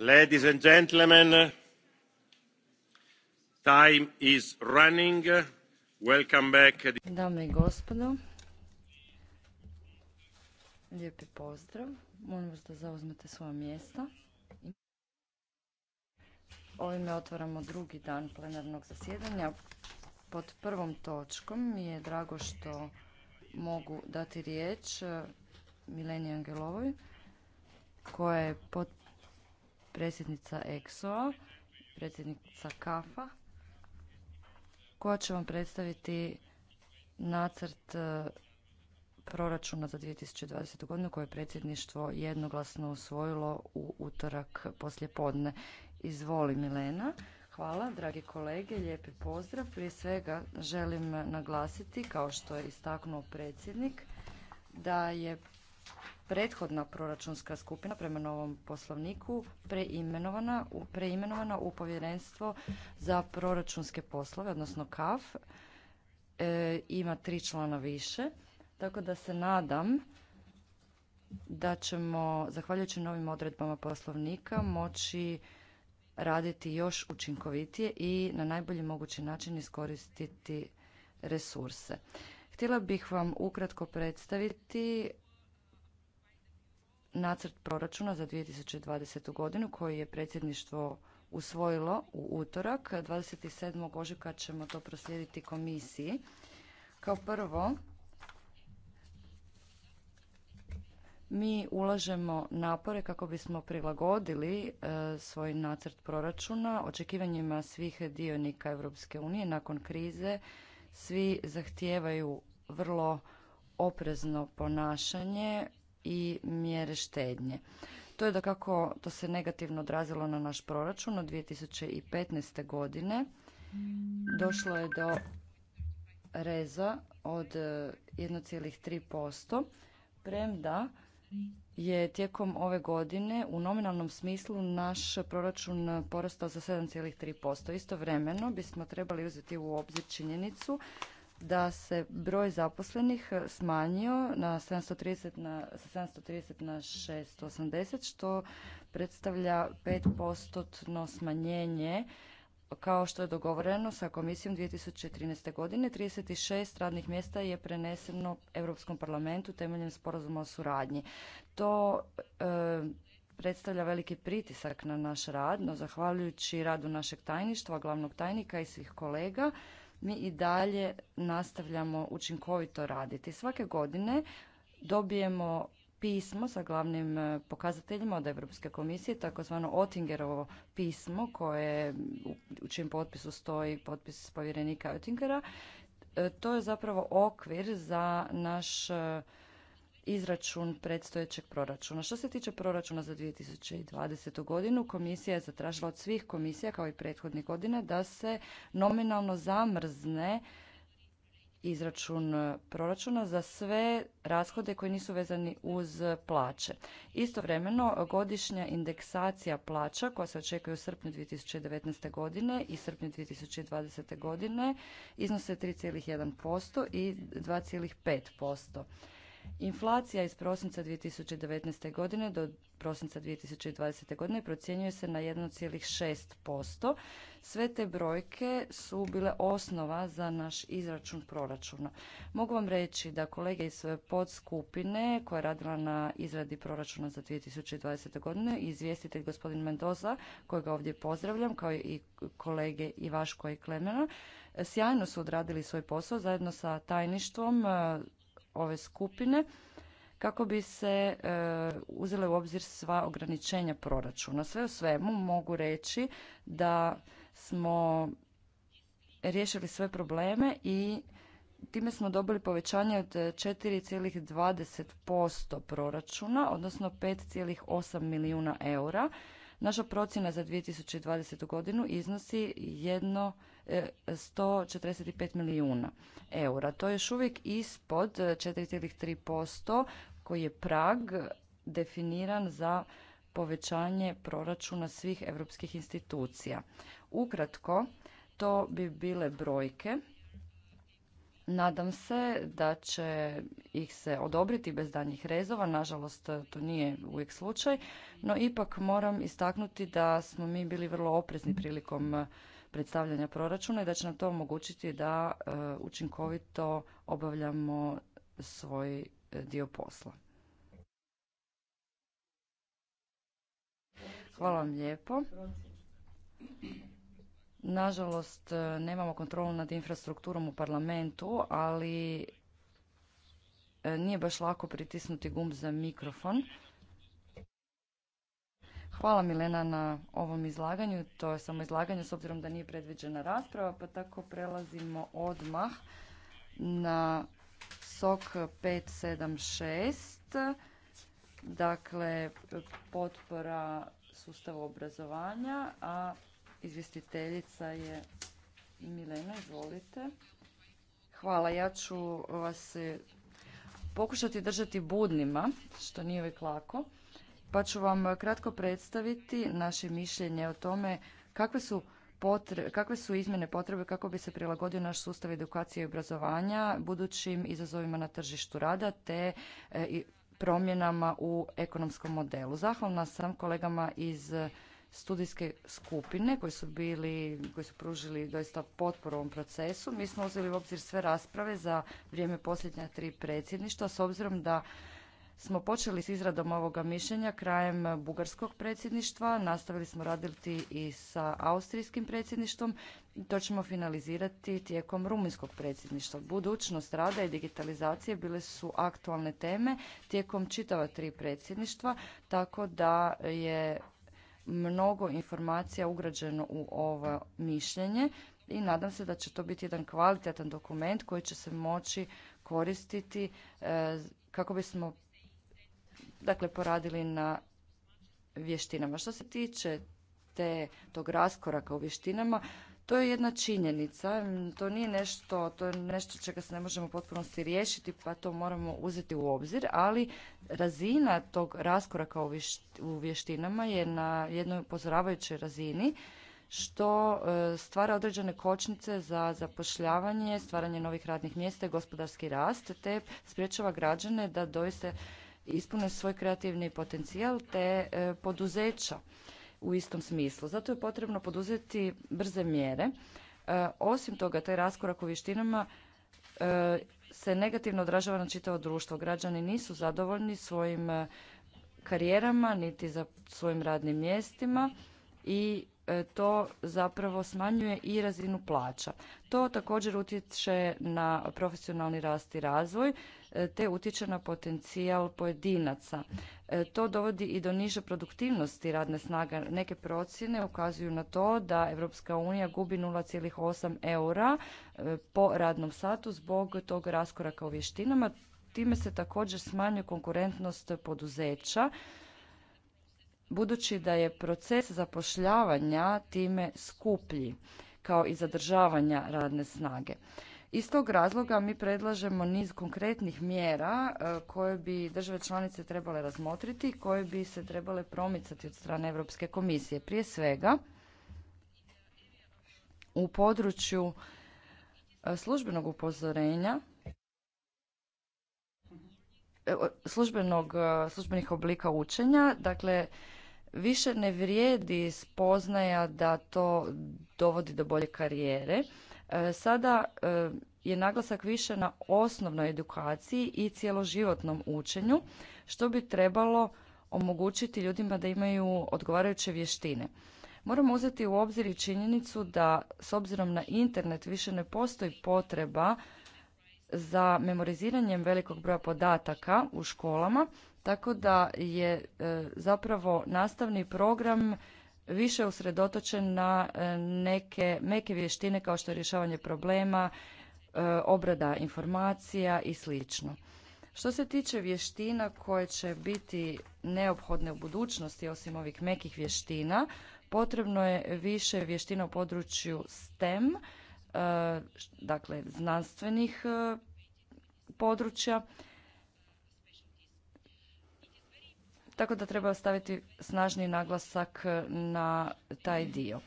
Ladies and gentlemen, time is running. Welcome back. Dame i gospodo, lijepi pozdrav. Molim vas da zauzmete svoje mjesta. Ovime otvaramo drugi dan plenarnog zasjedanja. Pod prvom točkom mi je drago što mogu dati riječ Mileni Angelovoj, koja je pod predsjednica EXO-a, predsjednica KAFA, koja će vam predstaviti nacrt e, proračuna za 2020. godinu koje je predsjedništvo jednoglasno usvojilo u utorak poslijepodne. Izvoli Milena. Hvala, dragi kolege, lijepi pozdrav. Prije svega želim naglasiti, kao što je istaknuo predsjednik, da je prethodna proračunska skupina prema novom poslovniku preimenovana u, preimenovana povjerenstvo za proračunske poslove, odnosno KAF. E, ima tri člana više, tako da se nadam da ćemo, zahvaljujući novim odredbama poslovnika, moći raditi još učinkovitije i na najbolji mogući način iskoristiti resurse. Htjela bih vam ukratko predstaviti nacrt proračuna za 2020. godinu koji je predsjedništvo usvojilo u utorak. 27. ožujka ćemo to proslijediti komisiji. Kao prvo, mi ulažemo napore kako bismo prilagodili e, svoj nacrt proračuna očekivanjima svih dionika Europske unije nakon krize. Svi zahtijevaju vrlo oprezno ponašanje i mjere štednje. To je da kako to se negativno odrazilo na naš proračun od 2015. godine. Došlo je do reza od 1,3%, e, premda je tijekom ove godine u nominalnom smislu naš proračun porastao za 7,3%. Istovremeno bismo trebali uzeti u obzir činjenicu da se broj zaposlenih e, smanjio na 730 na, 730 na 680, što predstavlja 5% smanjenje kao što je dogovoreno sa komisijom 2013. godine, 36 radnih mjesta je preneseno Europskom parlamentu temeljem sporazuma o suradnji. To e, predstavlja veliki pritisak na naš rad, no zahvaljujući radu našeg tajništva, glavnog tajnika i svih kolega, mi i dalje nastavljamo učinkovito raditi. Svake godine dobijemo pismo sa glavnim e, pokazateljima od Europske komisije, takozvano Otingerovo pismo koje u čijem potpisu stoji potpis povjerenika Otingera. E, to je zapravo okvir za naš e, izračun predstojećeg proračuna. Što se tiče proračuna za 2020. godinu, komisija je zatražila od svih komisija, kao i prethodnih godina, da se nominalno zamrzne izračun proračuna za sve rashode koji nisu vezani uz plaće. Istovremeno, godišnja indeksacija plaća koja se očekuje u srpnju 2019. godine i srpnju 2020. godine iznose 3,1% i 2,5%. Inflacija iz prosinca 2019. godine do prosinca 2020. godine procjenjuje se na 1,6%. Sve te brojke su bile osnova za naš izračun proračuna. Mogu vam reći da kolege iz svoje podskupine koja je radila na izradi proračuna za 2020. godine i izvjestitelj gospodin Mendoza, kojega ovdje pozdravljam, kao i kolege Ivaško i Klemena, sjajno su odradili svoj posao zajedno sa tajništvom, ove skupine kako bi se e, uzele u obzir sva ograničenja proračuna. Sve u svemu mogu reći da smo riješili sve probleme i time smo dobili povećanje od 4,20% proračuna, odnosno 5,8 milijuna eura. Naša procjena za 2020. godinu iznosi jedno 145 milijuna eura. To je još uvijek ispod 4,3% koji je prag definiran za povećanje proračuna svih europskih institucija. Ukratko, to bi bile brojke. Nadam se da će ih se odobriti bez danjih rezova, nažalost to nije uvijek slučaj, no ipak moram istaknuti da smo mi bili vrlo oprezni prilikom predstavljanja proračuna i da će nam to omogućiti da e, učinkovito obavljamo svoj e, dio posla. Hvala vam lijepo. Nažalost, e, nemamo kontrolu nad infrastrukturom u parlamentu, ali nije baš lako pritisnuti gumb za mikrofon. Hvala Milena na ovom izlaganju. To je samo izlaganje s obzirom da nije predviđena rasprava, pa tako prelazimo odmah na SOK 576, dakle potpora sustava obrazovanja, a izvjestiteljica je Milena, izvolite. Hvala, ja ću vas eh, pokušati držati budnima, što nije uvijek lako pa ću vam kratko predstaviti naše mišljenje o tome kakve su Potre, kakve su izmjene potrebe kako bi se prilagodio naš sustav edukacije i obrazovanja budućim izazovima na tržištu rada te e, promjenama u ekonomskom modelu. Zahvalna sam kolegama iz studijske skupine koji su bili, koji su pružili doista potporu ovom procesu. Mi smo uzeli u obzir sve rasprave za vrijeme posljednja tri predsjedništva s obzirom da smo počeli s izradom ovoga mišljenja krajem bugarskog predsjedništva, nastavili smo raditi i sa austrijskim predsjedništvom i to ćemo finalizirati tijekom rumunjskog predsjedništva. Budućnost rada i digitalizacije bile su aktualne teme tijekom čitava tri predsjedništva, tako da je mnogo informacija ugrađeno u ovo mišljenje i nadam se da će to biti jedan kvalitetan dokument koji će se moći koristiti e, kako bismo dakle poradili na vještinama. Što se tiče te, tog raskoraka u vještinama, to je jedna činjenica, to nije nešto, to je nešto čega se ne možemo potpunosti riješiti, pa to moramo uzeti u obzir, ali razina tog raskoraka u vještinama je na jednoj upozoravajućoj razini, što e, stvara određene kočnice za zapošljavanje, stvaranje novih radnih mjesta i gospodarski rast, te spriječava građane da doista ispune svoj kreativni potencijal te e, poduzeća u istom smislu. Zato je potrebno poduzeti brze mjere. E, osim toga, taj raskorak u vještinama e, se negativno odražava na čitavo društvo. Građani nisu zadovoljni svojim karijerama, niti za svojim radnim mjestima i E, to zapravo smanjuje i razinu plaća. To također utječe na profesionalni rast i razvoj e, te utječe na potencijal pojedinaca. E, to dovodi i do niže produktivnosti radne snage. Neke procjene ukazuju na to da Europska unija gubi 0,8 eura po radnom satu zbog tog raskoraka u vještinama. Time se također smanjuje konkurentnost poduzeća budući da je proces zapošljavanja time skuplji kao i zadržavanja radne snage. Iz tog razloga mi predlažemo niz konkretnih mjera e, koje bi države članice trebale razmotriti i koje bi se trebale promicati od strane Europske komisije. Prije svega, u području e, službenog upozorenja e, službenog, službenih oblika učenja, dakle više ne vrijedi spoznaja da to dovodi do bolje karijere. E, sada e, je naglasak više na osnovnoj edukaciji i cjeloživotnom učenju, što bi trebalo omogućiti ljudima da imaju odgovarajuće vještine. Moramo uzeti u obzir i činjenicu da s obzirom na internet više ne postoji potreba za memoriziranjem velikog broja podataka u školama, tako da je e, zapravo nastavni program više usredotočen na e, neke meke vještine kao što je rješavanje problema, e, obrada informacija i slično. Što se tiče vještina koje će biti neophodne u budućnosti osim ovih mekih vještina, potrebno je više vještina u području STEM E, dakle znanstvenih e, područja. Tako da treba staviti snažni naglasak e, na taj dio.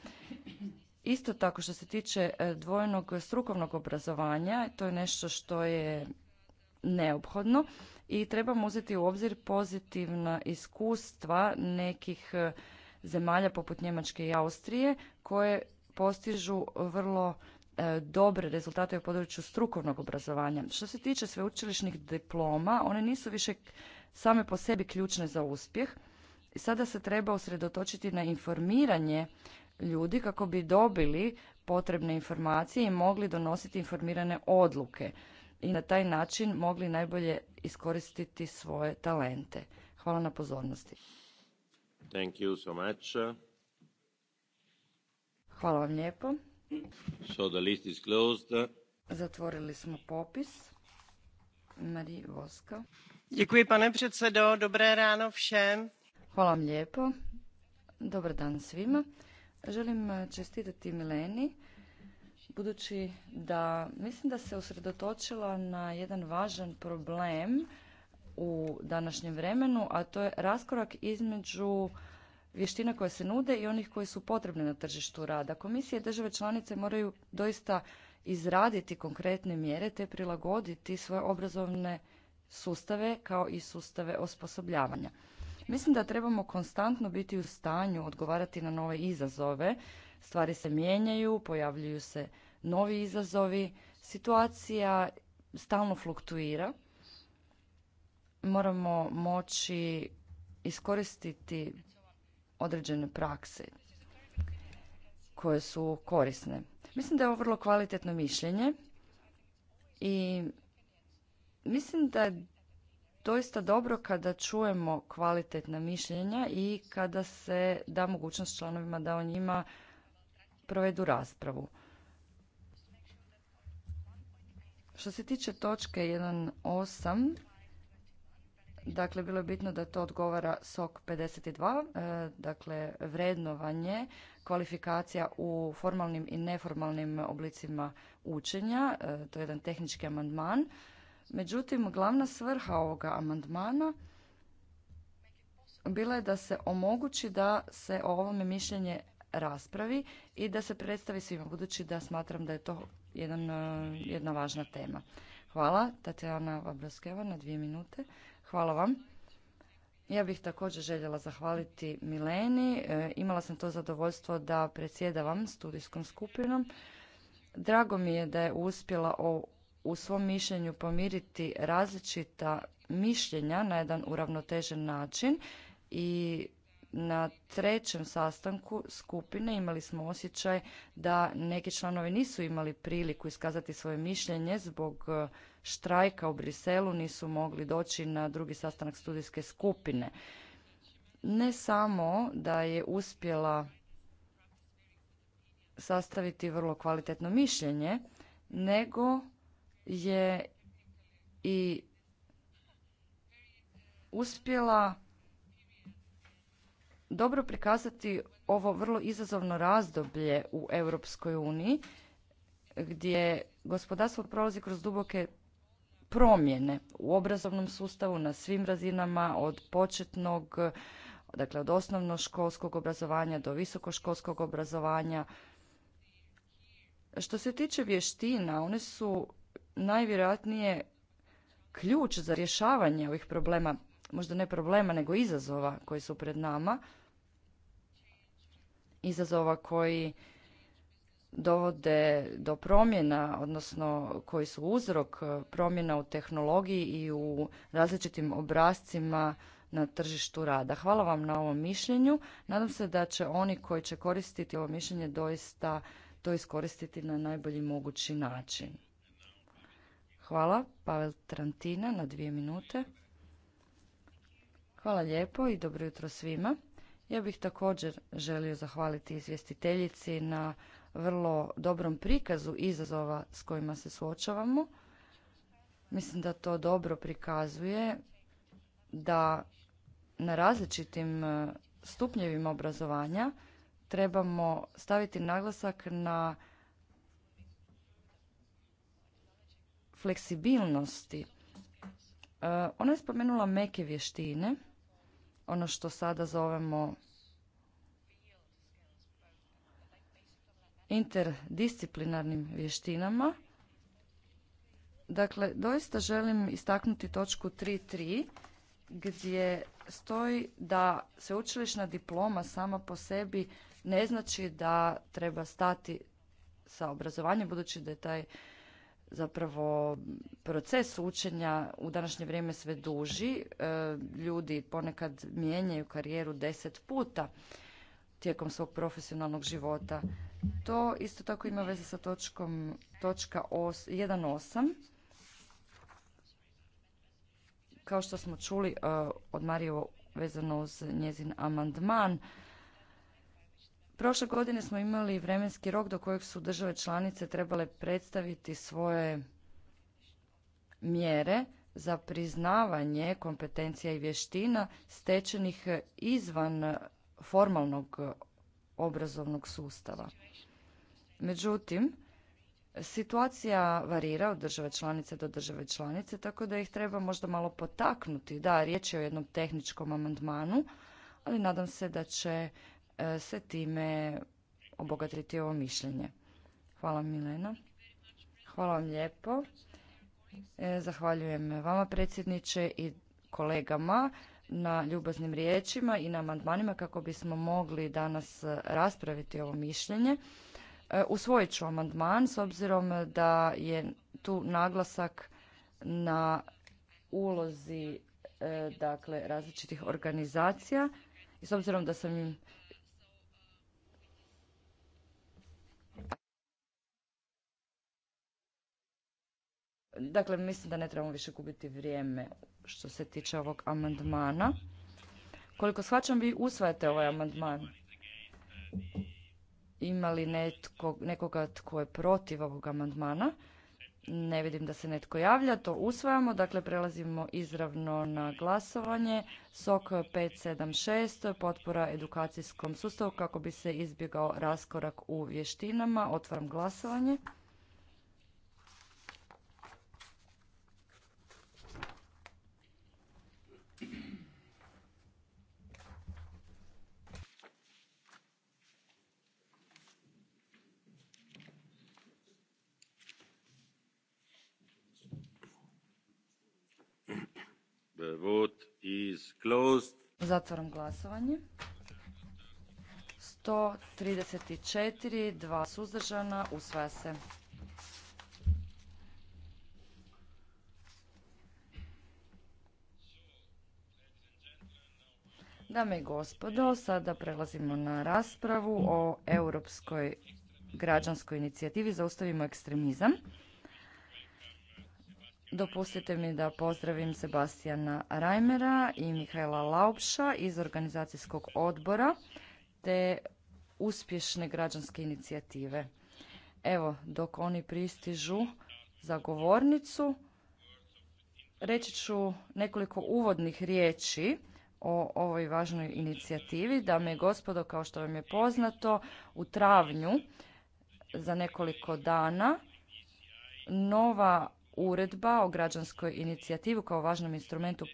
Isto tako što se tiče dvojnog strukovnog obrazovanja, to je nešto što je neophodno i trebamo uzeti u obzir pozitivna iskustva nekih zemalja poput Njemačke i Austrije koje postižu vrlo E, dobre rezultate u području strukovnog obrazovanja. Što se tiče sveučilišnih diploma, one nisu više same po sebi ključne za uspjeh. Sada se treba usredotočiti na informiranje ljudi kako bi dobili potrebne informacije i mogli donositi informirane odluke i na taj način mogli najbolje iskoristiti svoje talente. Hvala na pozornosti. Thank you so much. Hvala vam lijepo. So the list is closed. Zatvorili smo popis. Mari Voska. Děkuji, pane předsedo. Dobré ráno všem. Hvala vam lijepo. Dobar dan svima. Želim čestitati Mileni, budući da mislim da se usredotočila na jedan važan problem u današnjem vremenu, a to je raskorak između vještina koje se nude i onih koje su potrebne na tržištu rada. Komisije i države članice moraju doista izraditi konkretne mjere te prilagoditi svoje obrazovne sustave kao i sustave osposobljavanja. Mislim da trebamo konstantno biti u stanju odgovarati na nove izazove. Stvari se mijenjaju, pojavljuju se novi izazovi, situacija stalno fluktuira. Moramo moći iskoristiti određene prakse koje su korisne. Mislim da je ovo vrlo kvalitetno mišljenje i mislim da je doista dobro kada čujemo kvalitetna mišljenja i kada se da mogućnost članovima da o njima provedu raspravu. Što se tiče točke 1.8, Dakle, bilo je bitno da to odgovara SOK 52, e, dakle vrednovanje kvalifikacija u formalnim i neformalnim oblicima učenja, e, to je jedan tehnički amandman. Međutim, glavna svrha ovoga amandmana bila je da se omogući da se o ovome mišljenje raspravi i da se predstavi svima, budući da smatram da je to jedan, e, jedna važna tema. Hvala, Tatjana Vabroskeva, na dvije minute. Hvala vam. Ja bih također željela zahvaliti Mileni. E, imala sam to zadovoljstvo da predsjedavam studijskom skupinom. Drago mi je da je uspjela u svom mišljenju pomiriti različita mišljenja na jedan uravnotežen način i na trećem sastanku skupine imali smo osjećaj da neki članovi nisu imali priliku iskazati svoje mišljenje zbog štrajka u Briselu nisu mogli doći na drugi sastanak studijske skupine. Ne samo da je uspjela sastaviti vrlo kvalitetno mišljenje, nego je i uspjela dobro prikazati ovo vrlo izazovno razdoblje u Europskoj uniji gdje gospodarstvo prolazi kroz duboke promjene u obrazovnom sustavu na svim razinama od početnog, dakle od osnovnoškolskog obrazovanja do visokoškolskog obrazovanja. Što se tiče vještina, one su najvjerojatnije ključ za rješavanje ovih problema, možda ne problema, nego izazova koji su pred nama, izazova koji dovode do promjena, odnosno koji su uzrok e, promjena u tehnologiji i u različitim obrazcima na tržištu rada. Hvala vam na ovom mišljenju. Nadam se da će oni koji će koristiti ovo mišljenje doista to iskoristiti na najbolji mogući način. Hvala. Pavel Trantina na dvije minute. Hvala lijepo i dobro jutro svima. Ja bih također želio zahvaliti izvjestiteljici na vrlo dobrom prikazu izazova s kojima se suočavamo. Mislim da to dobro prikazuje da na različitim e, stupnjevima obrazovanja trebamo staviti naglasak na fleksibilnosti. E, ona je spomenula meke vještine, ono što sada zovemo interdisciplinarnim vještinama. Dakle, doista želim istaknuti točku 3.3 gdje stoji da sveučilišna diploma sama po sebi ne znači da treba stati sa obrazovanjem, budući da je taj zapravo proces učenja u današnje vrijeme sve duži. E, ljudi ponekad mijenjaju karijeru deset puta tijekom svog profesionalnog života. To isto tako ima veze sa točkom, točka 1.8. Kao što smo čuli e, od Marije vezano uz njezin amandman, Prošle godine smo imali vremenski rok do kojeg su države članice trebale predstaviti svoje mjere za priznavanje kompetencija i vještina stečenih izvan formalnog obrazovnog sustava. Međutim, situacija varira od države članice do države članice, tako da ih treba možda malo potaknuti. Da, riječ je o jednom tehničkom amandmanu, ali nadam se da će e, se time obogatiti ovo mišljenje. Hvala Milena. Hvala vam lijepo. E, zahvaljujem vama predsjedniče i kolegama na ljubaznim riječima i na amandmanima kako bismo mogli danas raspraviti ovo mišljenje. E, usvojit ću amandman s obzirom da je tu naglasak na ulozi e, dakle različitih organizacija i s obzirom da sam Dakle, mislim da ne trebamo više gubiti vrijeme što se tiče ovog amandmana. Koliko shvaćam, vi usvajate ovaj amandman imali li nekoga tko je protiv ovog amandmana? Ne vidim da se netko javlja, to usvajamo, dakle prelazimo izravno na glasovanje. SOK 576, potpora edukacijskom sustavu kako bi se izbjegao raskorak u vještinama. Otvaram glasovanje. Zatvaram glasovanje. 134, dva suzdržana, usvaja se. Dame i gospodo, sada prelazimo na raspravu o Europskoj građanskoj inicijativi Zaustavimo ekstremizam. Dopustite mi da pozdravim Sebastijana Rajmera i Mihajla Laupša iz organizacijskog odbora te uspješne građanske inicijative. Evo, dok oni pristižu za govornicu, reći ću nekoliko uvodnih riječi o ovoj važnoj inicijativi. Dame i gospodo, kao što vam je poznato, u travnju za nekoliko dana nova uredba o građanskoj inicijativi kao važnom instrumentu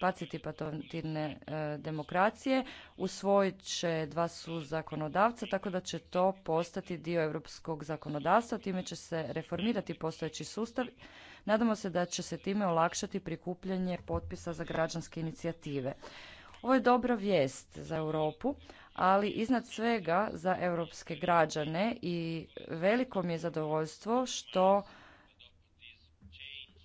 participativne e, demokracije usvojit će dva su zakonodavca tako da će to postati dio europskog zakonodavstva. Time će se reformirati postojeći sustav. Nadamo se da će se time olakšati prikupljanje potpisa za građanske inicijative. Ovo je dobra vijest za Europu, ali iznad svega za europske građane i veliko mi je zadovoljstvo što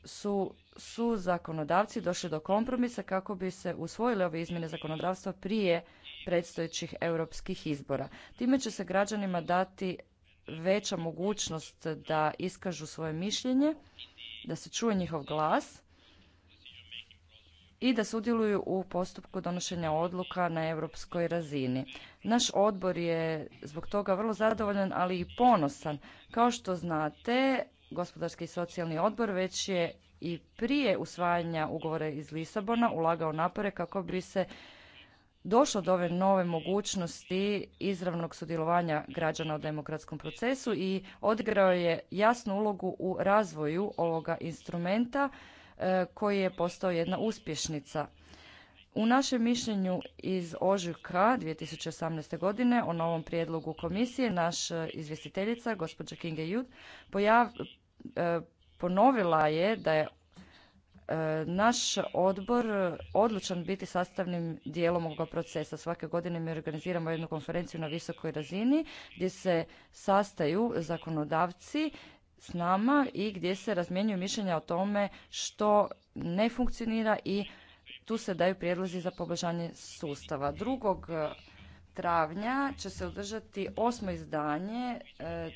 su su zakonodavci došli do kompromisa kako bi se usvojile ove izmjene zakonodavstva prije predstojećih europskih izbora. Time će se građanima dati veća mogućnost da iskažu svoje mišljenje, da se čuje njihov glas i da sudjeluju u postupku donošenja odluka na europskoj razini. Naš odbor je zbog toga vrlo zadovoljan, ali i ponosan. Kao što znate, gospodarski i socijalni odbor već je i prije usvajanja ugovora iz Lisabona ulagao napore kako bi se došlo do ove nove mogućnosti izravnog sudjelovanja građana u demokratskom procesu i odigrao je jasnu ulogu u razvoju ovoga instrumenta e, koji je postao jedna uspješnica. U našem mišljenju iz ožujka 2018. godine o novom prijedlogu komisije naš e, izvjestiteljica gospođa Kinge Jud E, ponovila je da je e, naš odbor odlučan biti sastavnim dijelom ovoga procesa. Svake godine mi organiziramo jednu konferenciju na visokoj razini gdje se sastaju zakonodavci s nama i gdje se razmjenjuju mišljenja o tome što ne funkcionira i tu se daju prijedlozi za poboljšanje sustava. drugog e, travnja će se održati osmo izdanje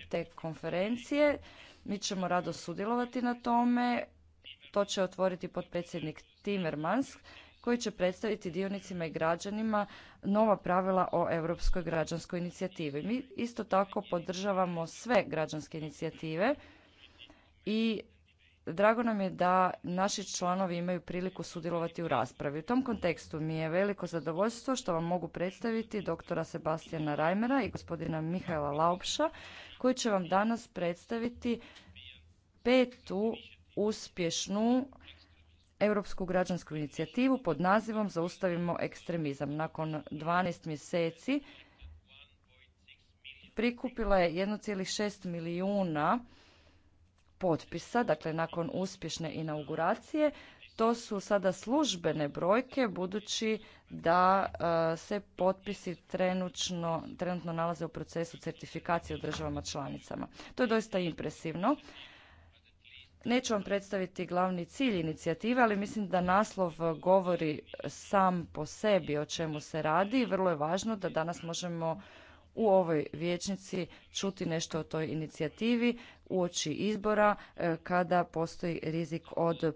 te konferencije mi ćemo rado sudjelovati na tome. To će otvoriti potpredsjednik Timmermans koji će predstaviti dionicima i građanima nova pravila o Europskoj građanskoj inicijativi. Mi isto tako podržavamo sve građanske inicijative i Drago nam je da naši članovi imaju priliku sudjelovati u raspravi. U tom kontekstu mi je veliko zadovoljstvo što vam mogu predstaviti doktora Sebastijana Rajmera i gospodina Mihajla Laupša koji će vam danas predstaviti petu uspješnu Europsku građansku inicijativu pod nazivom Zaustavimo ekstremizam. Nakon 12 mjeseci prikupila je 1,6 milijuna potpisa, dakle nakon uspješne inauguracije. To su sada službene brojke budući da e, se potpisi trenučno, trenutno nalaze u procesu certifikacije u državama članicama. To je doista impresivno. Neću vam predstaviti glavni cilj inicijative, ali mislim da naslov govori sam po sebi o čemu se radi. Vrlo je važno da danas možemo u ovoj vijećnici čuti nešto o toj inicijativi uoči izbora e, kada postoji rizik od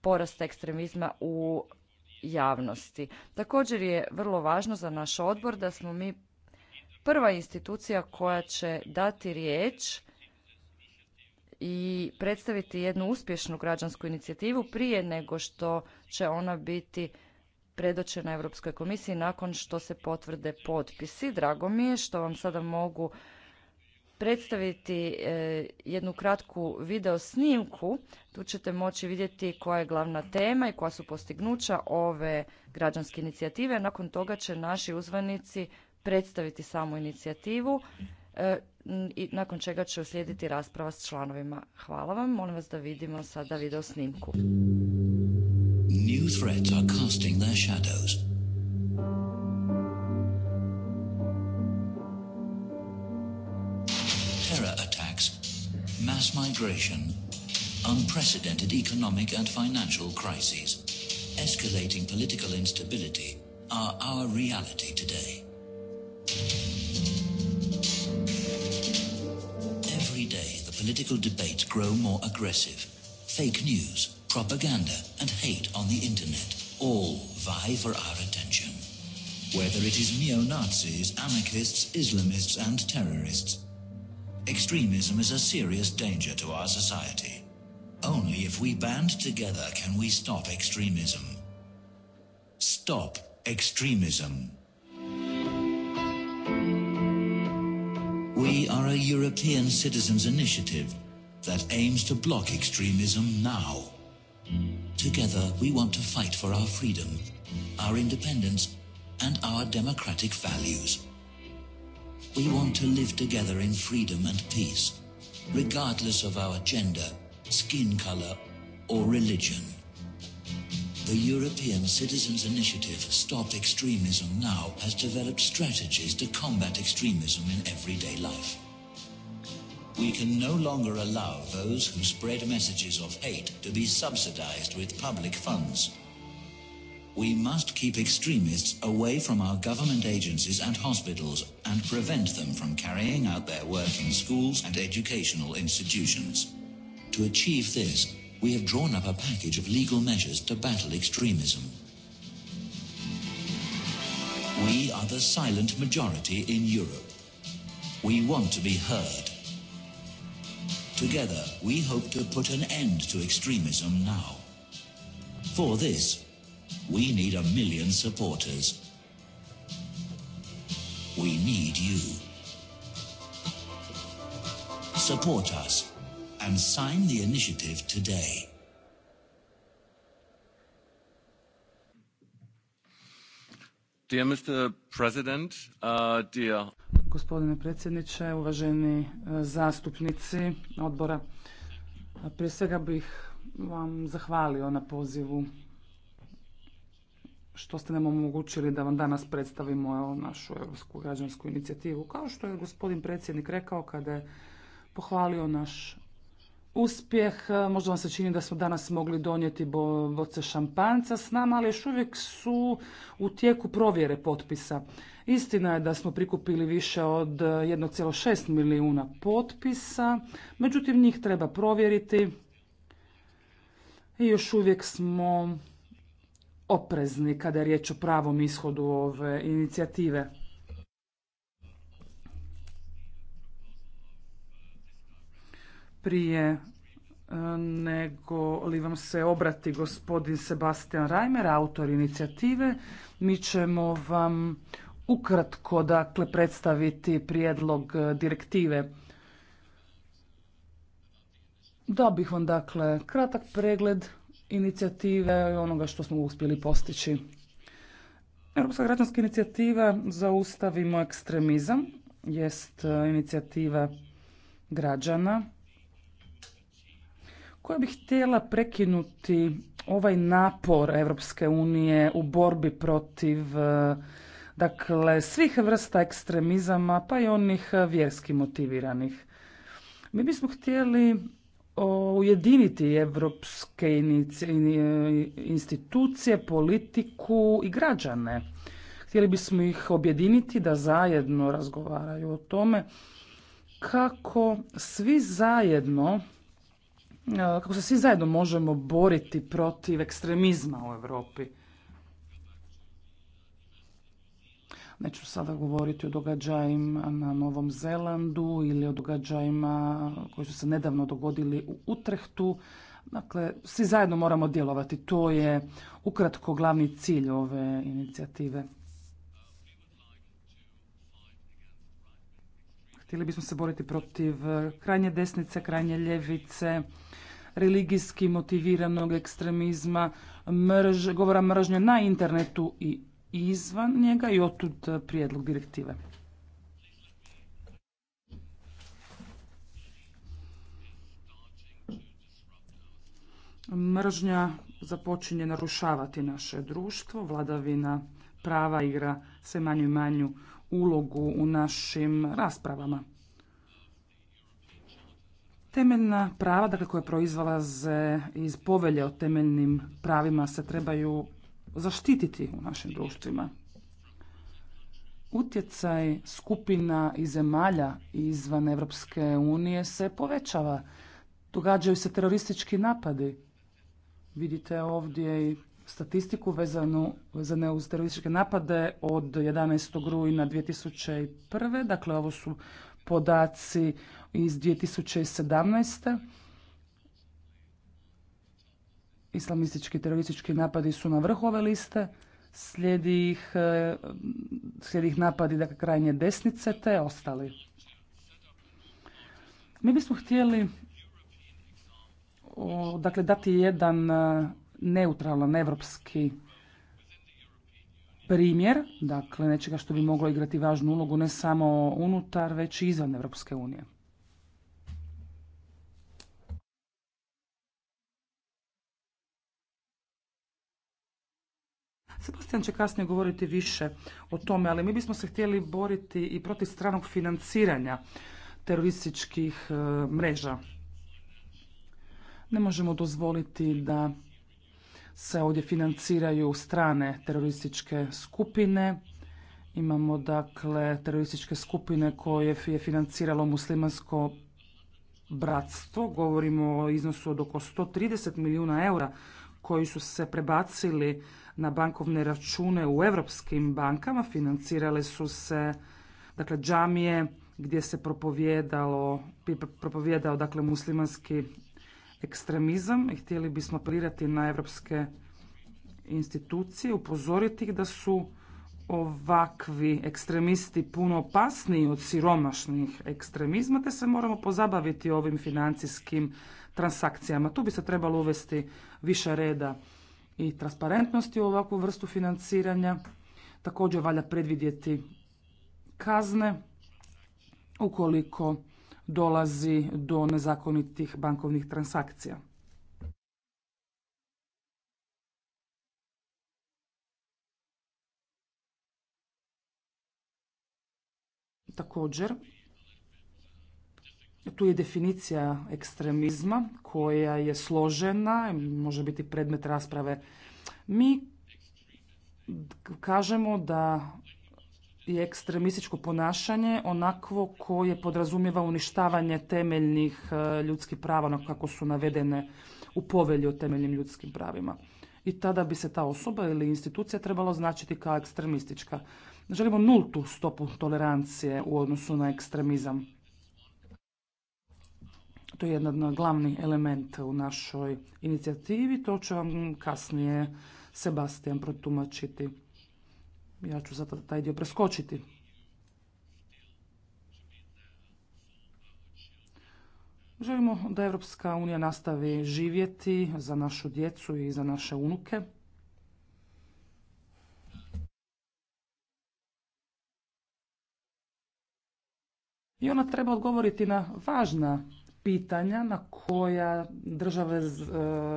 porasta ekstremizma u javnosti. Također je vrlo važno za naš odbor da smo mi prva institucija koja će dati riječ i predstaviti jednu uspješnu građansku inicijativu prije nego što će ona biti predočena Europskoj komisiji nakon što se potvrde potpisi. Drago mi je što vam sada mogu predstaviti e, jednu kratku video snimku. Tu ćete moći vidjeti koja je glavna tema i koja su postignuća ove građanske inicijative. Nakon toga će naši uzvanici predstaviti samu inicijativu e, i nakon čega će uslijediti rasprava s članovima. Hvala vam, molim vas da vidimo sada video snimku. Threat are casting their shadows. Terror attacks, mass migration, unprecedented economic and financial crises, escalating political instability are our reality today. Every day the political debates grow more aggressive. Fake news, propaganda, and hate on the internet all vie for our attention. Whether it is neo-Nazis, anarchists, Islamists, and terrorists, extremism is a serious danger to our society. Only if we band together can we stop extremism. Stop extremism. We are a European Citizens Initiative that aims to block extremism now. Together, we want to fight for our freedom, our independence, and our democratic values. We want to live together in freedom and peace, regardless of our gender, skin color, or religion. The European Citizens Initiative Stop Extremism Now has developed strategies to combat extremism in everyday life. We can no longer allow those who spread messages of hate to be subsidized with public funds. We must keep extremists away from our government agencies and hospitals and prevent them from carrying out their work in schools and educational institutions. To achieve this, we have drawn up a package of legal measures to battle extremism. We are the silent majority in Europe. We want to be heard. Together, we hope to put an end to extremism now. For this, we need a million supporters. We need you. Support us and sign the initiative today. Uh, Gospodine predsjedniče, uvaženi uh, zastupnici odbora, prije svega bih vam zahvalio na pozivu što ste nam omogućili da vam danas predstavimo našu europsku građansku inicijativu. Kao što je gospodin predsjednik rekao kada je pohvalio naš uspjeh. E, možda vam se čini da smo danas mogli donijeti boce šampanca s nama, ali još uvijek su u tijeku provjere potpisa. Istina je da smo prikupili više od 1,6 e, milijuna potpisa, međutim njih treba provjeriti i još uvijek smo oprezni kada je riječ o pravom ishodu ove inicijative. prije e, nego li vam se obrati gospodin Sebastian Reimer, autor inicijative. Mi ćemo vam ukratko dakle, predstaviti prijedlog e, direktive. Da bih vam dakle kratak pregled inicijative i onoga što smo uspjeli postići. Europska građanska inicijativa Zaustavimo ekstremizam jest e, inicijativa građana koja bi htjela prekinuti ovaj napor Europske unije u borbi protiv e, dakle svih vrsta ekstremizama pa i onih vjerski motiviranih. Mi bismo htjeli ujediniti evropske institucije, politiku i građane. Htjeli bismo ih objediniti da zajedno razgovaraju o tome kako svi zajedno E, kako se svi zajedno možemo boriti protiv ekstremizma u Europi. Neću sada govoriti o događajima na Novom Zelandu ili o događajima koji su se nedavno dogodili u Utrehtu. Dakle, svi zajedno moramo djelovati. To je ukratko glavni cilj ove inicijative. Htjeli bismo se boriti protiv e, krajnje desnice, krajnje ljevice, religijski motiviranog ekstremizma, mrž, govora mržnje na internetu i izvan njega i otud prijedlog direktive. Mržnja započinje narušavati naše društvo, vladavina prava igra sve manju i manju ulogu u našim raspravama. Temeljna prava, dakle koje proizlaze iz povelje o temeljnim pravima se trebaju zaštititi u našim društvima. Utjecaj skupina i zemalja izvan Europske unije se povećava. Događaju se teroristički napadi. Vidite ovdje i statistiku vezanu, vezane uz terorističke napade od 11. rujna 2001. Dakle, ovo su podaci iz 2017. Islamistički teroristički napadi su na vrhu ove liste. Slijedi ih, e, napadi da dakle, krajnje desnice te ostali. Mi bismo htjeli dakle, dati jedan neutralan evropski primjer, dakle nečega što bi moglo igrati važnu ulogu ne samo unutar, već i izvan Europske unije. Sebastian će kasnije govoriti više o tome, ali mi bismo se htjeli boriti i protiv stranog financiranja terorističkih e, mreža. Ne možemo dozvoliti da se ovdje financiraju strane terorističke skupine. Imamo dakle terorističke skupine koje je financiralo muslimansko bratstvo. Govorimo o iznosu od oko 130 milijuna eura koji su se prebacili na bankovne račune u europskim bankama. Financirale su se dakle džamije gdje se propovijedalo, propovijedao dakle muslimanski ekstremizam i htjeli bismo prirati na evropske institucije, upozoriti ih da su ovakvi ekstremisti puno opasniji od siromašnih ekstremizma, te se moramo pozabaviti ovim financijskim transakcijama. Tu bi se trebalo uvesti više reda i transparentnosti u ovakvu vrstu financiranja. Također valja predvidjeti kazne ukoliko dolazi do nezakonitih bankovnih transakcija. Također, tu je definicija ekstremizma koja je složena, može biti predmet rasprave. Mi kažemo da i ekstremističko ponašanje onakvo koje podrazumijeva uništavanje temeljnih e, ljudskih prava kako su navedene u povelji o temeljnim ljudskim pravima. I tada bi se ta osoba ili institucija trebala označiti kao ekstremistička. Želimo nultu stopu tolerancije u odnosu na ekstremizam. To je jedan od glavni element u našoj inicijativi. To će vam kasnije Sebastian protumačiti. Ja ću zato taj dio preskočiti. Želimo da Evropska unija nastavi živjeti za našu djecu i za naše unuke. I ona treba odgovoriti na važna pitanja na koja države e,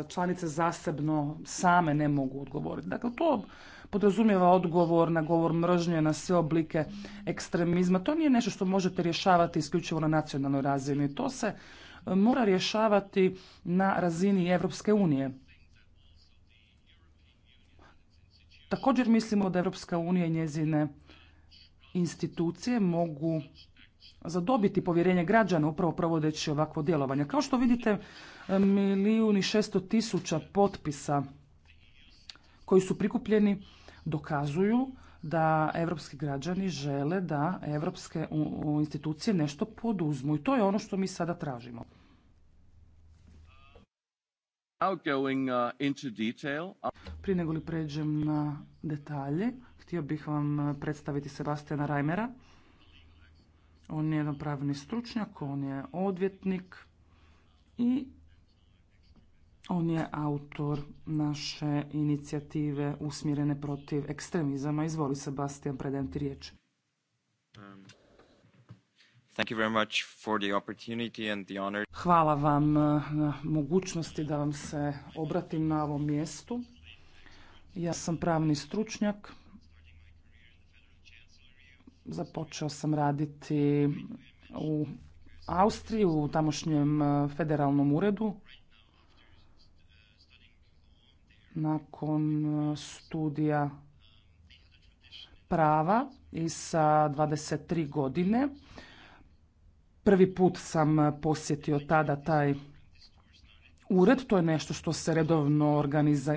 članice zasebno same ne mogu odgovoriti. Dakle, to podrazumijeva odgovor na govor mržnje, na sve oblike ekstremizma. To nije nešto što možete rješavati isključivo na nacionalnoj razini. To se e, mora rješavati na razini Europske unije. Također mislimo da Evropska unija i njezine institucije mogu zadobiti povjerenje građana upravo provodeći ovakvo djelovanje. Kao što vidite, milijun i šesto tisuća potpisa koji su prikupljeni dokazuju da evropski građani žele da evropske institucije nešto poduzmu i to je ono što mi sada tražimo. Uh, uh, Prije nego li pređem na detalje, htio bih vam uh, predstaviti Sebastiana Reimera. On je jedan pravni stručnjak, on je odvjetnik i on je autor naše inicijative usmjerene protiv ekstremizama. Izvoli Sebastian, predajem ti riječ. Hvala vam uh, na mogućnosti da vam se obratim na ovom mjestu. Ja sam pravni stručnjak. Započeo sam raditi u Austriji, u tamošnjem uh, federalnom uredu nakon eh, studija prava i sa 23 godine. Prvi put sam eh, posjetio tada taj ured, to je nešto što se redovno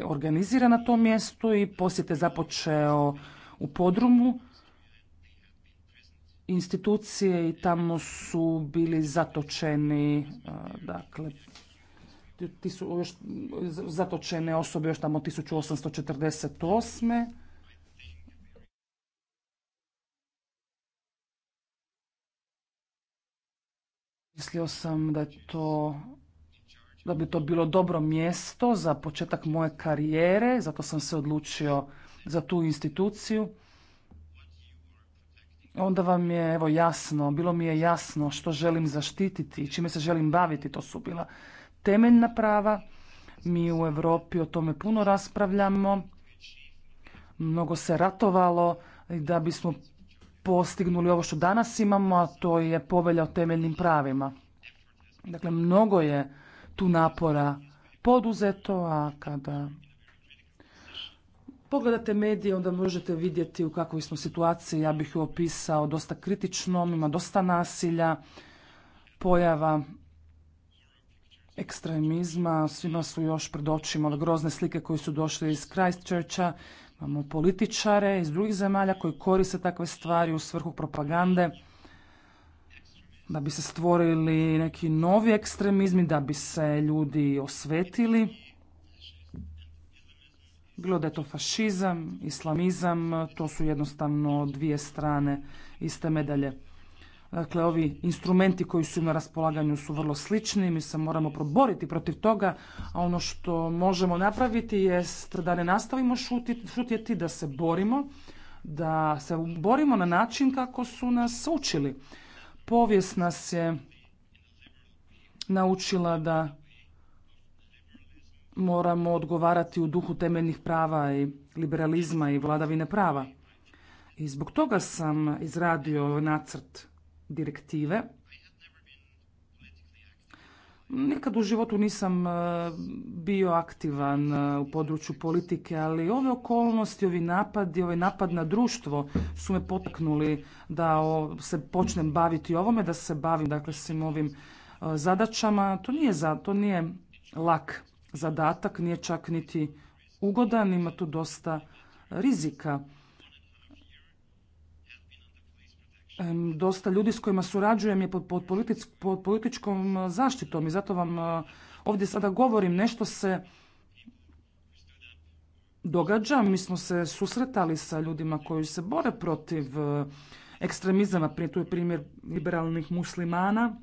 organizira na tom mjestu i posjet je započeo u podrumu institucije i tamo su bili zatočeni eh, dakle ti zatočene osobe još tamo 1848. Mislio sam da to da bi to bilo dobro mjesto za početak moje karijere, zato sam se odlučio za tu instituciju. Onda vam je evo jasno, bilo mi je jasno što želim zaštititi i čime se želim baviti, to su bila temeljna prava. Mi u Europi o tome puno raspravljamo. Mnogo se ratovalo da bismo postignuli ovo što danas imamo, a to je povelja o temeljnim pravima. Dakle, mnogo je tu napora poduzeto, a kada pogledate medije, onda možete vidjeti u kakvoj smo situaciji. Ja bih ju opisao dosta kritično. ima dosta nasilja, pojava ekstremizma, svima su još pred očima grozne slike koje su došle iz Christchurcha, imamo političare iz drugih zemalja koji koriste takve stvari u svrhu propagande da bi se stvorili neki novi ekstremizmi, da bi se ljudi osvetili. Bilo da je to fašizam, islamizam, to su jednostavno dvije strane iste medalje. Dakle, ovi instrumenti koji su na raspolaganju su vrlo slični, mi se moramo proboriti protiv toga, a ono što možemo napraviti jest da ne nastavimo šutjeti, da se borimo, da se borimo na način kako su nas učili. Povijest nas je naučila da moramo odgovarati u duhu temeljnih prava i liberalizma i vladavine prava. I zbog toga sam izradio nacrt direktive. Nikad u životu nisam e, bio aktivan e, u području politike, ali ove okolnosti, ovi napadi, ovaj napad na društvo su me potaknuli da se počnem baviti ovome, da se bavim dakle svim ovim e, zadaćama. To nije, za, to nije lak zadatak, nije čak niti ugodan, ima tu dosta rizika. dosta ljudi s kojima surađujem je pod, političkom e, zaštitom i zato vam e, ovdje sada govorim nešto se događa. Mi smo se susretali sa ljudima koji se bore protiv e, ekstremizama, tu je primjer liberalnih muslimana.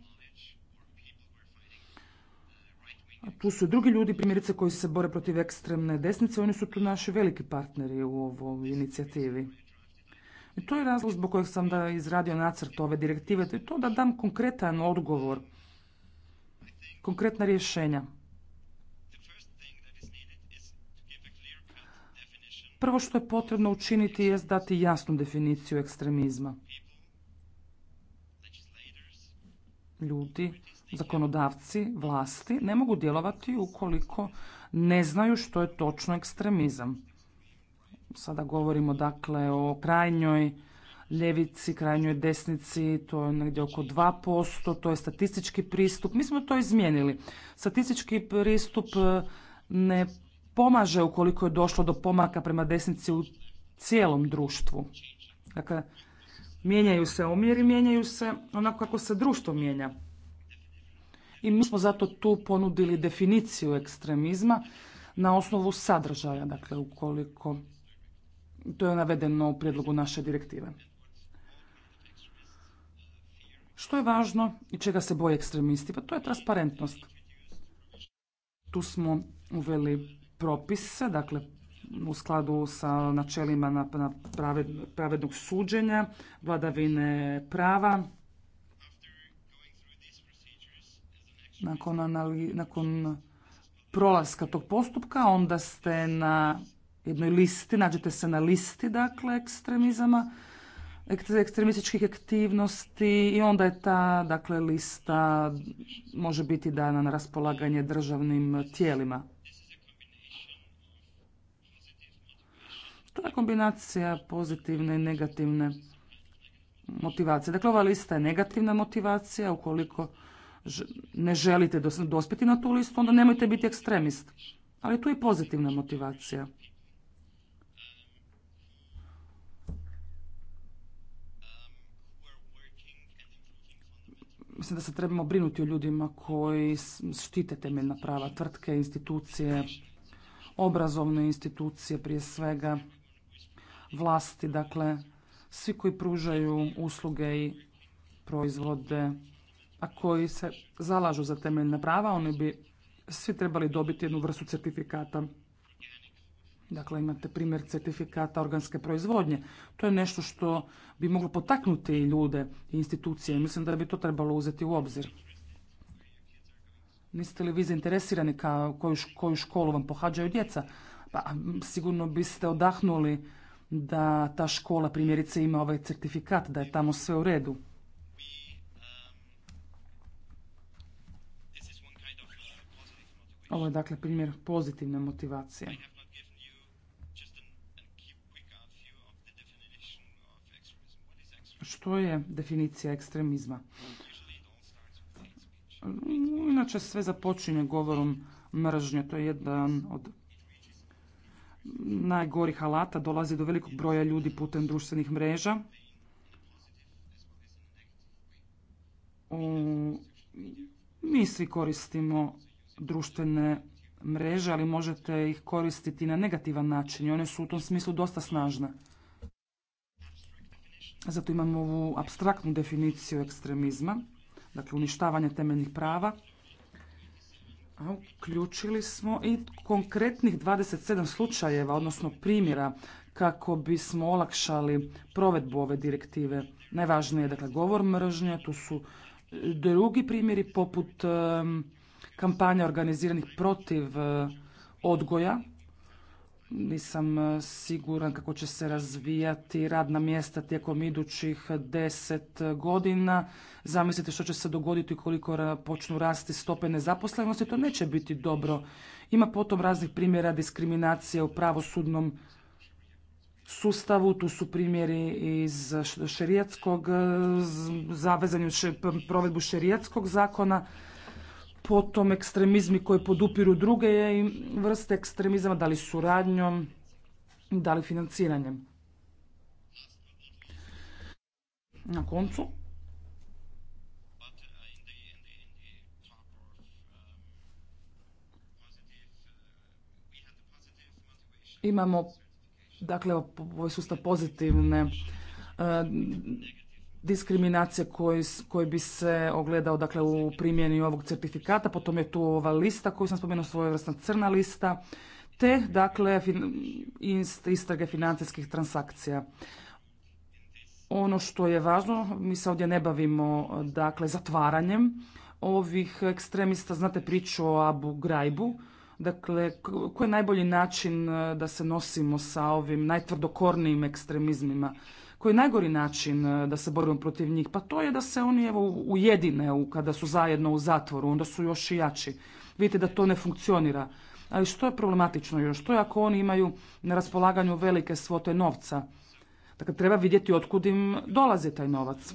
tu su drugi ljudi, primjerice, koji se bore protiv ekstremne desnice. Oni su tu naši veliki partneri u ovoj inicijativi. I to je razlog zbog kojeg sam da izradio nacrt ove direktive, to je to da dam konkretan odgovor, konkretna rješenja. Prvo što je potrebno učiniti je dati jasnu definiciju ekstremizma. Ljudi, zakonodavci, vlasti ne mogu djelovati ukoliko ne znaju što je točno ekstremizam. Sada govorimo dakle o krajnjoj ljevici, krajnjoj desnici, to je negdje oko 2%, to je statistički pristup. Mi smo to izmijenili. Statistički pristup e, ne pomaže ukoliko je došlo do pomaka prema desnici u cijelom društvu. Dakle, mijenjaju se omjeri, mijenjaju se onako kako se društvo mijenja. I mi smo zato tu ponudili definiciju ekstremizma na osnovu sadržaja. Dakle, ukoliko to je navedeno u prijedlogu naše direktive. Što je važno i čega se boje ekstremisti? Pa to je transparentnost. Tu smo uveli propise, dakle u skladu sa načelima na pravednog suđenja, vladavine prava. Nakon, nakon prolaska tog postupka onda ste na jednoj listi, nađete se na listi dakle ekstremizama, ekstremističkih aktivnosti i onda je ta dakle lista može biti dana na raspolaganje državnim tijelima. To je kombinacija pozitivne i negativne motivacije. Dakle, ova lista je negativna motivacija. Ukoliko ne želite dospjeti na tu listu, onda nemojte biti ekstremist. Ali tu je pozitivna motivacija. mislim da se trebamo brinuti o ljudima koji štite temeljna prava tvrtke, institucije, obrazovne institucije prije svega, vlasti, dakle svi koji pružaju usluge i proizvode, a koji se zalažu za temeljna prava, oni bi svi trebali dobiti jednu vrstu certifikata Dakle, imate primjer certifikata organske proizvodnje. To je nešto što bi moglo potaknuti ljude i institucije. Mislim da bi to trebalo uzeti u obzir. Niste li vi zainteresirani ka koju, koju školu vam pohađaju djeca? Pa sigurno biste odahnuli da ta škola primjerice ima ovaj certifikat, da je tamo sve u redu. Ovo je dakle primjer pozitivne motivacije. što je definicija ekstremizma. Inače sve započinje govorom mržnje. To je jedan od najgorih alata. Dolazi do velikog broja ljudi putem društvenih mreža. Mi svi koristimo društvene mreže, ali možete ih koristiti na negativan način i one su u tom smislu dosta snažne. Zato imamo ovu abstraktnu definiciju ekstremizma, dakle uništavanje temeljnih prava. A uključili smo i konkretnih 27 slučajeva, odnosno primjera, kako bismo olakšali provedbu ove direktive. Najvažnije je dakle, govor mržnje, tu su e, drugi primjeri poput kampanja organiziranih protiv e, odgoja, nisam e, siguran kako će se razvijati radna mjesta tijekom idućih deset godina. Zamislite što će se dogoditi koliko počnu rasti stope nezaposlenosti, to neće biti dobro. Ima potom raznih primjera diskriminacije u pravosudnom sustavu, tu su primjeri iz šerijatskog, e, zavezanju provedbu šerijatskog zakona potom ekstremizmi koji podupiru druge vrste ekstremizma, da li suradnjom, da li financiranjem. Na koncu, imamo dakle ovaj sustav pozitivne diskriminacije koji, bi se ogledao dakle, u primjeni ovog certifikata, potom je tu ova lista koju sam spomenuo, svojevrsna crna lista, te dakle istrage financijskih transakcija. Ono što je važno, mi se ovdje ne bavimo dakle zatvaranjem ovih ekstremista. Znate priču o Abu Grajbu. Dakle, koji je najbolji način eh, da se nosimo sa ovim najtvrdokornijim ekstremizmima? koji je najgori način e, da se borimo protiv njih? Pa to je da se oni evo ujedine u, kada su zajedno u zatvoru, onda su još i jači. Vidite da to ne funkcionira. Ali što je problematično još? Što je ako oni imaju na raspolaganju velike svote novca? Dakle, treba vidjeti otkud im dolazi taj novac.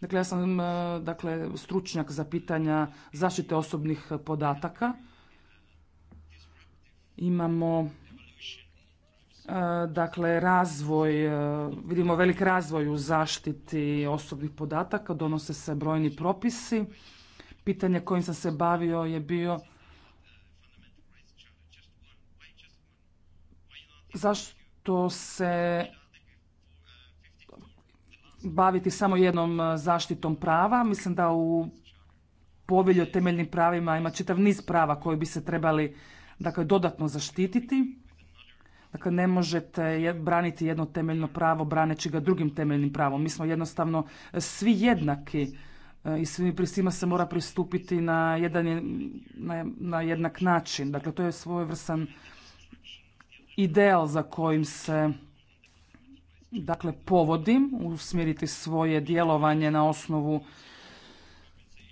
Dakle, ja sam e, dakle, stručnjak za pitanja zaštite osobnih podataka. Imamo E, dakle razvoj, e, vidimo velik razvoj u zaštiti osobnih podataka, donose se brojni propisi. Pitanje kojim sam se bavio je bio zašto se baviti samo jednom e, zaštitom prava. Mislim da u povelju o temeljnim pravima ima čitav niz prava koji bi se trebali dakle, dodatno zaštititi. Dakle, ne možete braniti jedno temeljno pravo braneći ga drugim temeljnim pravom. Mi smo jednostavno svi jednaki e, i svi pri svima se mora pristupiti na, jedan, na, na jednak način. Dakle, to je svojevrsan ideal za kojim se dakle povodim, usmjeriti svoje djelovanje na osnovu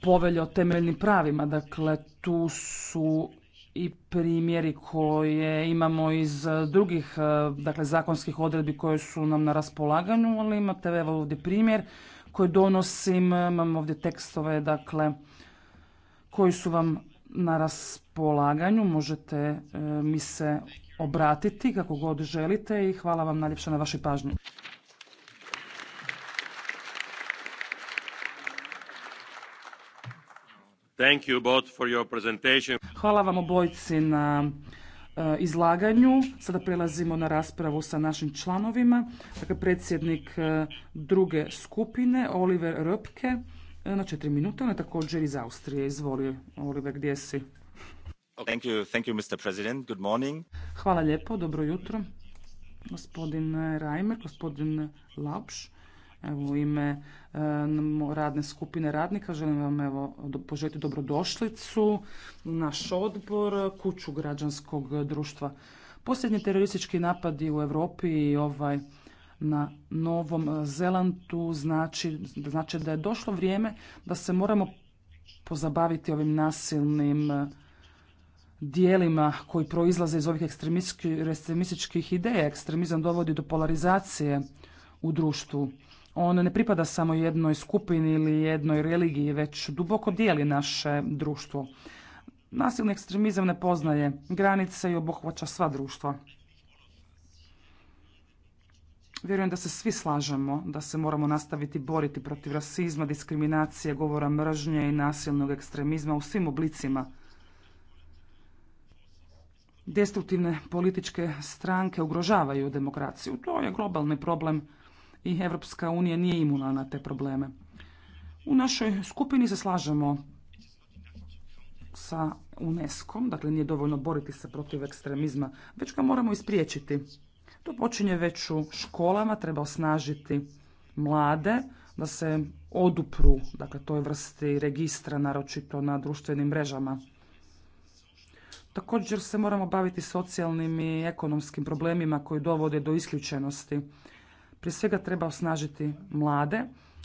povelje o temeljnim pravima. Dakle, tu su i primjeri koje imamo iz e, drugih e, dakle, zakonskih odredbi koje su nam na raspolaganju, ali imate evo ovdje primjer koji donosim, e, imam ovdje tekstove dakle, koji su vam na raspolaganju, možete mi se obratiti kako god želite i hvala vam najljepše na vašoj pažnji. Thank you both Hvala vam obojci na e, izlaganju. Sada prelazimo na raspravu sa našim članovima. Dakle, predsjednik e, druge skupine, Oliver Röpke, e, na četiri minuta On je također iz Austrije. Izvoli, Oliver, gdje si? Thank you, Hvala lijepo, dobro jutro. Gospodin Reimer, gospodin Laupš. Evo, u ime e, radne skupine radnika želim vam evo, poželjeti dobrodošlicu, naš odbor, kuću građanskog društva. Posljednji teroristički napadi u Europi i ovaj na Novom Zelandu znači, znači da je došlo vrijeme da se moramo pozabaviti ovim nasilnim e, dijelima koji proizlaze iz ovih ekstremističkih ideja. Ekstremizam dovodi do polarizacije u društvu on ne pripada samo jednoj skupini ili jednoj religiji, već duboko dijeli naše društvo. Nasilni ekstremizam ne poznaje granice i obuhvaća sva društva. Vjerujem da se svi slažemo da se moramo nastaviti boriti protiv rasizma, diskriminacije, govora mržnje i nasilnog ekstremizma u svim oblicima. Destruktivne političke stranke ugrožavaju demokraciju. To je globalni problem i Evropska unija nije imuna na te probleme. U našoj skupini se slažemo sa UNESCO-om, dakle nije dovoljno boriti se protiv ekstremizma, već ga moramo ispriječiti. To počinje već u školama, treba osnažiti mlade da se odupru dakle, toj vrsti registra, naročito na društvenim mrežama. Također se moramo baviti socijalnim i ekonomskim problemima koji dovode do isključenosti. Prije svega treba osnažiti mlade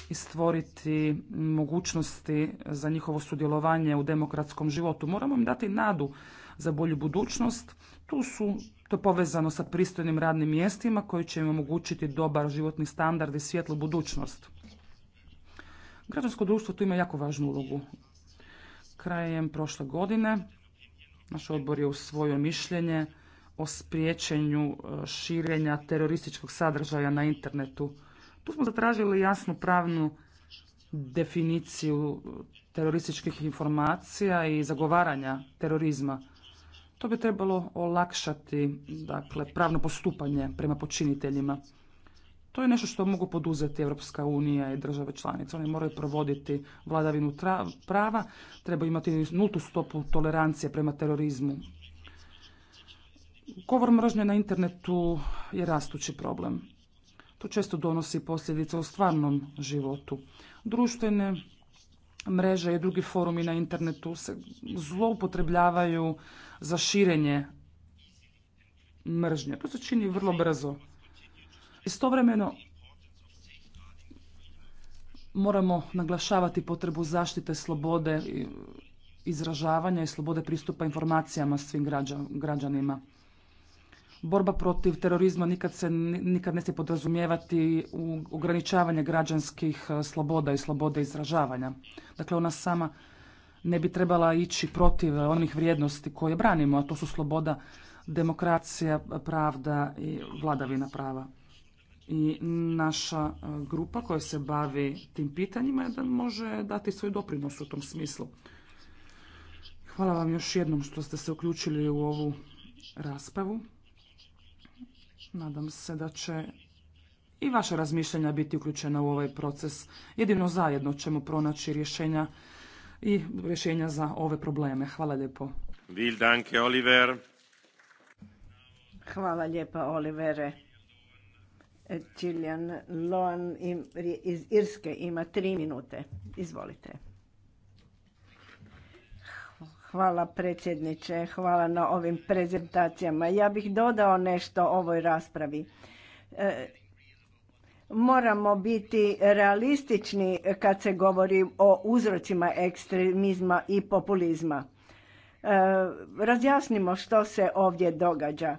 i stvoriti mogućnosti za njihovo sudjelovanje u demokratskom životu. Moramo im dati nadu za bolju budućnost. Tu su to je povezano sa pristojnim radnim mjestima koji će im omogućiti dobar životni standard i svjetlu budućnost. Građansko društvo tu ima jako važnu ulogu. Krajem prošle godine naš odbor je usvojio mišljenje o spriječenju e, širenja terorističkog sadržaja na internetu. Tu smo zatražili jasnu pravnu definiciju e, terorističkih informacija i zagovaranja terorizma. To bi trebalo olakšati dakle, pravno postupanje prema počiniteljima. To je nešto što mogu poduzeti Europska unija i države članice. One moraju provoditi vladavinu prava, treba imati nultu stopu tolerancije prema terorizmu. Govor mržnje na internetu je rastući problem. To često donosi posljedice u stvarnom životu. Društvene mreže i drugi forumi na internetu se zloupotrebljavaju za širenje mržnje. To se čini vrlo brzo. Istovremeno moramo naglašavati potrebu zaštite slobode izražavanja i slobode pristupa informacijama svim građanima. Borba protiv terorizma nikad, se, nikad ne smije podrazumijevati u ograničavanje građanskih e, sloboda i slobode izražavanja. Dakle, ona sama ne bi trebala ići protiv onih vrijednosti koje branimo, a to su sloboda, demokracija, pravda i vladavina prava. I naša e, grupa koja se bavi tim pitanjima da može dati svoj doprinos u tom smislu. Hvala vam još jednom što ste se uključili u ovu raspravu. Nadam se da će i vaše razmišljanja biti uključena u ovaj proces. Jedino zajedno ćemo pronaći rješenja i rješenja za ove probleme. Hvala lijepo. Oliver. Hvala lijepa Olivere. Ciljan e, Loan iz Irske ima tri minute. Izvolite. Hvala predsjedniče, hvala na ovim prezentacijama. Ja bih dodao nešto ovoj raspravi. E, moramo biti realistični kad se govori o uzrocima ekstremizma i populizma. E, razjasnimo što se ovdje događa.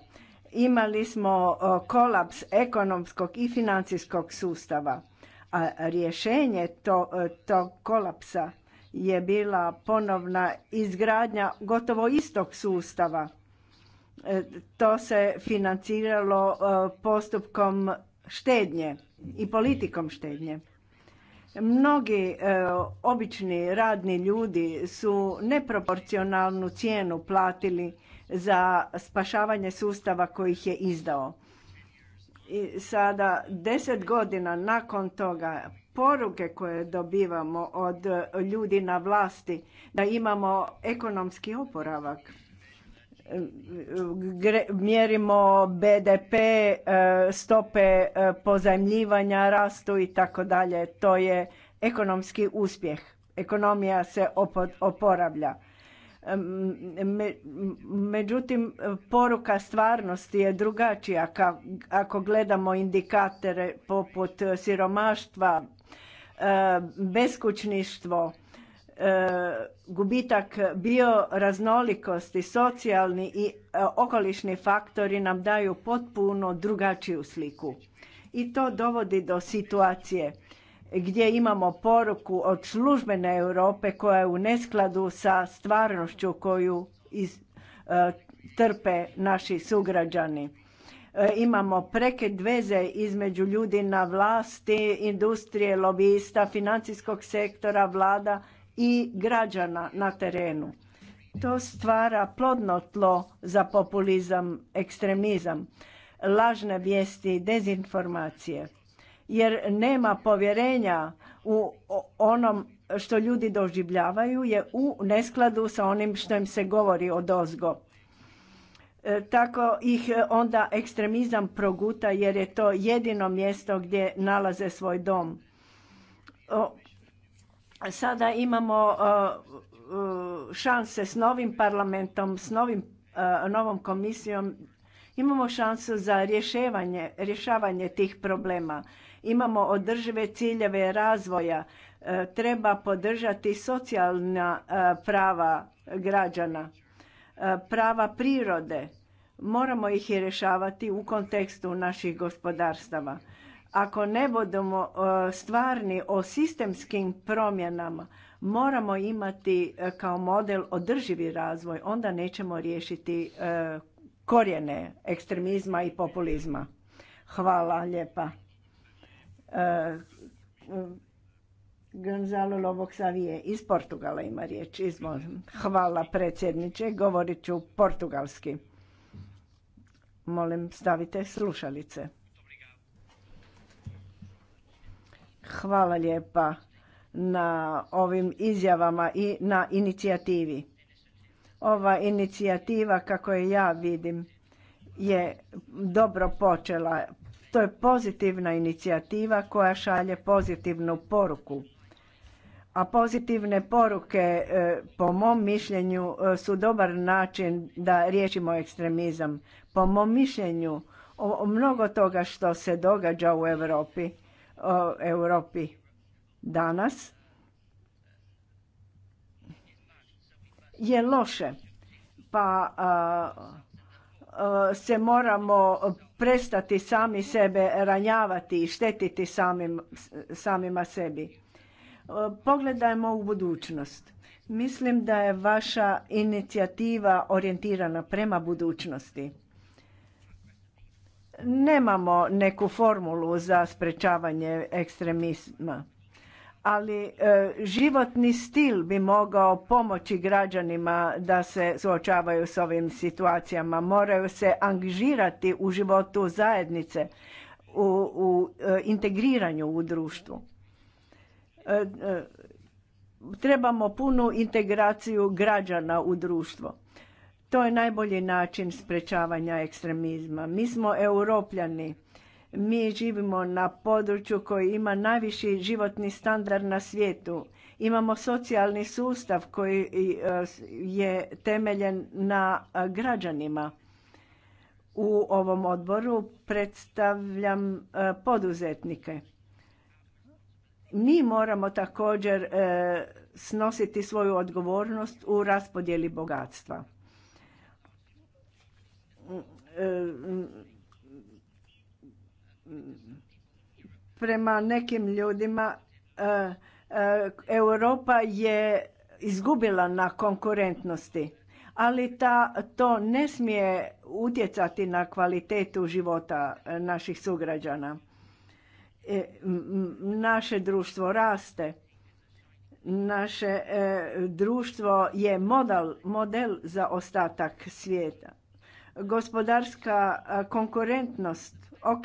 Imali smo e, kolaps ekonomskog i financijskog sustava, a rješenje tog kolapsa je bila ponovna izgradnja gotovo istog sustava. E, to se financiralo e, postupkom štednje i politikom štednje. Mnogi e, obični radni ljudi su neproporcionalnu cijenu platili za spašavanje sustava koji ih je izdao. I sada deset godina nakon toga poruke koje dobivamo od ljudi na vlasti da imamo ekonomski oporavak mjerimo BDP, e, stope e, pozajmljivanja, rastu i tako dalje. To je ekonomski uspjeh. Ekonomija se oporavlja. Međutim, poruka stvarnosti je drugačija ako gledamo indikatore poput siromaštva, e, beskućništvo, e, gubitak bioraznolikosti, socijalni i e, okolišni faktori nam daju potpuno drugačiju sliku. I to dovodi do situacije gdje imamo poruku od službene Europe koja je u neskladu sa stvarnošću koju iz, e, trpe naši sugrađani. E, imamo preke veze između ljudi na vlasti, industrije, lobista, financijskog sektora, vlada i građana na terenu. To stvara plodno tlo za populizam, ekstremizam, lažne vijesti dezinformacije jer nema povjerenja u onom što ljudi doživljavaju je u neskladu sa onim što im se govori o dozgo. E, tako ih e, onda ekstremizam proguta jer je to jedino mjesto gdje nalaze svoj dom. Sada imamo e, šanse s novim parlamentom, s novim, novom komisijom, imamo šansu za rješavanje, rješavanje tih problema. Imamo održive ciljeve razvoja, e, treba podržati socijalna e, prava građana, e, prava prirode. Moramo ih i rješavati u kontekstu naših gospodarstava. Ako ne budemo stvarni o sistemskim promjenama, moramo imati kao model održivi razvoj, onda nećemo riješiti korijene ekstremizma i populizma. Hvala lijepa. Eh, Gonzalo Lobo iz Portugala ima riječ. Hvala predsjedniče, govorit ću portugalski. Molim, stavite slušalice. Hvala lijepa na ovim izjavama i na inicijativi. Ova inicijativa, kako je ja vidim, je dobro počela. To je pozitivna inicijativa koja šalje pozitivnu poruku. A pozitivne poruke, e, po mom mišljenju, e, su dobar način da riješimo ekstremizam. Po mom mišljenju, o mnogo toga što se događa u Europi, Europi danas je loše. Pa se moramo prestati sami sebe ranjavati i štetiti samim, samima sebi. E, pogledajmo u budućnost. Mislim da je vaša inicijativa orijentirana prema budućnosti. Nemamo neku formulu za sprečavanje ekstremizma ali e, životni stil bi mogao pomoći građanima da se suočavaju s ovim situacijama. Moraju se angažirati u životu zajednice, u, u e, integriranju u društvu. E, trebamo punu integraciju građana u društvo. To je najbolji način sprečavanja ekstremizma. Mi smo europljani mi živimo na području koji ima najviši životni standard na svijetu. Imamo socijalni sustav koji e, je temeljen na e, građanima. U ovom odboru predstavljam e, poduzetnike. Mi moramo također snositi svoju odgovornost u raspodjeli bogatstva prema nekim ljudima e, e, Europa je izgubila na konkurentnosti, ali ta, to ne smije utjecati na kvalitetu života e, naših sugrađana. Naše društvo raste, naše društvo je model, model za ostatak svijeta. Gospodarska konkurentnost, ok,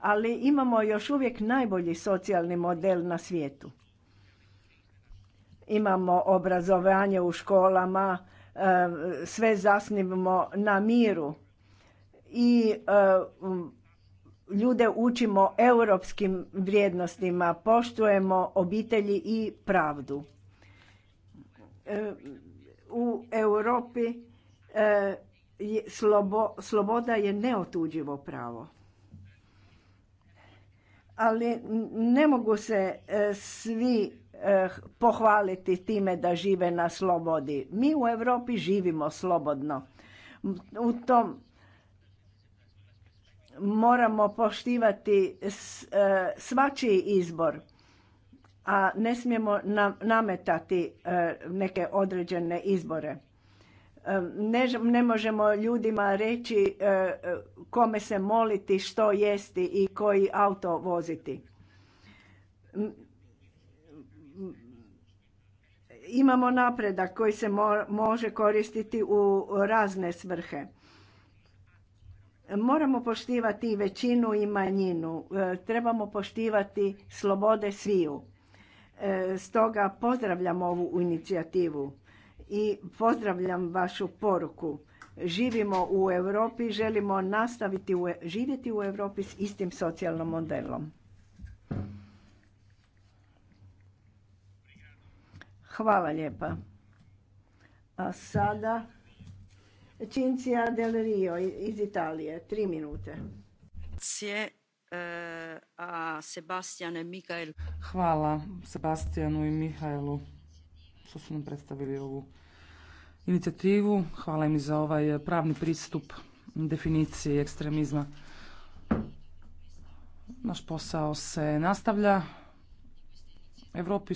ali imamo još uvijek najbolji socijalni model na svijetu. Imamo obrazovanje u školama, e, sve zasnivamo na miru i e, ljude učimo europskim vrijednostima, poštujemo obitelji i pravdu. E, u Europi sloboda je neotuđivo pravo ali ne mogu se e, svi e, pohvaliti time da žive na slobodi. Mi u Europi živimo slobodno. U tom moramo poštivati e, svačiji izbor, a ne smijemo nametati neke određene izbore. Ne, ne možemo ljudima reći e, e, kome se moliti, što jesti i koji auto voziti. Imamo napredak koji se može koristiti u razne svrhe. Moramo poštivati većinu i manjinu. E, trebamo poštivati slobode sviju. Stoga pozdravljam ovu inicijativu i pozdravljam vašu poruku. Živimo u Europi, želimo nastaviti u, živjeti u Europi s istim socijalnom modelom. Hvala lijepa. A sada Cinzia Del Rio iz Italije, tri minute. Eh, e Hvala Sebastianu i Mihajlu što su nam predstavili ovu inicijativu. Hvala im za ovaj pravni pristup definiciji ekstremizma. Naš posao se nastavlja. Europi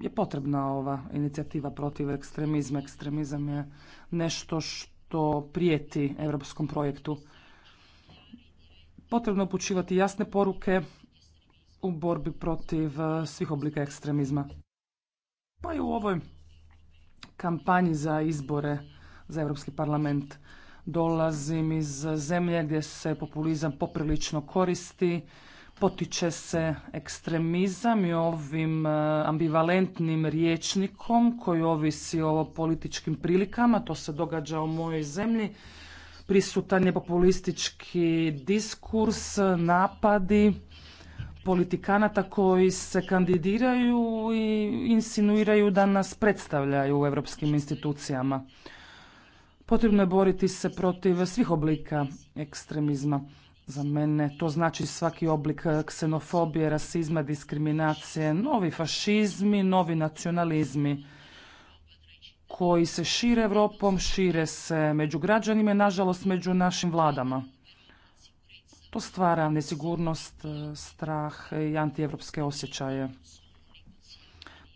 je potrebna ova inicijativa protiv ekstremizma. Ekstremizam je nešto što prijeti europskom projektu. Potrebno je upućivati jasne poruke u borbi protiv svih oblika ekstremizma. Pa i u ovoj kampanji za izbore za Europski parlament. Dolazim iz zemlje gdje se populizam poprilično koristi, potiče se ekstremizam i ovim e, ambivalentnim rječnikom koji ovisi o političkim prilikama, to se događa u mojoj zemlji, prisutan je populistički diskurs, napadi, politikanata koji se kandidiraju i insinuiraju da nas predstavljaju u europskim institucijama. Potrebno je boriti se protiv svih oblika ekstremizma. Za mene to znači svaki oblik ksenofobije, rasizma, diskriminacije, novi fašizmi, novi nacionalizmi koji se šire Europom, šire se među građanima i nažalost među našim vladama. To stvara nesigurnost, e, strah i antijevropske osjećaje.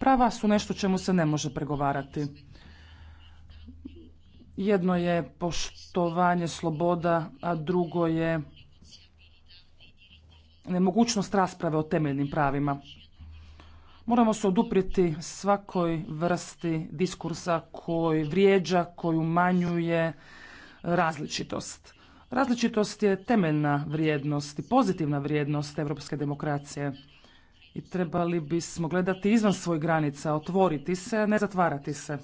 Prava su nešto čemu se ne može pregovarati. Jedno je poštovanje sloboda, a drugo je nemogućnost rasprave o temeljnim pravima. Moramo se odupriti svakoj vrsti diskursa koji vrijeđa, koji umanjuje različitost. Različitost je temeljna vrijednost i pozitivna vrijednost europske demokracije. I trebali bismo gledati izvan svojih granica, otvoriti se, ne zatvarati se.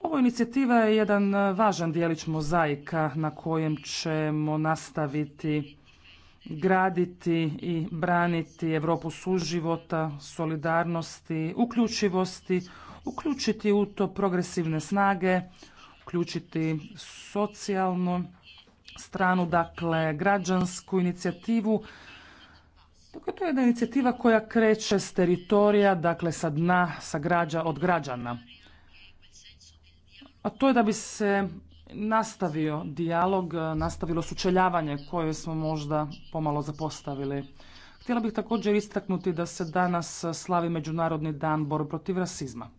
Ovo inicijativa je jedan važan dijelić mozaika na kojem ćemo nastaviti graditi i braniti Europu suživota, solidarnosti, uključivosti, uključiti u to progresivne snage, uključiti socijalnu stranu, dakle građansku inicijativu. Dakle, to je jedna inicijativa koja kreće s teritorija, dakle sa dna, sa građa, od građana. A to je da bi se nastavio dijalog, nastavilo sučeljavanje koje smo možda pomalo zapostavili. Htjela bih također istaknuti da se danas slavi Međunarodni dan borbe protiv rasizma.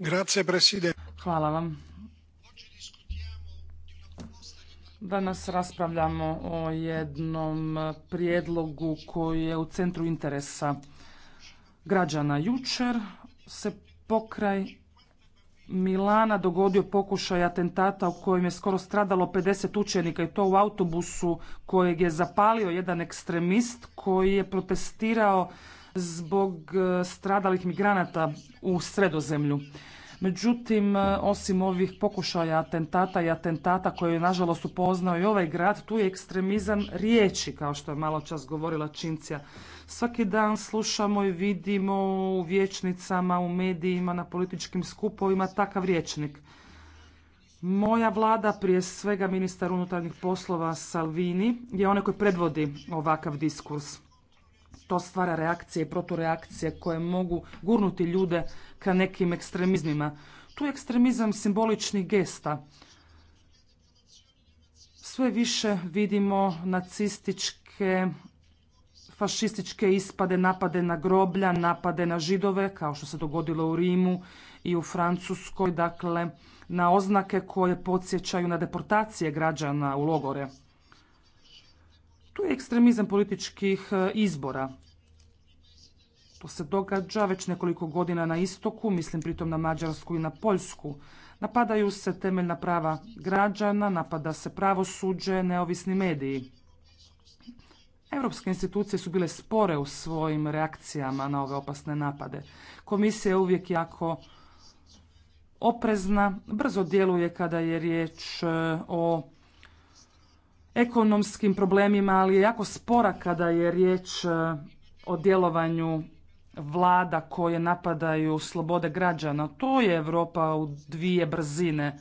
Grazie, presidente. Hvala vam. Danas raspravljamo o jednom prijedlogu koji je u centru interesa građana. Jučer se pokraj Milana dogodio pokušaj atentata u kojem je skoro stradalo 50 učenika i to u autobusu kojeg je zapalio jedan ekstremist koji je protestirao zbog e, stradalih migranata u sredozemlju. Međutim, e, osim ovih pokušaja atentata i atentata koje je nažalost upoznao i ovaj grad, tu je ekstremizam riječi, kao što je malo čas govorila Čincija. Svaki dan slušamo i vidimo u vječnicama, u medijima, na političkim skupovima takav riječnik. Moja vlada, prije svega ministar unutarnjih poslova Salvini, je onaj koji predvodi ovakav diskurs. To stvara reakcije i protureakcije koje mogu gurnuti ljude ka nekim ekstremizmima. Tu je ekstremizam simboličnih gesta. Sve više vidimo nacističke, fašističke ispade, napade na groblja, napade na židove, kao što se dogodilo u Rimu i u Francuskoj, dakle, na oznake koje podsjećaju na deportacije građana u logore. Tu je ekstremizam političkih e, izbora. To se događa već nekoliko godina na istoku, mislim pritom na Mađarsku i na Poljsku. Napadaju se temeljna prava građana, napada se pravosuđe, neovisni mediji. Europske institucije su bile spore u svojim reakcijama na ove opasne napade. Komisija je uvijek jako oprezna, brzo djeluje kada je riječ e, o ekonomskim problemima, ali je jako spora kada je riječ e, o djelovanju vlada koje napadaju slobode građana. To je Europa u dvije brzine.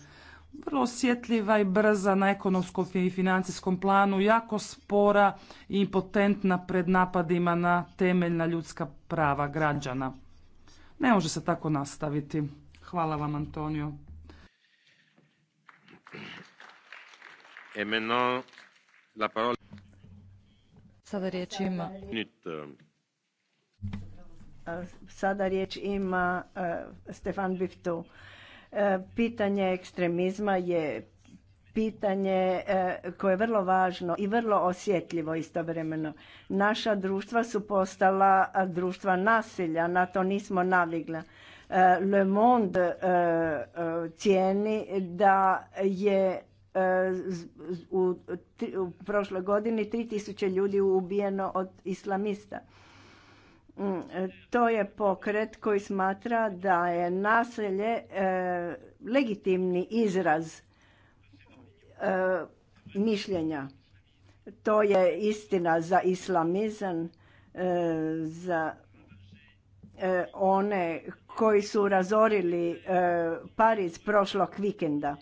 Vrlo osjetljiva i brza na ekonomskom i financijskom planu, jako spora i impotentna pred napadima na temeljna ljudska prava građana. Ne može se tako nastaviti. Hvala vam, Antonio. E, Sada riječ ima... Eh, eh, ima eh, Stefan Biftu. Pitanje ekstremizma je pitanje koje je vrlo važno i vrlo osjetljivo istovremeno. Naša društva su postala društva nasilja, na to nismo navigla. Le Monde cijeni da je E, u, prošloj godini 3000 ljudi ubijeno od islamista. Mm, e, to je pokret koji smatra da je naselje e, legitimni izraz mišljenja. To je istina za islamizam, za one koji su razorili Pariz prošlog vikenda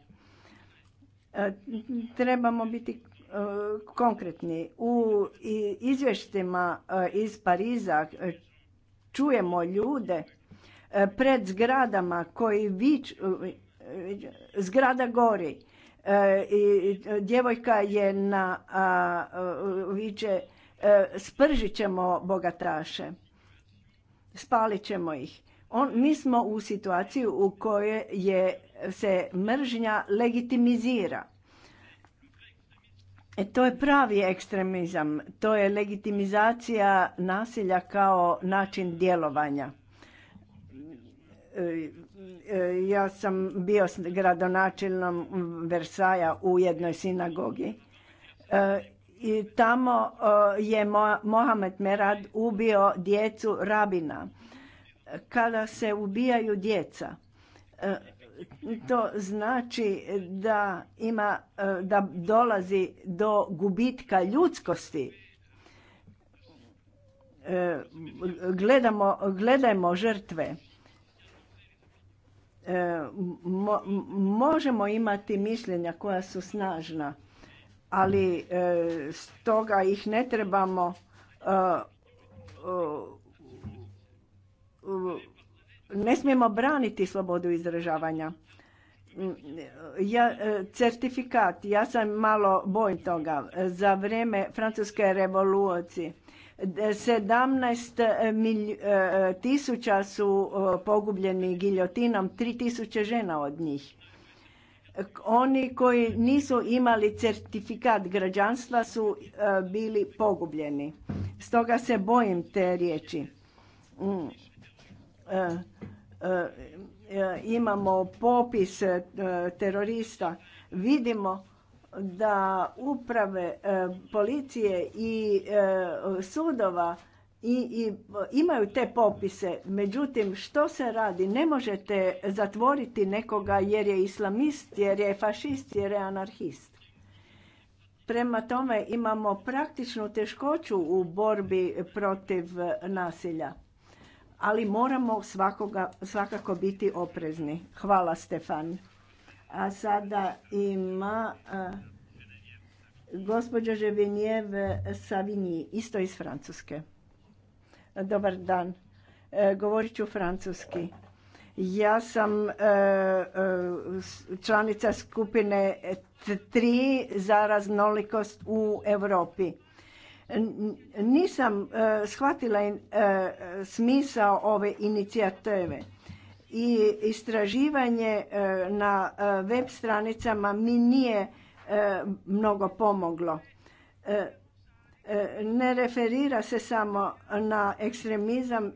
Trebamo biti e, konkretni. U izvještima e, iz Pariza e, čujemo ljude pred zgradama koji vič, zgrada gori. I djevojka je na viče spržit ćemo bogataše. Spalit ćemo ih. mi smo u situaciji u kojoj je se mržnja legitimizira. E, to je pravi ekstremizam, to je legitimizacija nasilja kao način djelovanja. E, e, ja sam bio s gradonačelnom Versaja u jednoj sinagogi e, i tamo je Mohamed Merad ubio djecu rabina. Kada se ubijaju djeca, to znači da ima e, da dolazi do gubitka ljudskosti e, gledamo gledajmo žrtve e, možemo imati mišljenja koja su snažna ali stoga ih ne trebamo ne smijemo braniti slobodu izražavanja. Mm, ja, e, certifikat, ja sam malo boj toga. Za vrijeme francuske revolucije 17 milj, e, tisuća su e, pogubljeni giljotinom, 3 tisuće žena od njih. Oni koji nisu imali certifikat građanstva su bili pogubljeni. Stoga se bojim te riječi. Mm. E, e, imamo popis e, terorista, vidimo da uprave policije i sudova i, imaju te popise. Međutim, što se radi? Ne možete zatvoriti nekoga jer je islamist, jer je fašist, jer je anarhist. Prema tome imamo praktičnu teškoću u borbi protiv nasilja ali moramo svakoga, svakako biti oprezni. Hvala Stefan. A sada ima gospođa Ževinjev Savigny, isto iz Francuske. Dobar dan, e, govorit ću francuski. Ja sam e, e, članica skupine 3 za raznolikost u Europi. Nisam e, shvatila e, smisao ove inicijative i istraživanje e, na web stranicama mi nije mnogo pomoglo. Ne referira se samo na ekstremizam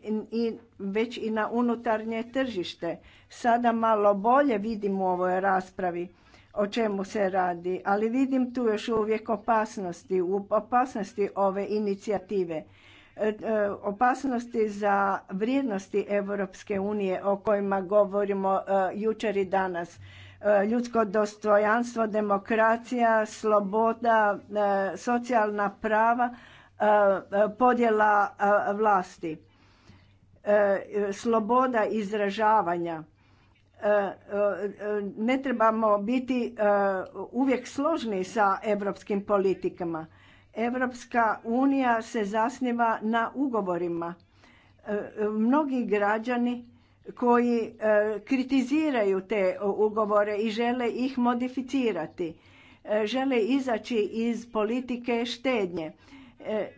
već i na unutarnje tržište. Sada malo bolje vidim u ovoj raspravi o čemu se radi, ali vidim tu još uvijek opasnosti, opasnosti ove inicijative, e, e, opasnosti za vrijednosti Europske unije o kojima govorimo e, jučer i danas. Ljudsko dostojanstvo, demokracija, sloboda, socijalna prava, podjela vlasti, sloboda izražavanja E, e, ne trebamo biti e, uvijek složni sa europskim politikama. Europska unija se zasniva na ugovorima. Mnogi građani koji kritiziraju te ugovore i žele ih modificirati, žele izaći iz politike štednje E, e,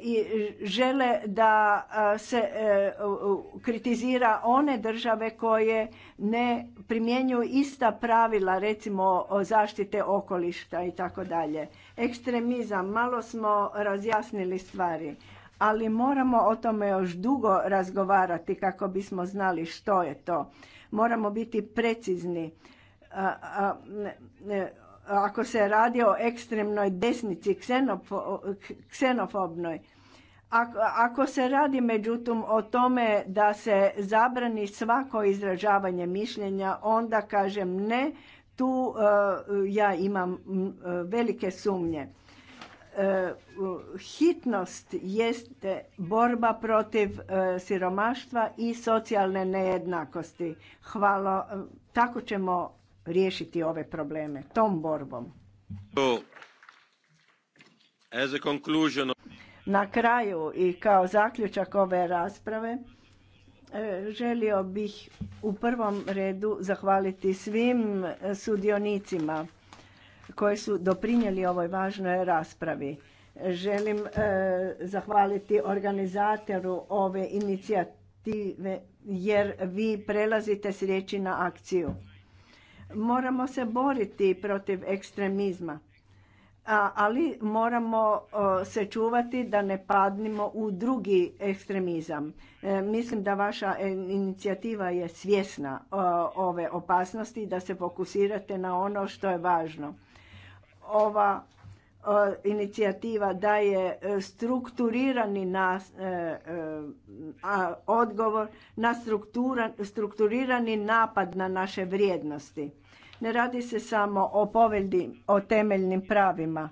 i žele da se e, kritizira one države koje ne primjenjuju ista pravila recimo zaštite okolišta i tako dalje. Ekstremizam, malo smo razjasnili stvari, ali moramo o tome još dugo razgovarati kako bismo znali što je to. Moramo biti precizni ako se radi o ekstremnoj desnici, ksenofobnoj. Ako se radi međutim o tome da se zabrani svako izražavanje mišljenja, onda kažem ne, tu eh, ja imam eh, velike sumnje. Eh, hitnost jeste borba protiv siromaštva i socijalne nejednakosti. Hvala, tako ćemo riješiti ove probleme tom borbom. Na kraju i kao zaključak ove rasprave e, želio bih u prvom redu zahvaliti svim sudionicima koji su doprinijeli ovoj važnoj raspravi. Želim e, zahvaliti organizatoru ove inicijative jer vi prelazite s riječi na akciju. Moramo se boriti protiv ekstremizma, ali moramo se čuvati da ne padnimo u drugi ekstremizam. E, mislim da vaša inicijativa je svjesna ove opasnosti i da se fokusirate na ono što je važno. Ova inicijativa daje e, strukturirani e, odgovor na strukturirani napad na naše vrijednosti. Ne radi se samo o povelji o temeljnim pravima.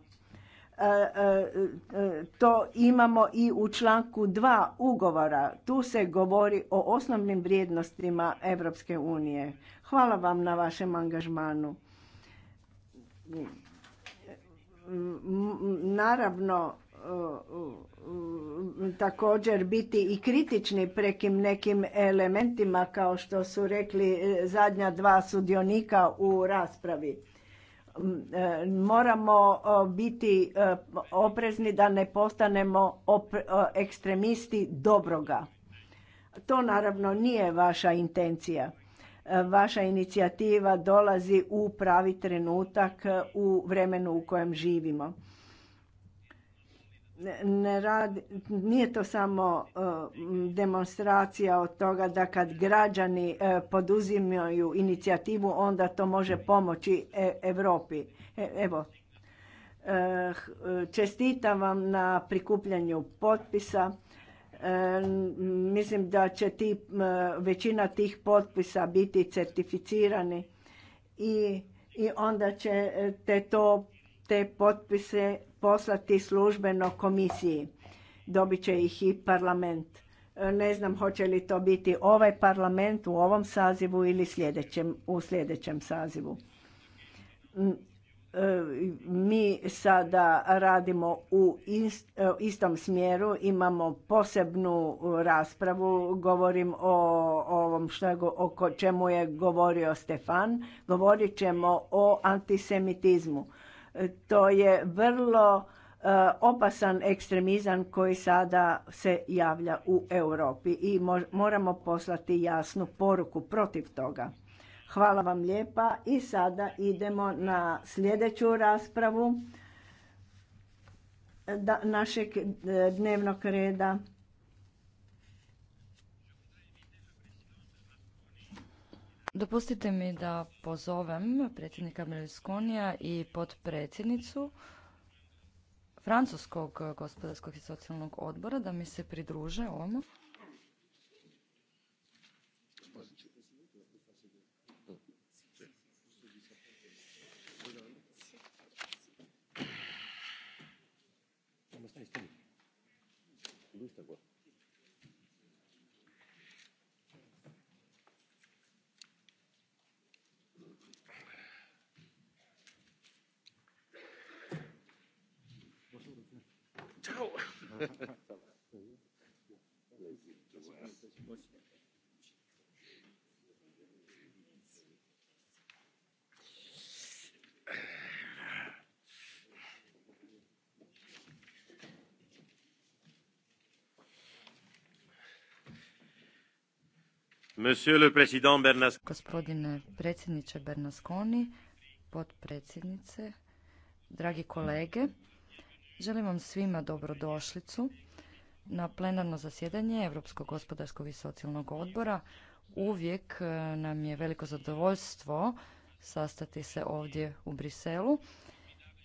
E, e, e, to imamo i u članku 2 ugovora. Tu se govori o osnovnim vrijednostima Europske unije. Hvala vam na vašem angažmanu. Naravno, također biti i kritični prekim nekim elementima kao što su rekli e, zadnja dva sudionika u raspravi. E, moramo biti e, oprezni da ne postanemo ekstremisti dobroga. To naravno nije vaša intencija. Vaša inicijativa dolazi u pravi trenutak u vremenu u kojem živimo ne radi, nije to samo e, demonstracija od toga da kad građani e, poduzimaju inicijativu onda to može pomoći Europi. E, evo, čestitam vam na prikupljanju potpisa. Mislim da će ti, većina tih potpisa biti certificirani i i onda ćete to te potpise poslati službeno komisiji. Dobit će ih i parlament. E, ne znam hoće li to biti ovaj parlament u ovom sazivu ili sljedećem, u sljedećem sazivu. E, mi sada radimo u e, istom smjeru, imamo posebnu raspravu, govorim o ovom što je, o čemu je govorio Stefan, govorit ćemo o antisemitizmu to je vrlo e, opasan ekstremizam koji sada se javlja u Europi i moramo poslati jasnu poruku protiv toga. Hvala vam lijepa i sada idemo na sljedeću raspravu e, našeg e, dnevnog reda. Dopustite mi da pozovem predsjednika Berlusconija i potpredsjednicu Francuskog gospodarskog i socijalnog odbora da mi se pridruže ovamo. Gospodine predsjedniče Bernasconi, potpredsjednice, dragi kolege, Želim vam svima dobrodošlicu na plenarno zasjedanje Europskog gospodarskog i socijalnog odbora. Uvijek e, nam je veliko zadovoljstvo sastati se ovdje u Briselu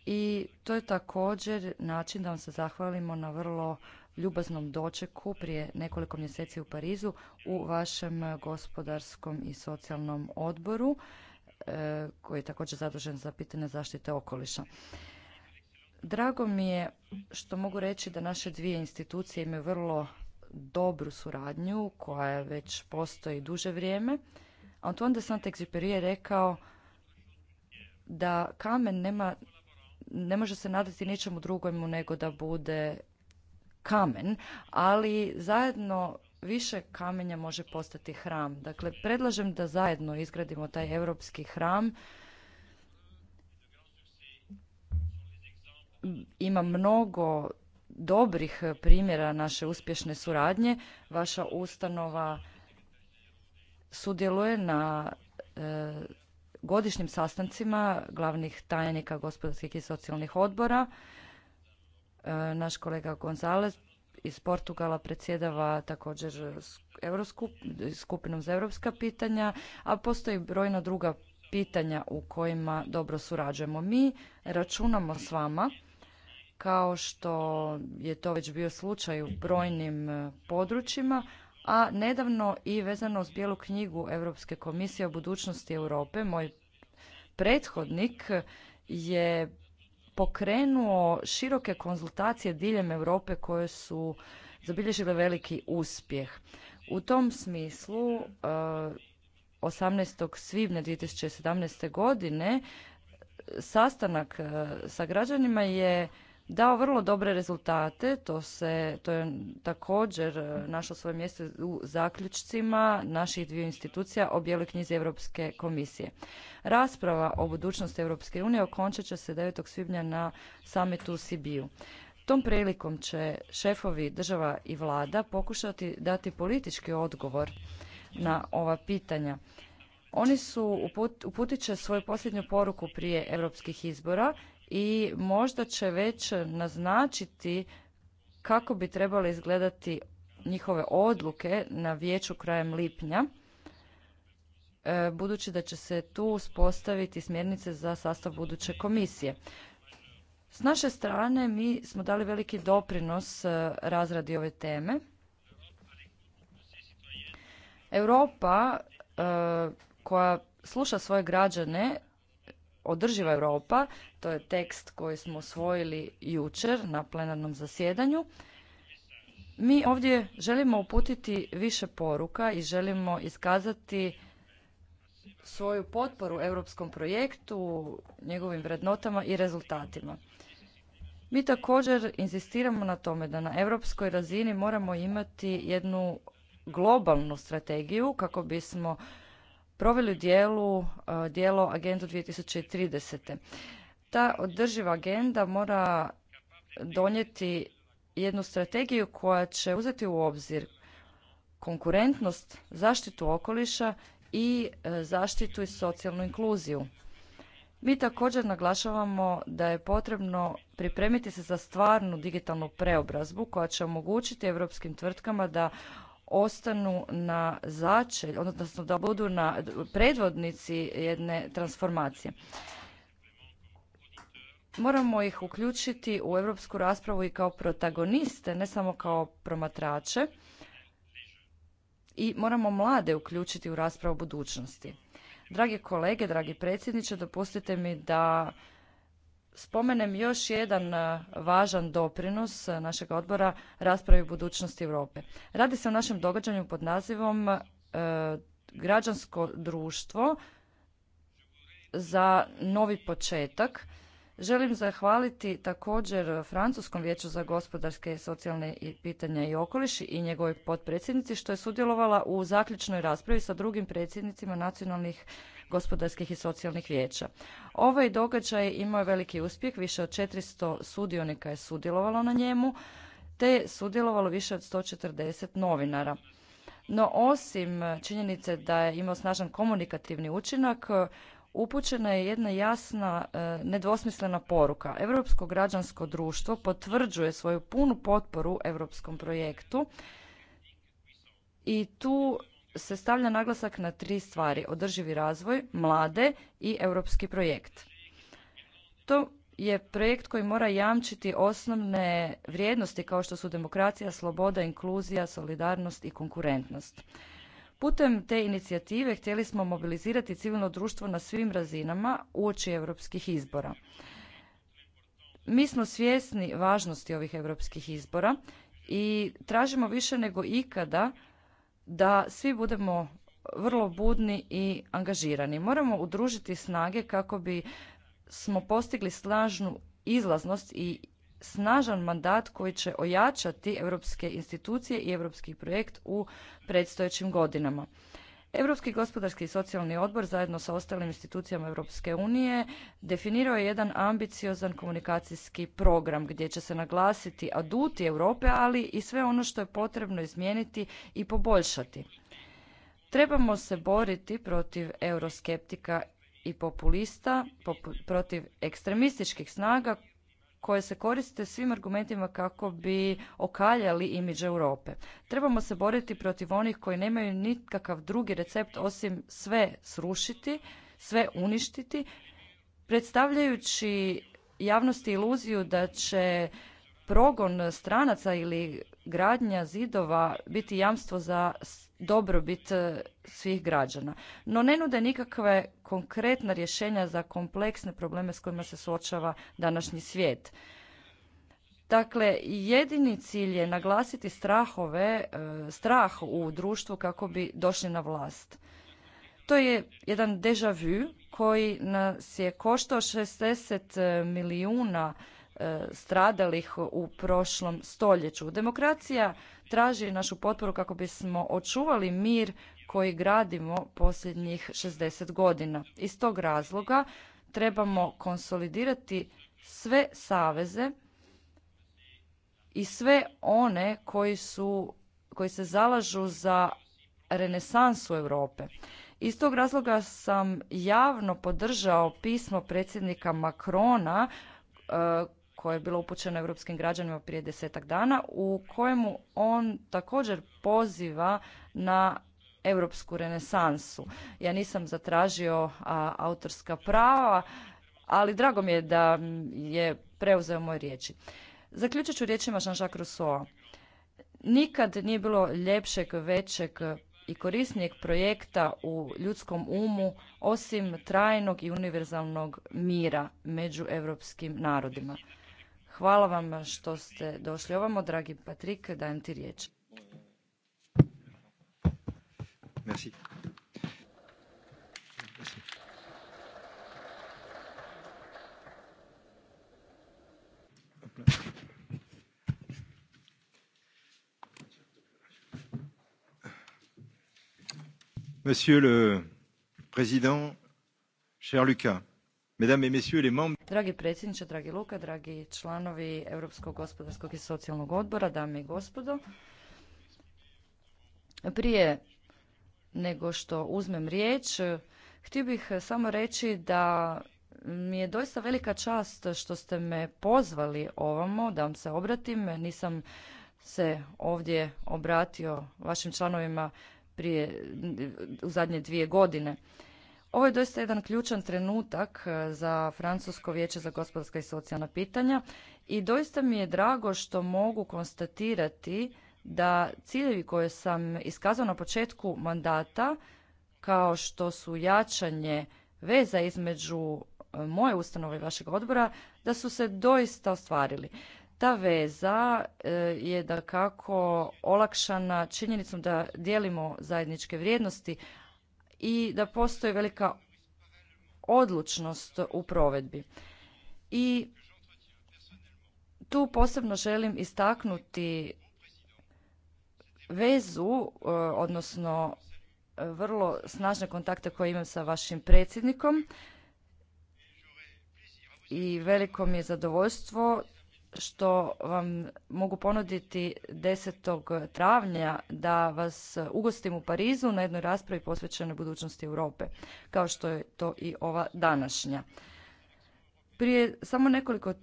i to je također način da vam se zahvalimo na vrlo ljubaznom dočeku prije nekoliko mjeseci u Parizu u vašem gospodarskom i socijalnom odboru e, koji je također zadužen za pitanje zaštite okoliša. Drago mi je što mogu reći da naše dvije institucije imaju vrlo dobru suradnju koja već postoji duže vrijeme. Antoine de Saint-Exupéry je rekao da kamen nema, ne može se nadati ničemu drugom nego da bude kamen, ali zajedno više kamenja može postati hram. Dakle, predlažem da zajedno izgradimo taj europski hram ima mnogo dobrih primjera naše uspješne suradnje. Vaša ustanova sudjeluje na e, godišnjim sastancima glavnih tajnika gospodarskih i socijalnih odbora. E, naš kolega Gonzalez iz Portugala predsjedava također skupinom za europska pitanja, a postoji brojna druga pitanja u kojima dobro surađujemo. Mi računamo s vama kao što je to već bio slučaj u brojnim e, područjima, a nedavno i vezano uz bijelu knjigu Europske komisije o budućnosti Europe, moj prethodnik je pokrenuo široke konzultacije diljem Europe koje su zabilježile veliki uspjeh. U tom smislu 18. E, svibnja 2017. godine sastanak e, sa građanima je dao vrlo dobre rezultate, to, se, to je također e, našlo svoje mjesto u zaključcima naših dviju institucija o bijeloj knjizi Europske komisije. Rasprava o budućnosti Europske unije okončat će se 9. svibnja na samitu u Sibiju. Tom prilikom će šefovi država i vlada pokušati dati politički odgovor na ova pitanja. Oni su uputit će svoju posljednju poruku prije europskih izbora i možda će već naznačiti kako bi trebale izgledati njihove odluke na vijeću krajem lipnja e, budući da će se tu uspostaviti smjernice za sastav buduće komisije. S naše strane mi smo dali veliki doprinos e, razradi ove teme. Europa e, koja sluša svoje građane održiva Europa, to je tekst koji smo osvojili jučer na plenarnom zasjedanju. Mi ovdje želimo uputiti više poruka i želimo iskazati svoju potporu europskom projektu, njegovim vrednotama i rezultatima. Mi također insistiramo na tome da na europskoj razini moramo imati jednu globalnu strategiju kako bismo proveli u dijelu e, dijelo Agendu 2030. Ta održiva agenda mora donijeti jednu strategiju koja će uzeti u obzir konkurentnost, zaštitu okoliša i e, zaštitu i socijalnu inkluziju. Mi također naglašavamo da je potrebno pripremiti se za stvarnu digitalnu preobrazbu koja će omogućiti europskim tvrtkama da ostanu na začelj, odnosno da budu na predvodnici jedne transformacije. Moramo ih uključiti u europsku raspravu i kao protagoniste, ne samo kao promatrače. I moramo mlade uključiti u raspravu budućnosti. Drage kolege, dragi predsjedniče, dopustite mi da spomenem još jedan e, važan doprinos e, našeg odbora raspravi o budućnosti Europe. Radi se o našem događanju pod nazivom e, Građansko društvo za novi početak. Želim zahvaliti također Francuskom vijeću za gospodarske, socijalne i pitanja i okoliš i njegovoj potpredsjednici što je sudjelovala u zaključnoj raspravi sa drugim predsjednicima nacionalnih gospodarskih i socijalnih vijeća. Ovaj događaj imao je veliki uspjeh, više od 400 sudionika je sudjelovalo na njemu, te je sudjelovalo više od 140 novinara. No osim činjenice da je imao snažan komunikativni učinak, upućena je jedna jasna, e, nedvosmislena poruka. Europsko građansko društvo potvrđuje svoju punu potporu europskom projektu i tu se stavlja naglasak na tri stvari: održivi razvoj, mlade i europski projekt. To je projekt koji mora jamčiti osnovne vrijednosti kao što su demokracija, sloboda, inkluzija, solidarnost i konkurentnost. Putem te inicijative htjeli smo mobilizirati civilno društvo na svim razinama uoči europskih izbora. Mi smo svjesni važnosti ovih europskih izbora i tražimo više nego ikada da svi budemo vrlo budni i angažirani. Moramo udružiti snage kako bi smo postigli snažnu izlaznost i snažan mandat koji će ojačati europske institucije i europski projekt u predstojećim godinama. Europski gospodarski i socijalni odbor zajedno sa ostalim institucijama Europske unije definirao je jedan ambiciozan komunikacijski program gdje će se naglasiti aduti Europe, ali i sve ono što je potrebno izmijeniti i poboljšati. Trebamo se boriti protiv euroskeptika i populista, protiv ekstremističkih snaga koje se koriste svim argumentima kako bi okaljali imidž Europe. Trebamo se boriti protiv onih koji nemaju nikakav drugi recept osim sve srušiti, sve uništiti, predstavljajući javnosti iluziju da će progon stranaca ili gradnja zidova biti jamstvo za dobrobit e, svih građana. No ne nude nikakve konkretna rješenja za kompleksne probleme s kojima se suočava današnji svijet. Dakle, jedini cilj je naglasiti strahove, e, strah u društvu kako bi došli na vlast. To je jedan deja vu koji nas je koštao 60 e, milijuna stradalih u prošlom stoljeću. Demokracija traži našu potporu kako bismo očuvali mir koji gradimo posljednjih 60 godina. Iz tog razloga trebamo konsolidirati sve saveze i sve one koji su koji se zalažu za renesansu Europe. Iz tog razloga sam javno podržao pismo predsjednika Makrona e, koje je bilo upućeno europskim građanima prije desetak dana u kojemu on također poziva na europsku renesansu. Ja nisam zatražio autorska prava, ali drago mi je da je preuzeo moje riječi. Zaključit ću riječima Jean-Jacques Rousseau. Nikad nije bilo ljepšeg, većeg i korisnijeg projekta u ljudskom umu osim trajnog i univerzalnog mira među europskim narodima. Hvala vam što ste došli ovamo, dragi Patrik, dajem ti riječ. Merci. Monsieur le Président, cher Lucas, Dragi predsjedniče, dragi Luka, dragi članovi Europskog gospodarskog i socijalnog odbora, dame i gospodo, prije nego što uzmem riječ, htio bih samo reći da mi je doista velika čast što ste me pozvali ovamo da vam se obratim. Nisam se ovdje obratio vašim članovima prije, u zadnje dvije godine. Ovo je doista jedan ključan trenutak e, za Francusko vijeće za gospodarska i socijalna pitanja i doista mi je drago što mogu konstatirati da ciljevi koje sam iskazao na početku mandata, kao što su jačanje veza između e, moje ustanove i vašeg odbora, da su se doista ostvarili. Ta veza e, je da kako olakšana činjenicom da dijelimo zajedničke vrijednosti, i da postoji velika odlučnost u provedbi. I tu posebno želim istaknuti vezu, e, odnosno e, vrlo snažne kontakte koje imam sa vašim predsjednikom i veliko mi je zadovoljstvo što vam mogu ponuditi 10. travnja da vas ugostim u Parizu na jednoj raspravi posvećenoj budućnosti Europe, kao što je to i ova današnja. Prije samo nekoliko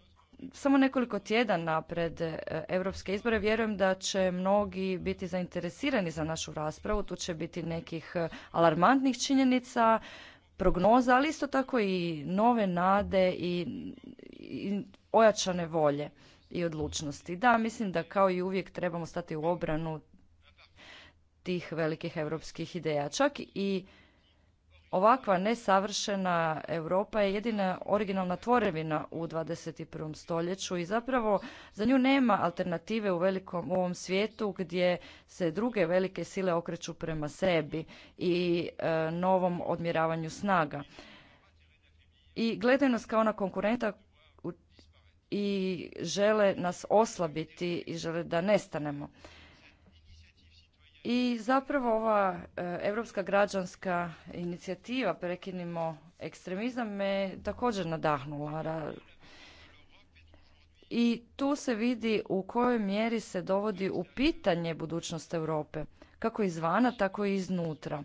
samo nekoliko tjedana pred e, europske izbore vjerujem da će mnogi biti zainteresirani za našu raspravu. Tu će biti nekih e, alarmantnih činjenica, prognoza, ali isto tako i nove nade i ojačane volje i odlučnosti. Da, mislim da kao i uvijek trebamo stati u obranu tih velikih europskih ideja. Čak i ovakva nesavršena Europa je jedina originalna tvorevina u 21. stoljeću i zapravo za nju nema alternative u velikom ovom svijetu gdje se druge velike sile okreću prema sebi i e, novom odmjeravanju snaga. I gledaju nas kao na konkurenta i žele nas oslabiti i žele da nestanemo. I zapravo ova e, Europska građanska inicijativa Prekinimo ekstremizam me također nadahnula. I tu se vidi u kojoj mjeri se dovodi u pitanje budućnost Europe, kako izvana, tako i iznutra.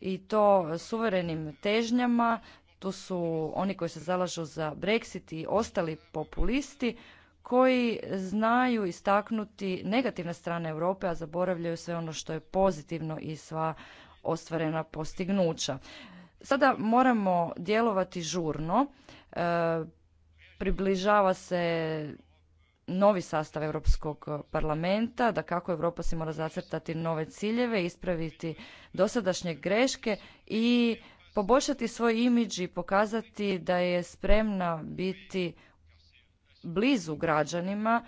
I to suverenim težnjama tu su oni koji se zalažu za Brexit i ostali populisti koji znaju istaknuti negativne strane Europe, a zaboravljaju sve ono što je pozitivno i sva ostvarena postignuća. Sada moramo djelovati žurno. E, približava se novi sastav Europskog parlamenta, da kako Europa si mora zacrtati nove ciljeve, ispraviti dosadašnje greške i poboljšati svoj imidž i pokazati da je spremna biti blizu građanima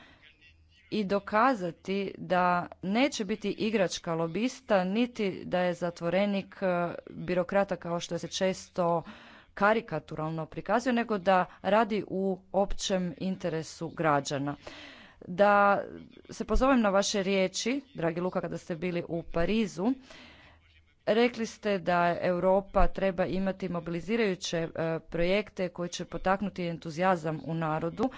i dokazati da neće biti igračka lobista niti da je zatvorenik e, birokrata kao što se često karikaturalno prikazuje nego da radi u općem interesu građana. Da se pozovem na vaše riječi, dragi Luka, kada ste bili u Parizu, Rekli ste da Europa treba imati mobilizirajuće e, projekte koji će potaknuti entuzijazam u narodu.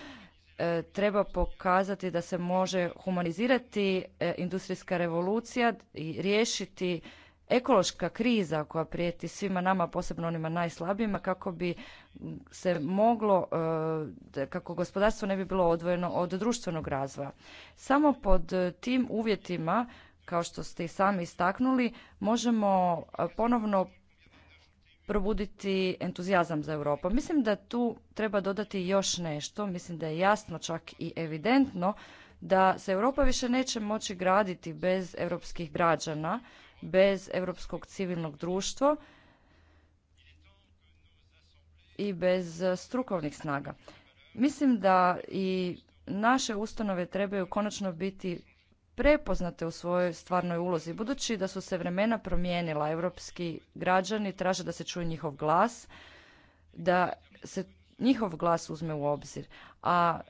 E, treba pokazati da se može humanizirati e, industrijska revolucija i riješiti ekološka kriza koja prijeti svima nama, posebno onima najslabijima, kako bi se moglo, kako gospodarstvo ne bi bilo odvojeno od društvenog razvoja. Samo pod tim uvjetima kao što ste i sami istaknuli, možemo ponovno probuditi entuzijazam za Europu. Mislim da tu treba dodati još nešto, mislim da je jasno čak i evidentno da se Europa više neće moći graditi bez europskih građana, bez europskog civilnog društva i bez strukovnih snaga. Mislim da i naše ustanove trebaju konačno biti prepoznate u svojoj stvarnoj ulozi. Budući da su se vremena promijenila, europski građani traže da se čuje njihov glas, da se njihov glas uzme u obzir. A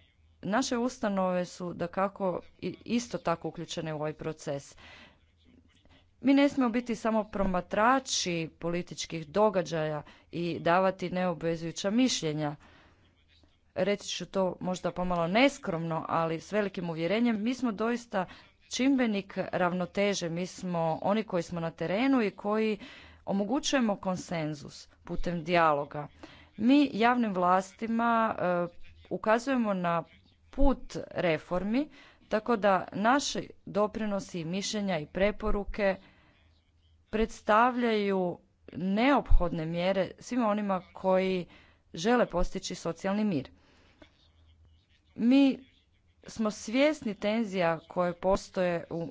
naše ustanove su da kako isto tako uključene u ovaj proces. Mi ne smijemo biti samo promatrači političkih događaja i davati neobvezujuća mišljenja. Reći ću to možda pomalo neskromno, ali s velikim uvjerenjem, mi smo doista čimbenik ravnoteže. Mi smo oni koji smo na terenu i koji omogućujemo konsenzus putem dijaloga. Mi javnim vlastima e, ukazujemo na put reformi, tako da naši doprinosi, mišljenja i preporuke predstavljaju neophodne mjere svima onima koji žele postići socijalni mir. Mi smo svjesni tenzija koje postoje u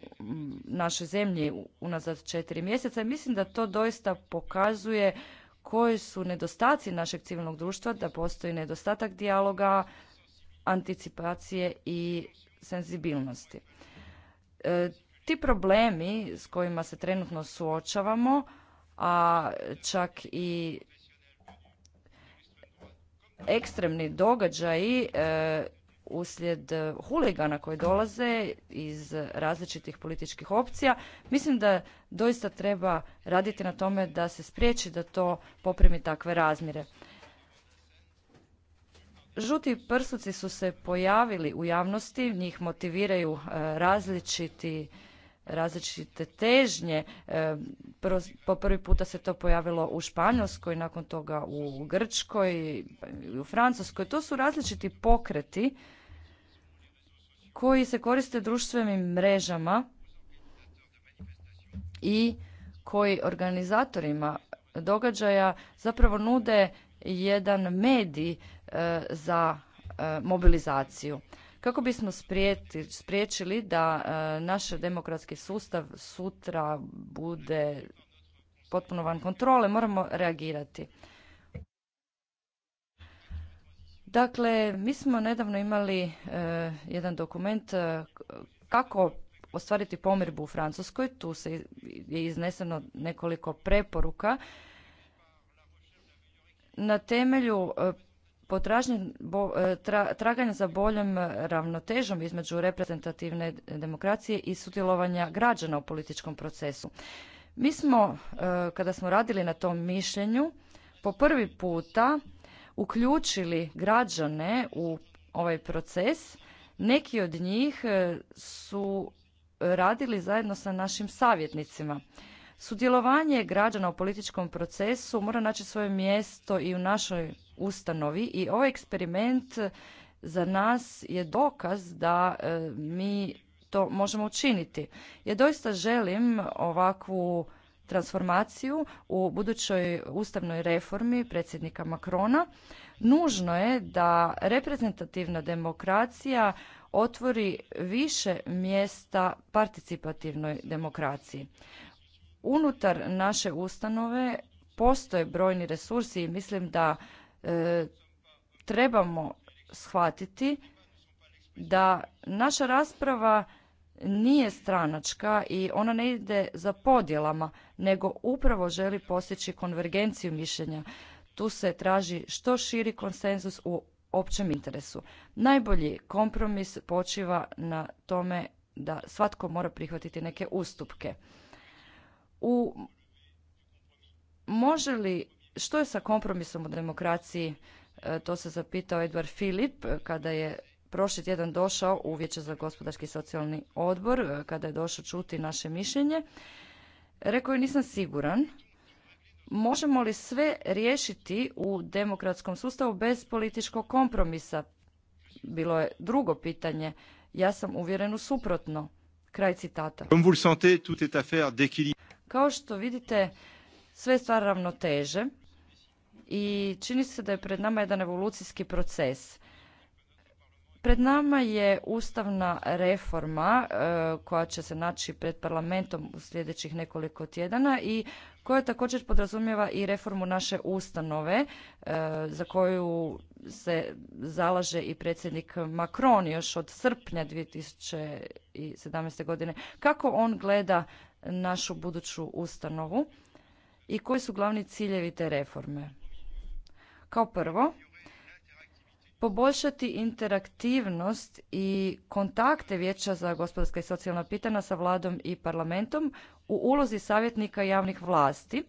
našoj zemlji unazad četiri mjeseca i mislim da to doista pokazuje koji su nedostaci našeg civilnog društva, da postoji nedostatak dijaloga, anticipacije i senzibilnosti. E, ti problemi s kojima se trenutno suočavamo, a čak i ekstremni događaji e, uslijed e, huligana koji dolaze iz različitih političkih opcija. Mislim da doista treba raditi na tome da se spriječi da to poprimi takve razmjere. Žuti prsuci su se pojavili u javnosti, njih motiviraju e, različiti različite težnje. E, po prvi puta se to pojavilo u Španjolskoj, nakon toga u Grčkoj, pa u Francuskoj. To su različiti pokreti koji se koriste društvenim mrežama i koji organizatorima događaja zapravo nude jedan medij e, za e, mobilizaciju kako bismo spriječili da e, naš demokratski sustav sutra bude potpuno van kontrole, moramo reagirati. Dakle, mi smo nedavno imali e, jedan dokument e, kako ostvariti pomirbu u Francuskoj. Tu se je izneseno nekoliko preporuka na temelju potražnje e, traganja za boljom ravnotežom između reprezentativne demokracije i sudjelovanja građana u političkom procesu. Mi smo, e, kada smo radili na tom mišljenju, po prvi puta uključili građane u ovaj proces. Neki od njih e, su radili zajedno sa našim savjetnicima. Sudjelovanje građana u političkom procesu mora naći svoje mjesto i u našoj ustanovi i ovaj eksperiment za nas je dokaz da e, mi to možemo učiniti. Ja doista želim ovakvu transformaciju u budućoj ustavnoj reformi predsjednika Makrona. Nužno je da reprezentativna demokracija otvori više mjesta participativnoj demokraciji unutar naše ustanove postoje brojni resursi i mislim da e, trebamo shvatiti da naša rasprava nije stranačka i ona ne ide za podjelama, nego upravo želi postići konvergenciju mišljenja. Tu se traži što širi konsenzus u općem interesu. Najbolji kompromis počiva na tome da svatko mora prihvatiti neke ustupke u može li, što je sa kompromisom u demokraciji, e, to se zapitao Edward Filip e, kada je prošli tjedan došao u Vijeće za gospodarski socijalni odbor, e, kada je došao čuti naše mišljenje. Rekao je nisam siguran, možemo li sve riješiti u demokratskom sustavu bez političkog kompromisa? Bilo je drugo pitanje. Ja sam uvjeren u suprotno. Kraj citata. Kao što vidite, sve je stvar ravnoteže i čini se da je pred nama jedan evolucijski proces. Pred nama je ustavna reforma e, koja će se naći pred parlamentom u sljedećih nekoliko tjedana i koja također podrazumijeva i reformu naše ustanove e, za koju se zalaže i predsjednik Macron još od srpnja 2017. godine. Kako on gleda našu buduću ustanovu i koji su glavni ciljevi te reforme. Kao prvo, poboljšati interaktivnost i kontakte Vijeća za gospodarska i socijalna pitanja sa vladom i parlamentom u ulozi savjetnika javnih vlasti,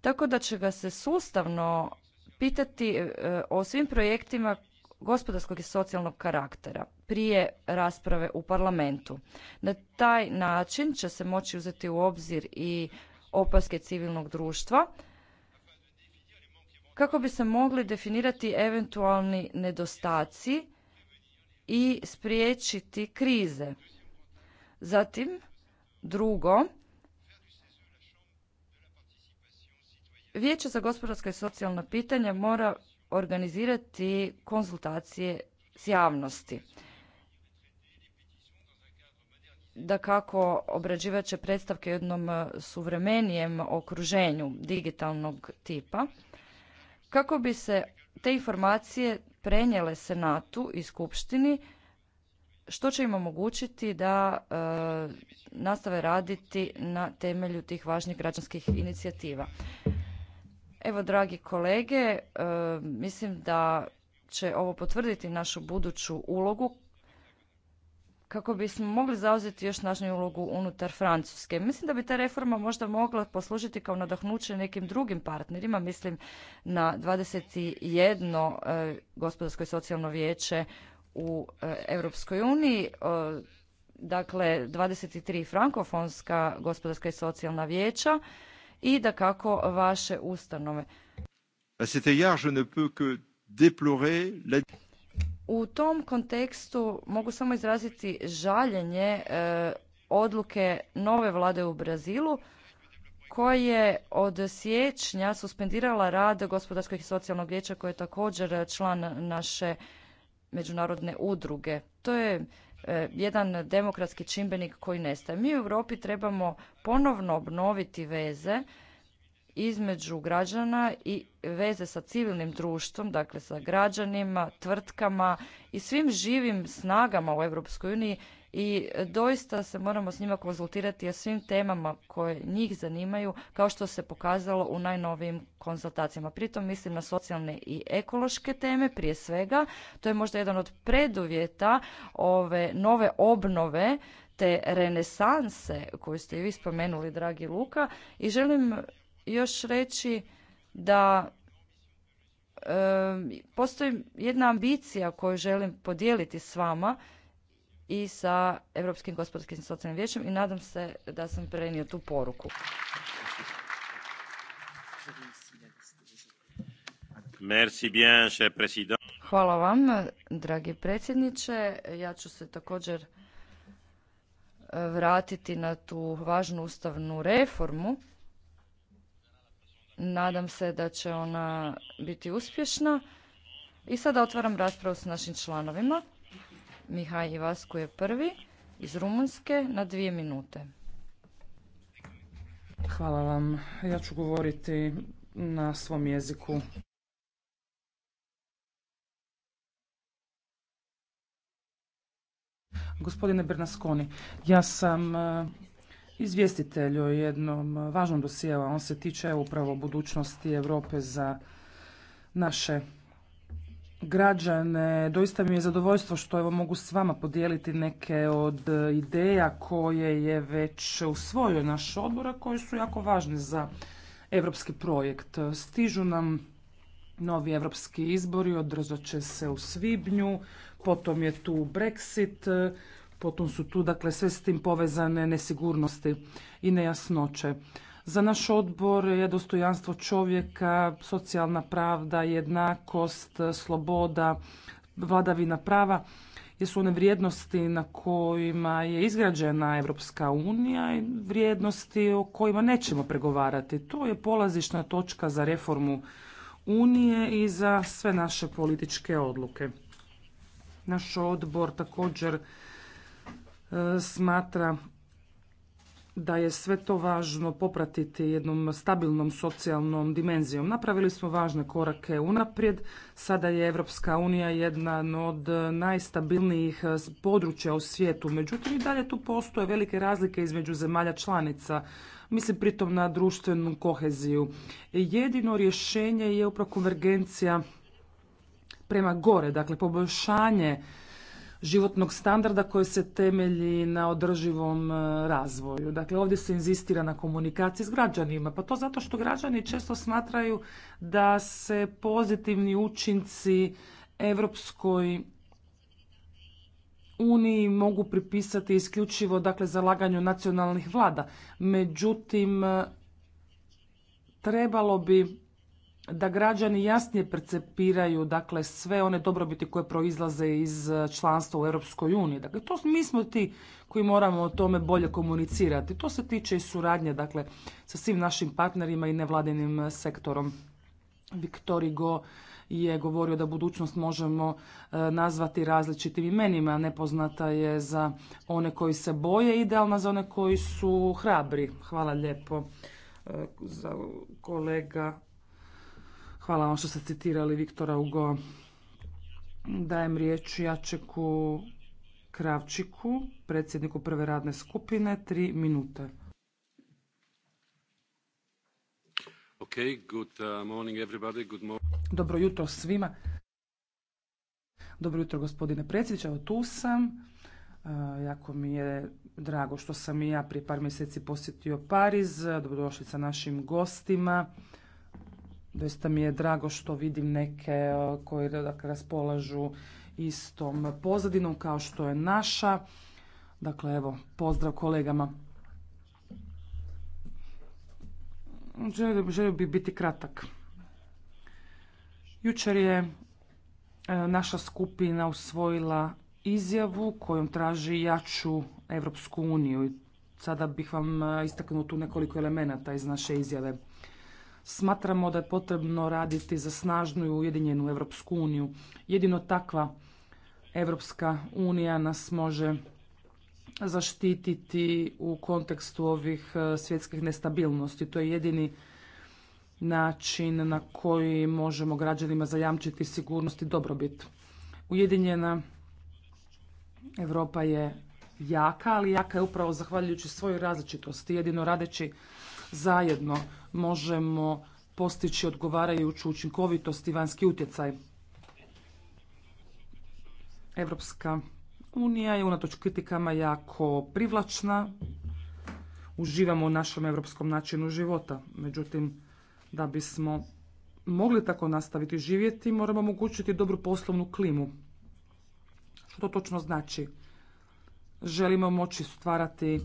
tako da će ga se sustavno pitati e, o svim projektima gospodarskog i socijalnog karaktera prije rasprave u parlamentu. Na taj način će se moći uzeti u obzir i opaske civilnog društva kako bi se mogli definirati eventualni nedostaci i spriječiti krize. Zatim, drugo, Vijeće za gospodarska i socijalna pitanja mora organizirati konzultacije s javnosti da kako obrađivat će predstavke jednom e, suvremenijem okruženju digitalnog tipa kako bi se te informacije prenijele Senatu i Skupštini što će im omogućiti da e, nastave raditi na temelju tih važnih građanskih inicijativa. Evo, dragi kolege, e, mislim da će ovo potvrditi našu buduću ulogu kako bismo mogli zauzeti još snažniju ulogu unutar Francuske. Mislim da bi ta reforma možda mogla poslužiti kao nadahnuće nekim drugim partnerima, mislim na 21 e, gospodarsko i socijalno vijeće u e, Europskoj uniji, e, dakle 23 frankofonska gospodarska i socijalna vijeća i da kako vaše ustanove. U tom kontekstu mogu samo izraziti žaljenje e, odluke nove vlade u Brazilu koja je od siječnja suspendirala rad gospodarskog i socijalnog vijeća koji je također član naše međunarodne udruge. To je e, jedan demokratski čimbenik koji nestaje. Mi u Europi trebamo ponovno obnoviti veze između građana i veze sa civilnim društvom, dakle sa građanima, tvrtkama i svim živim snagama u Europskoj uniji i doista se moramo s njima konzultirati o svim temama koje njih zanimaju, kao što se pokazalo u najnovijim konzultacijama. Pritom mislim na socijalne i ekološke teme prije svega. To je možda jedan od preduvjeta ove nove obnove te renesanse koju ste i vi spomenuli, dragi Luka, i želim još reći da postoji jedna ambicija koju želim podijeliti s vama i sa Europskim gospodarskim socijalnim vijećem i nadam se da sam prenio tu poruku. Merci bien, Hvala vam, dragi predsjedniče. Ja ću se također eh, vratiti na tu važnu ustavnu reformu. Nadam se da će ona biti uspješna. I sada otvaram raspravu s našim članovima. Mihaj Ivasku je prvi iz Rumunjske na dvije minute. Hvala vam. Ja ću govoriti na svom jeziku. Gospodine Bernasconi, ja sam izvjestitelj o jednom važnom dosijelu, on se tiče upravo budućnosti Europe za naše građane. Doista mi je zadovoljstvo što evo mogu s vama podijeliti neke od ideja koje je već usvojio naš odbor, a koje su jako važne za evropski projekt. Stižu nam novi evropski izbori, održat će se u svibnju, potom je tu Brexit, Potom su tu dakle sve s tim povezane nesigurnosti i nejasnoće. Za naš odbor je dostojanstvo čovjeka, socijalna pravda, jednakost, sloboda, vladavina prava jesu one vrijednosti na kojima je izgrađena Europska unija i vrijednosti o kojima nećemo pregovarati. To je polazišna točka za reformu unije i za sve naše političke odluke. Naš odbor također E, smatra da je sve to važno popratiti jednom stabilnom socijalnom dimenzijom. Napravili smo važne korake unaprijed. Sada je Europska unija jedna od najstabilnijih područja u svijetu. Međutim, i dalje tu postoje velike razlike između zemalja članica. Mislim pritom na društvenu koheziju. Jedino rješenje je upravo konvergencija prema gore, dakle poboljšanje životnog standarda koji se temelji na održivom e, razvoju. Dakle, ovdje se inzistira na komunikaciji s građanima, pa to zato što građani često smatraju da se pozitivni učinci Evropskoj Uniji mogu pripisati isključivo dakle, zalaganju nacionalnih vlada. Međutim, e, trebalo bi da građani jasnije percepiraju dakle sve one dobrobiti koje proizlaze iz e, članstva u Europskoj uniji. Dakle, to mi smo ti koji moramo o tome bolje komunicirati. To se tiče i suradnje dakle sa svim našim partnerima i nevladinim e, sektorom. Viktor Go je govorio da budućnost možemo e, nazvati različitim imenima. Nepoznata je za one koji se boje, idealna za one koji su hrabri. Hvala lijepo za kolega Hvala vam što ste citirali Viktora Ugo. Dajem riječ Jačeku Kravčiku, predsjedniku prve radne skupine, tri minute. Okay, good uh, morning everybody. Good morning. Dobro jutro svima. Dobro jutro gospodine predsjedniče, evo tu sam. Uh, jako mi je drago što sam i ja prije par mjeseci posjetio Pariz. Dobrodošli sa našim gostima. Doista mi je drago što vidim neke e, koji dakle, raspolažu istom pozadinom kao što je naša. Dakle, evo, pozdrav kolegama. Želio, bih bi biti kratak. Jučer je e, naša skupina usvojila izjavu kojom traži jaču Evropsku uniju. Sada bih vam e, istaknuo tu nekoliko elemenata iz naše izjave. Smatramo da je potrebno raditi za snažnu i ujedinjenu Europsku uniju. Jedino takva Evropska unija nas može zaštititi u kontekstu ovih e, svjetskih nestabilnosti. To je jedini način na koji možemo građanima zajamčiti sigurnost i dobrobit. Ujedinjena Europa je jaka, ali jaka je upravo zahvaljujući svojoj različitosti. Jedino radeći zajedno možemo postići odgovarajuću učinkovitost i vanjski utjecaj. Evropska unija je unatoč kritikama jako privlačna. Uživamo u našem evropskom načinu života. Međutim, da bismo mogli tako nastaviti živjeti, moramo omogućiti dobru poslovnu klimu. Što to točno znači? Želimo moći stvarati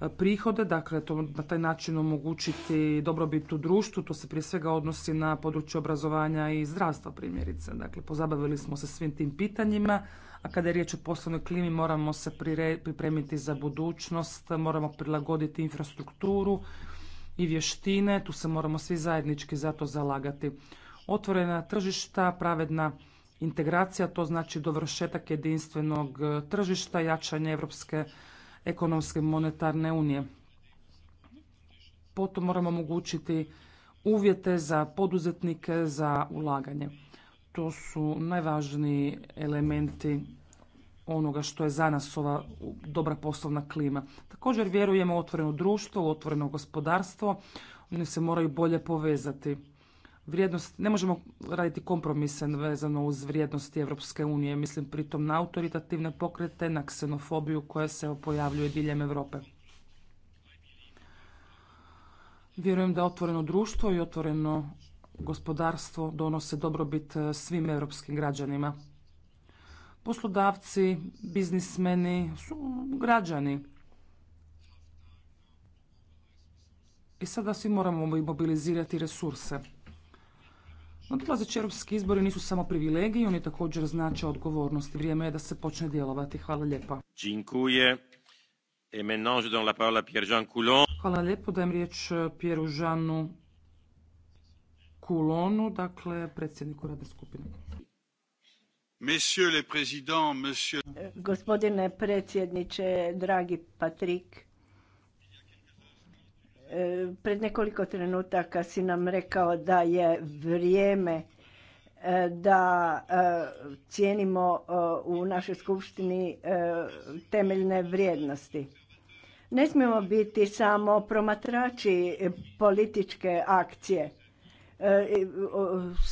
E, prihode, dakle to na taj način omogućiti dobrobit u društvu, to se prije svega odnosi na područje obrazovanja i zdravstva primjerice. Dakle, pozabavili smo se svim tim pitanjima, a kada je riječ o poslovnoj klimi moramo se pripremiti za budućnost, moramo prilagoditi infrastrukturu i vještine, tu se moramo svi zajednički za to zalagati. Otvorena tržišta, pravedna integracija, to znači dovršetak jedinstvenog e, tržišta, jačanje evropske ekonomske monetarne unije. Potom moramo omogućiti uvjete za poduzetnike za ulaganje. To su najvažniji elementi onoga što je za nas ova dobra poslovna klima. Također vjerujemo u otvoreno društvo, u otvoreno gospodarstvo. Oni se moraju bolje povezati vrijednost, ne možemo raditi kompromise vezano uz vrijednosti Europske unije, mislim pritom na autoritativne pokrete, na ksenofobiju koja se pojavljuje diljem Europe. Vjerujem da otvoreno društvo i otvoreno gospodarstvo donose dobrobit eh, svim europskim građanima. Poslodavci, biznismeni su građani. I sada svi moramo mobilizirati resurse. Nadolazeći europski izbori nisu samo privilegije, oni također znače odgovornost. Vrijeme je da se počne djelovati. Hvala lijepa. Dziękuję. Et maintenant, je Hvala lijepo, dajem riječ e, Pieru Žanu Coulonu, dakle predsjedniku radne skupine. Gospodine predsjedniče, dragi Patrik, E, pred nekoliko trenutaka si nam rekao da je vrijeme e, da e, cijenimo u našoj skupštini temeljne vrijednosti. Ne smijemo biti samo promatrači političke akcije.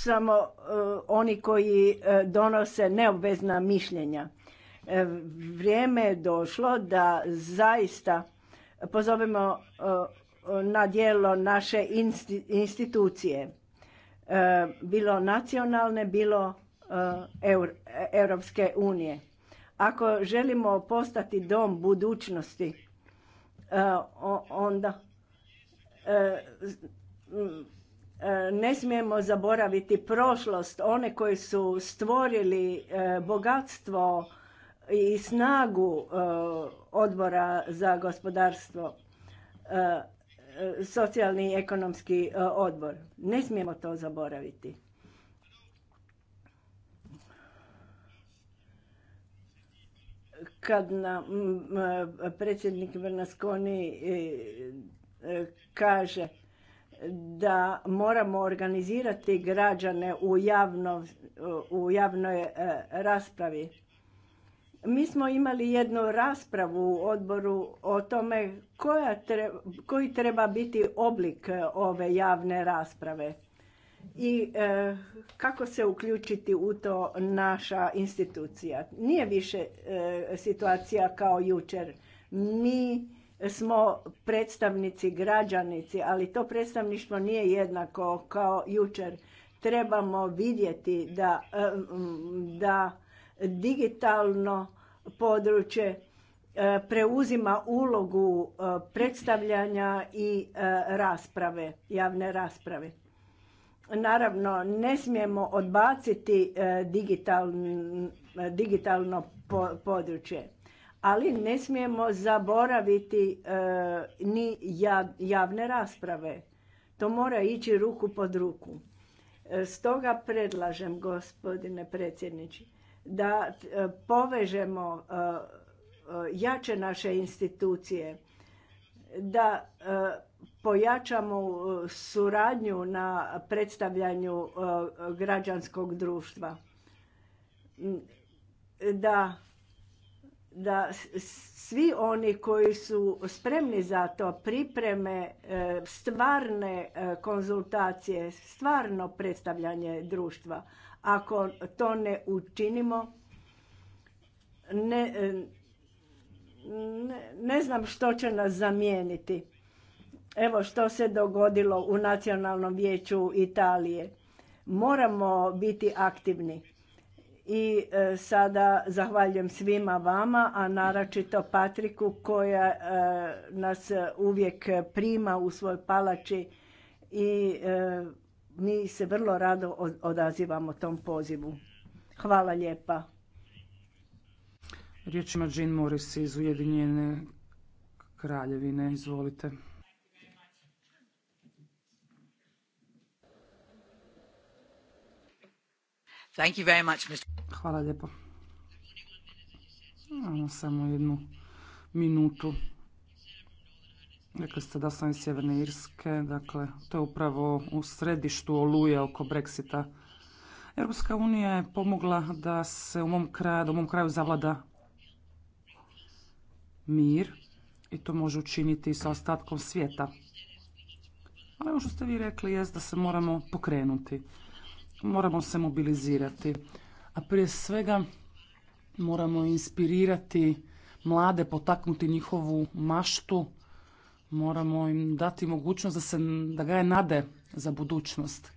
Samo oni koji donose neobvezna mišljenja. Vrijeme je došlo da zaista pozovemo na djelo naše institucije, e, bilo nacionalne, bilo e, Europske unije. Ako želimo postati dom budućnosti, e, onda ne smijemo zaboraviti prošlost, one koji su stvorili bogatstvo i snagu odbora za gospodarstvo socijalni i ekonomski e, odbor. Ne smijemo to zaboraviti. Kad nam predsjednik Vrnaskoni e, e, kaže da moramo organizirati građane u, u javnoj raspravi mi smo imali jednu raspravu u odboru o tome koja treba, koji treba biti oblik e, ove javne rasprave i e, kako se uključiti u to naša institucija. Nije više e, situacija kao jučer. Mi smo predstavnici građanici, ali to predstavništvo nije jednako kao jučer. Trebamo vidjeti da, da digitalno područje e, preuzima ulogu e, predstavljanja i e, rasprave, javne rasprave. Naravno, ne smijemo odbaciti digitalno, područje, ali ne smijemo zaboraviti ni javne rasprave. To mora ići ruku pod ruku. Stoga predlažem, gospodine predsjedniče, da e, povežemo e, e, jače naše institucije, da pojačamo suradnju na predstavljanju građanskog društva, mm, da, da svi oni koji su spremni za to pripreme stvarne konzultacije, stvarno predstavljanje društva, ako to ne učinimo, e, ne, znam što će nas zamijeniti. Evo što se dogodilo u Nacionalnom vijeću Italije. Moramo biti aktivni. I e, sada zahvaljujem svima vama, a naročito Patriku koja e, nas uvijek prima u svoj palači i mi se vrlo rado odazivamo tom pozivu. Hvala lijepa. Riječ ima Jean Morris iz Ujedinjene kraljevine. Izvolite. Thank you very much, Mr. Hvala lijepo. Samo jednu minutu. Rekli ste da sam iz Sjeverne Irske, dakle to je upravo u središtu oluje oko Brexita. Europska unija je pomogla da se u mom kraju, da u mom kraju zavlada mir i to može učiniti i sa ostatkom svijeta. Ali ovo što ste vi rekli je da se moramo pokrenuti, moramo se mobilizirati, a prije svega moramo inspirirati mlade, potaknuti njihovu maštu, Moramo im dati mogućnost da, se, da gaje nade za budućnost.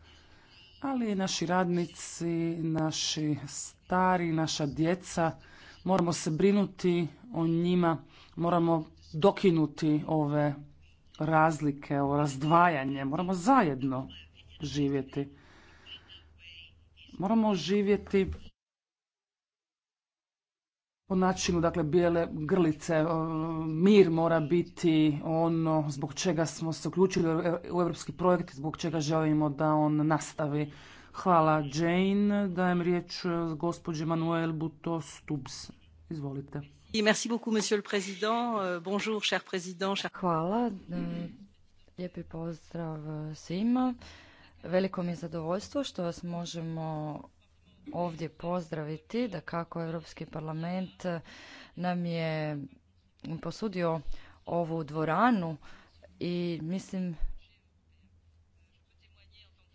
Ali naši radnici, naši stari, naša djeca, moramo se brinuti o njima, moramo dokinuti ove razlike, ovo razdvajanje, moramo zajedno živjeti. Moramo živjeti po načinu dakle bijele grlice. E, mir mora biti ono zbog čega smo se uključili u europski projekt, zbog čega želimo da on nastavi. Hvala Jane. Dajem riječ e, gospođi Manuel Buto Stubbs. Izvolite. Merci beaucoup, monsieur le président. E, bonjour, Hvala. Lijepi pozdrav svima. Veliko mi je zadovoljstvo što vas možemo ovdje pozdraviti da kako Europski parlament eh, nam je posudio ovu dvoranu i mislim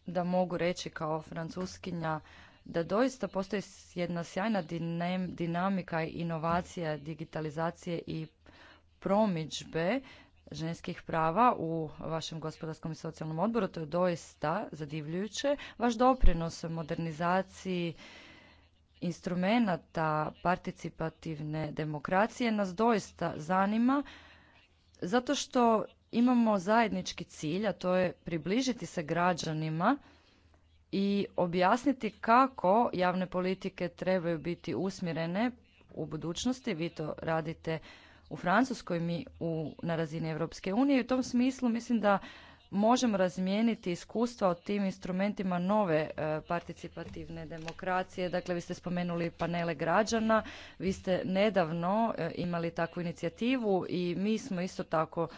da mogu reći kao francuskinja da doista postoji jedna sjajna dinamika inovacija, digitalizacije i promidžbe ženskih prava u vašem gospodarskom i socijalnom odboru. To je doista zadivljujuće. Vaš doprinos modernizaciji instrumenata participativne demokracije nas doista zanima zato što imamo zajednički cilj, a to je približiti se građanima i objasniti kako javne politike trebaju biti usmjerene u budućnosti. Vi to radite u Francuskoj, mi u, na razini Europske unije i u tom smislu mislim da možemo razmijeniti iskustva o tim instrumentima nove e, participativne demokracije. Dakle, vi ste spomenuli panele građana, vi ste nedavno e, imali takvu inicijativu i mi smo isto tako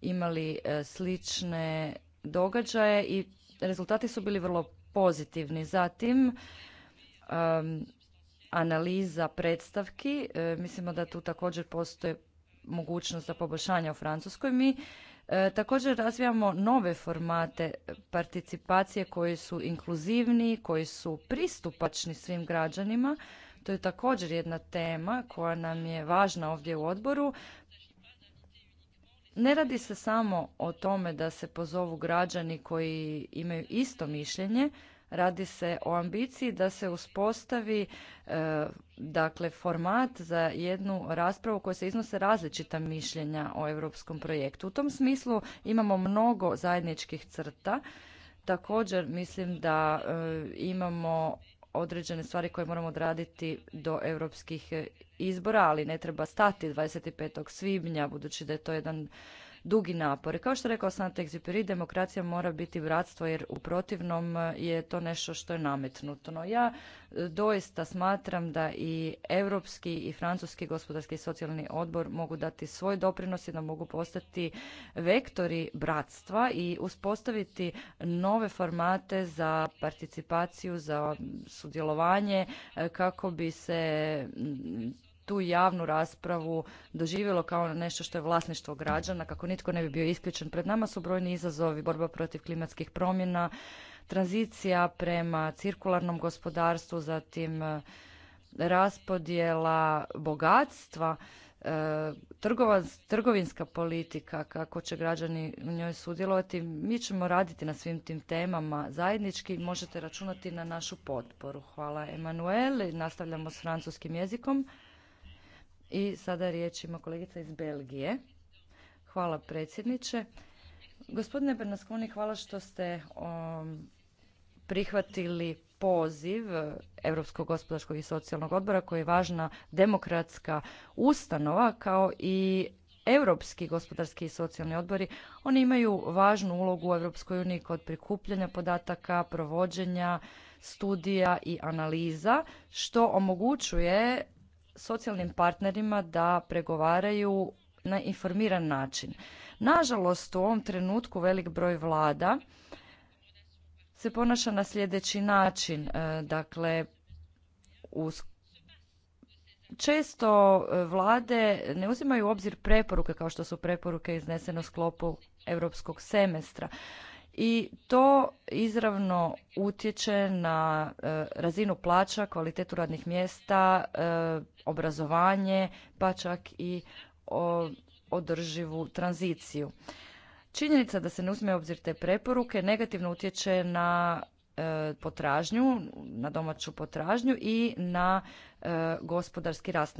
imali e, slične događaje i rezultati su bili vrlo pozitivni. Zatim, analiza predstavki. mislimo da tu također postoje mogućnost za poboljšanje u Francuskoj. Mi e, također razvijamo nove formate participacije koji su inkluzivni, koji su pristupačni svim građanima. To je također jedna tema koja nam je važna ovdje u odboru. Ne radi se samo o tome da se pozovu građani koji imaju isto mišljenje, Radi se o ambiciji da se uspostavi e, dakle format za jednu raspravu u se iznose različita mišljenja o europskom projektu. U tom smislu imamo mnogo zajedničkih crta. Također mislim da e, imamo određene stvari koje moramo odraditi do europskih izbora, ali ne treba stati 25. svibnja, budući da je to jedan dugi napor. Kao što rekao sam, Exuperi, demokracija mora biti bratstvo jer u protivnom e, je to nešto što je nametnuto. No ja e, doista smatram da i europski i francuski gospodarski i socijalni odbor mogu dati svoj doprinos i da mogu postati vektori bratstva i uspostaviti nove formate za participaciju, za sudjelovanje e, kako bi se tu javnu raspravu doživjelo kao nešto što je vlasništvo građana, kako nitko ne bi bio isključen. Pred nama su brojni izazovi, borba protiv klimatskih promjena, tranzicija prema cirkularnom gospodarstvu, zatim e, raspodjela bogatstva, e, trgovinska politika, kako će građani u njoj sudjelovati, mi ćemo raditi na svim tim temama zajednički, možete računati na našu potporu. Hvala Emanuel, nastavljamo s francuskim jezikom. I sada riječ ima kolegica iz Belgije. Hvala predsjedniče. Gospodine Bernasconi, hvala što ste um, prihvatili poziv Europskog gospodarskog i socijalnog odbora koji je važna demokratska ustanova kao i Europski gospodarski i socijalni odbori, oni imaju važnu ulogu u Europskoj uniji kod prikupljanja podataka, provođenja studija i analiza, što omogućuje socijalnim partnerima da pregovaraju na informiran način. Nažalost, u ovom trenutku velik broj vlada se ponaša na sljedeći način. E, dakle, često e, vlade ne uzimaju u obzir preporuke kao što su preporuke iznesene u sklopu europskog semestra i to izravno utječe na e, razinu plaća, kvalitetu radnih mjesta, e, obrazovanje, pa čak i održivu tranziciju. Činjenica da se ne uzme obzir te preporuke negativno utječe na e, potražnju, na domaću potražnju i na gospodarski rast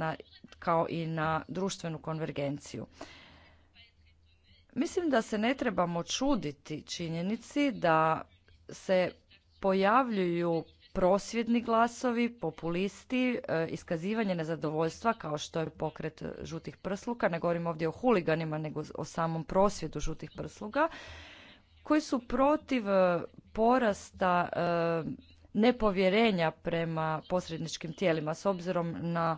kao i na društvenu konvergenciju. Mislim da se ne trebamo čuditi činjenici da se pojavljuju prosvjedni glasovi, populisti, e, iskazivanje nezadovoljstva kao što je pokret žutih prsluka, ne govorim ovdje o huliganima nego o samom prosvjedu žutih prsluga, koji su protiv e, porasta e, nepovjerenja prema posredničkim tijelima s obzirom na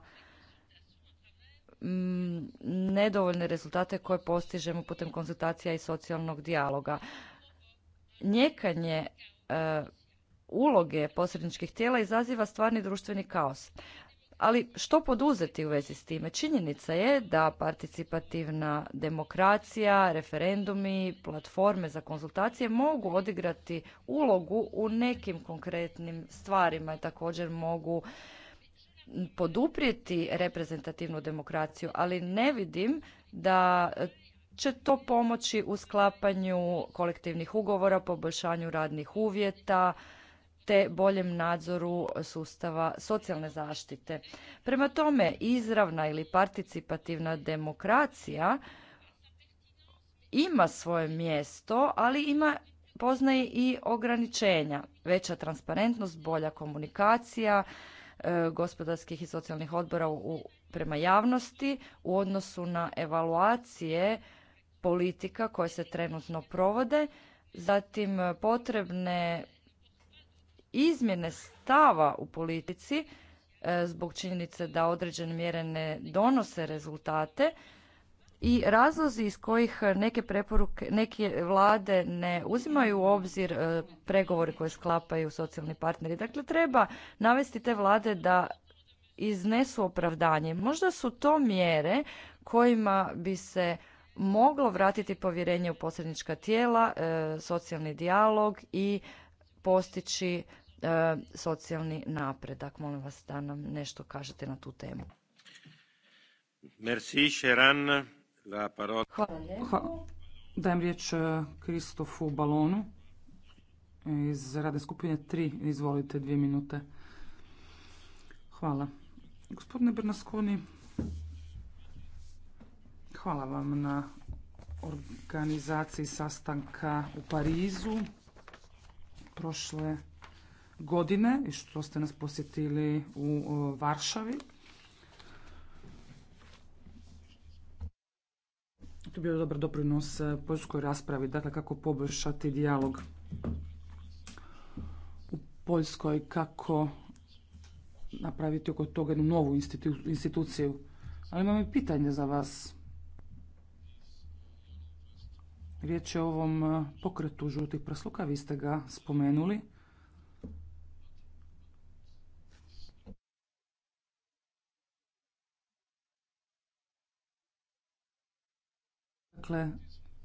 Mm, nedovoljne rezultate koje postižemo putem konzultacija i socijalnog dijaloga. Njekanje e, uloge posredničkih tijela izaziva stvarni društveni kaos. Ali što poduzeti u vezi s time? Činjenica je da participativna demokracija, referendumi, platforme za konzultacije mogu odigrati ulogu u nekim konkretnim stvarima i također mogu poduprijeti reprezentativnu demokraciju, ali ne vidim da će to pomoći u sklapanju kolektivnih ugovora, poboljšanju radnih uvjeta, te boljem nadzoru sustava socijalne zaštite. Prema tome, izravna ili participativna demokracija ima svoje mjesto, ali ima poznaje i ograničenja. Veća transparentnost, bolja komunikacija, E, gospodarskih i socijalnih odbora u, prema javnosti u odnosu na evaluacije politika koje se trenutno provode, zatim e, potrebne izmjene stava u politici e, zbog činjenice da određene mjere ne donose rezultate i razlozi iz kojih neke preporuke, neke vlade ne uzimaju u obzir e, pregovore koje sklapaju socijalni partneri. Dakle, treba navesti te vlade da iznesu opravdanje. Možda su to mjere kojima bi se moglo vratiti povjerenje u posrednička tijela, e, socijalni dijalog i postići e, socijalni napredak. Molim vas da nam nešto kažete na tu temu. Merci, Hvala Dajem riječ e, Kristofu Balonu iz radne skupine 3. Izvolite, dvije minute. Hvala. Gospodine Bernasconi, hvala vam na organizaciji sastanka u Parizu prošle godine i što ste nas posjetili u e, Varšavi. To je bio dobar doprinos e, poljskoj raspravi, dakle kako poboljšati dijalog u Poljskoj, kako napraviti oko toga jednu novu instituciju. Ali imam i pitanje za vas. Riječ je o ovom e, pokretu žutih prsluka, vi ste ga spomenuli. Dakle,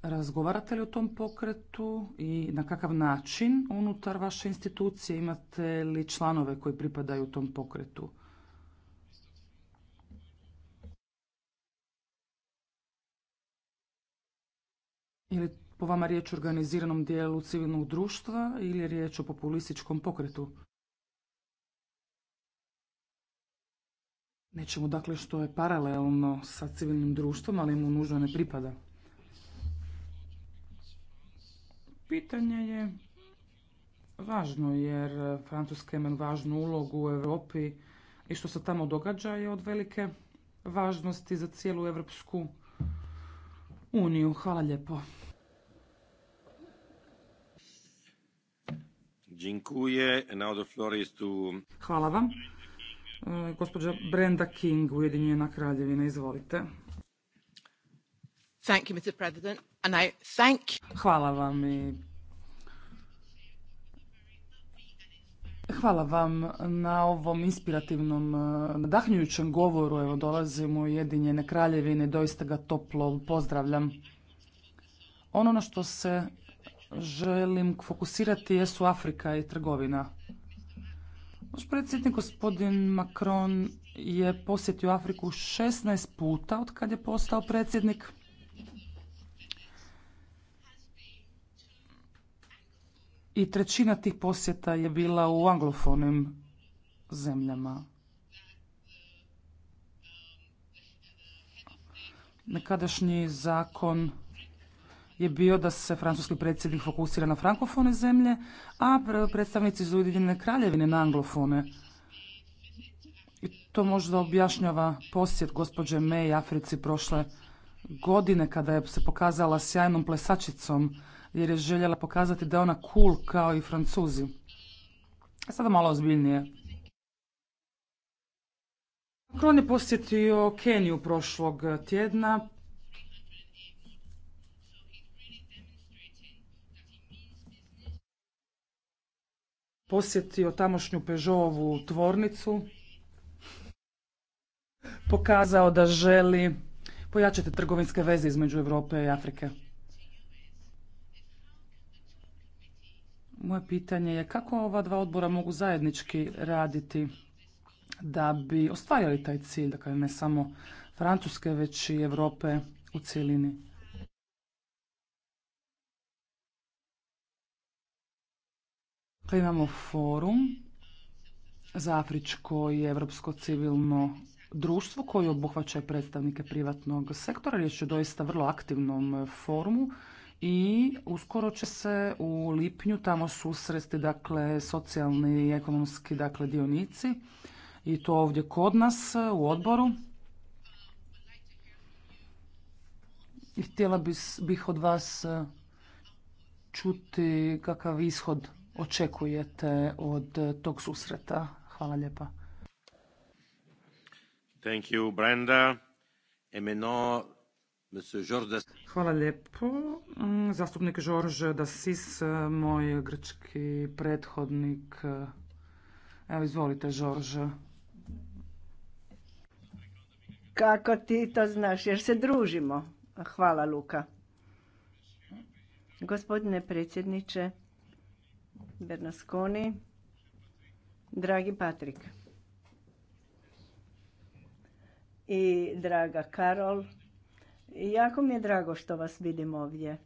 razgovarate li o tom pokretu i na kakav način unutar vaše institucije imate li članove koji pripadaju tom pokretu? Ili po vama riječ o organiziranom dijelu civilnog društva ili je riječ o populističkom pokretu? Nećemo dakle što je paralelno sa civilnim društvom, ali mu nužno ne pripada. Pitanje je važno jer Francuska ima važnu ulogu u Europi i što se tamo događa je od velike važnosti za cijelu Europsku uniju. Hvala lijepo. Hvala vam. E, gospođa Brenda King, Ujedinjena kraljevina, izvolite. Thank you, Mr. President. And I Hvala vam i Hvala vam na ovom inspirativnom, eh, nadahnjujućem govoru. Evo, dolazimo u Jedinjene kraljevine, doista ga toplo pozdravljam. Ono na što se želim fokusirati jesu Afrika i trgovina. Naš predsjednik gospodin Macron je posjetio Afriku 16 puta od kad je postao predsjednik. i trećina tih posjeta je bila u anglofonim zemljama. Nekadašnji zakon je bio da se francuski predsjednik fokusira na frankofone zemlje, a predstavnici iz Ujedinjene kraljevine na anglofone. I to možda objašnjava posjet gospođe May Africi prošle godine kada je se pokazala sjajnom plesačicom jer je željela pokazati da je ona cool kao i Francuzi. Sada malo ozbiljnije. Macron je posjetio Keniju prošlog tjedna. Posjetio tamošnju Pežovu tvornicu. Pokazao da želi pojačati trgovinske veze između Europe i Afrike. Moje pitanje je kako ova dva odbora mogu zajednički raditi da bi ostvarili taj cilj, dakle ne samo Francuske, već i Europe u cjelini. Dakle, imamo forum za afričko i europsko civilno društvo koje obuhvaća predstavnike privatnog sektora. Riječ je doista vrlo aktivnom forumu i uskoro će se u lipnju tamo susresti dakle socijalni i ekonomski dakle dionici i to ovdje kod nas u odboru. I htjela bih od vas e, čuti kakav ishod očekujete od e, tog susreta. Hvala lijepa. Thank you, Brenda. Hvala lijepo. Mm, zastupnik Žorž Dasis, e, moj grčki prethodnik. Evo, izvolite, Žorž. Kako ti to znaš? Jer se družimo. Hvala, Luka. Gospodine predsjedniče Bernasconi, dragi Patrik i draga Karol, Jako mi je drago što vas vidim ovdje.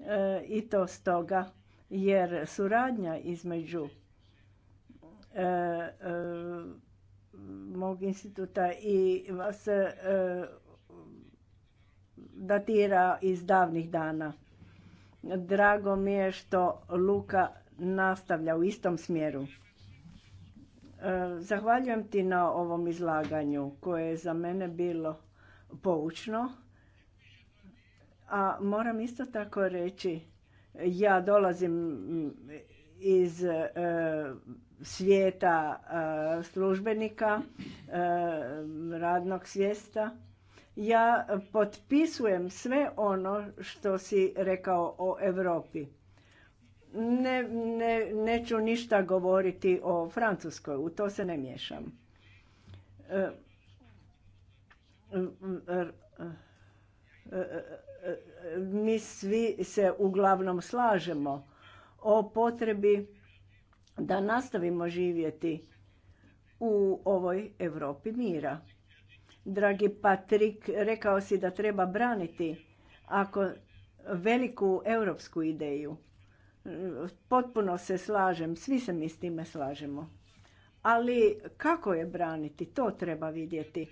E, I to stoga jer suradnja između e, e, mog instituta i vas datira iz davnih dana. Drago mi je što Luka nastavlja u istom smjeru. Zahvaljujem ti na ovom izlaganju koje je za mene bilo poučno a moram isto tako reći, ja dolazim mm, iz e, svijeta e, službenika, e, radnog svijesta. Ja potpisujem sve ono što si rekao o Europi. Ne, ne, neću ništa govoriti o Francuskoj, u to se ne miješam mi svi se uglavnom slažemo o potrebi da nastavimo živjeti u ovoj Europi mira. Dragi Patrik, rekao si da treba braniti ako veliku europsku ideju. Potpuno se slažem, svi se mi s time slažemo. Ali kako je braniti, to treba vidjeti.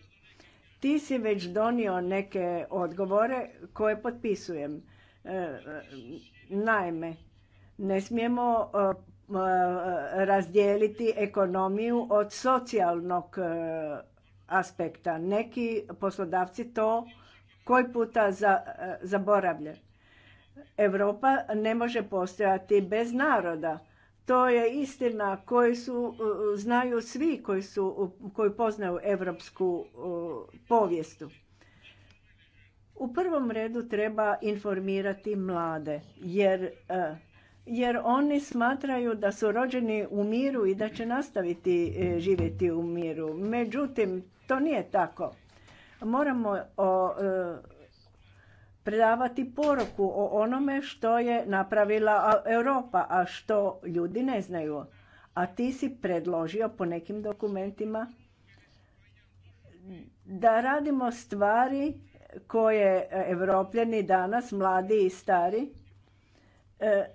Ti si već donio neke odgovore koje potpisujem. E, naime, ne smijemo e, e, razdijeliti ekonomiju od socijalnog aspekta. Neki poslodavci to koji puta zaboravljaju. Europa ne može postojati bez naroda. To je istina koju su, znaju svi koji, su, koji poznaju evropsku povijestu. U prvom redu treba informirati mlade, jer, e, jer oni smatraju da su rođeni u miru i da će nastaviti e, živjeti u miru. Međutim, to nije tako. Moramo o, e, predavati poruku o onome što je napravila Europa, a što ljudi ne znaju. A ti si predložio po nekim dokumentima da radimo stvari koje evropljeni danas, mladi i stari, e,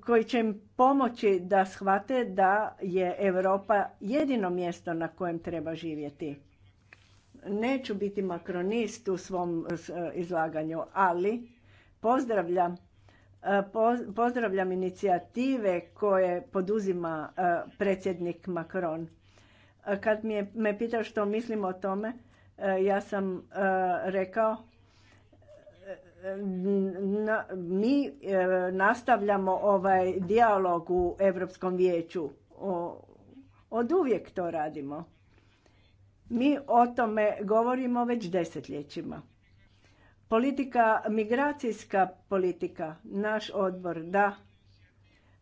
koji će im pomoći da shvate da je Europa jedino mjesto na kojem treba živjeti. Neću biti makronist u svom e, izlaganju, ali pozdravljam e, pozdravljam inicijative koje poduzima e, predsjednik Macron. Kad mi me pitao što mislim o tome, ja sam rekao mi nastavljamo ovaj dijalog u Europskom vijeću. Od uvijek to radimo. Mi o tome govorimo već desetljećima. Politika, migracijska politika, naš odbor, da.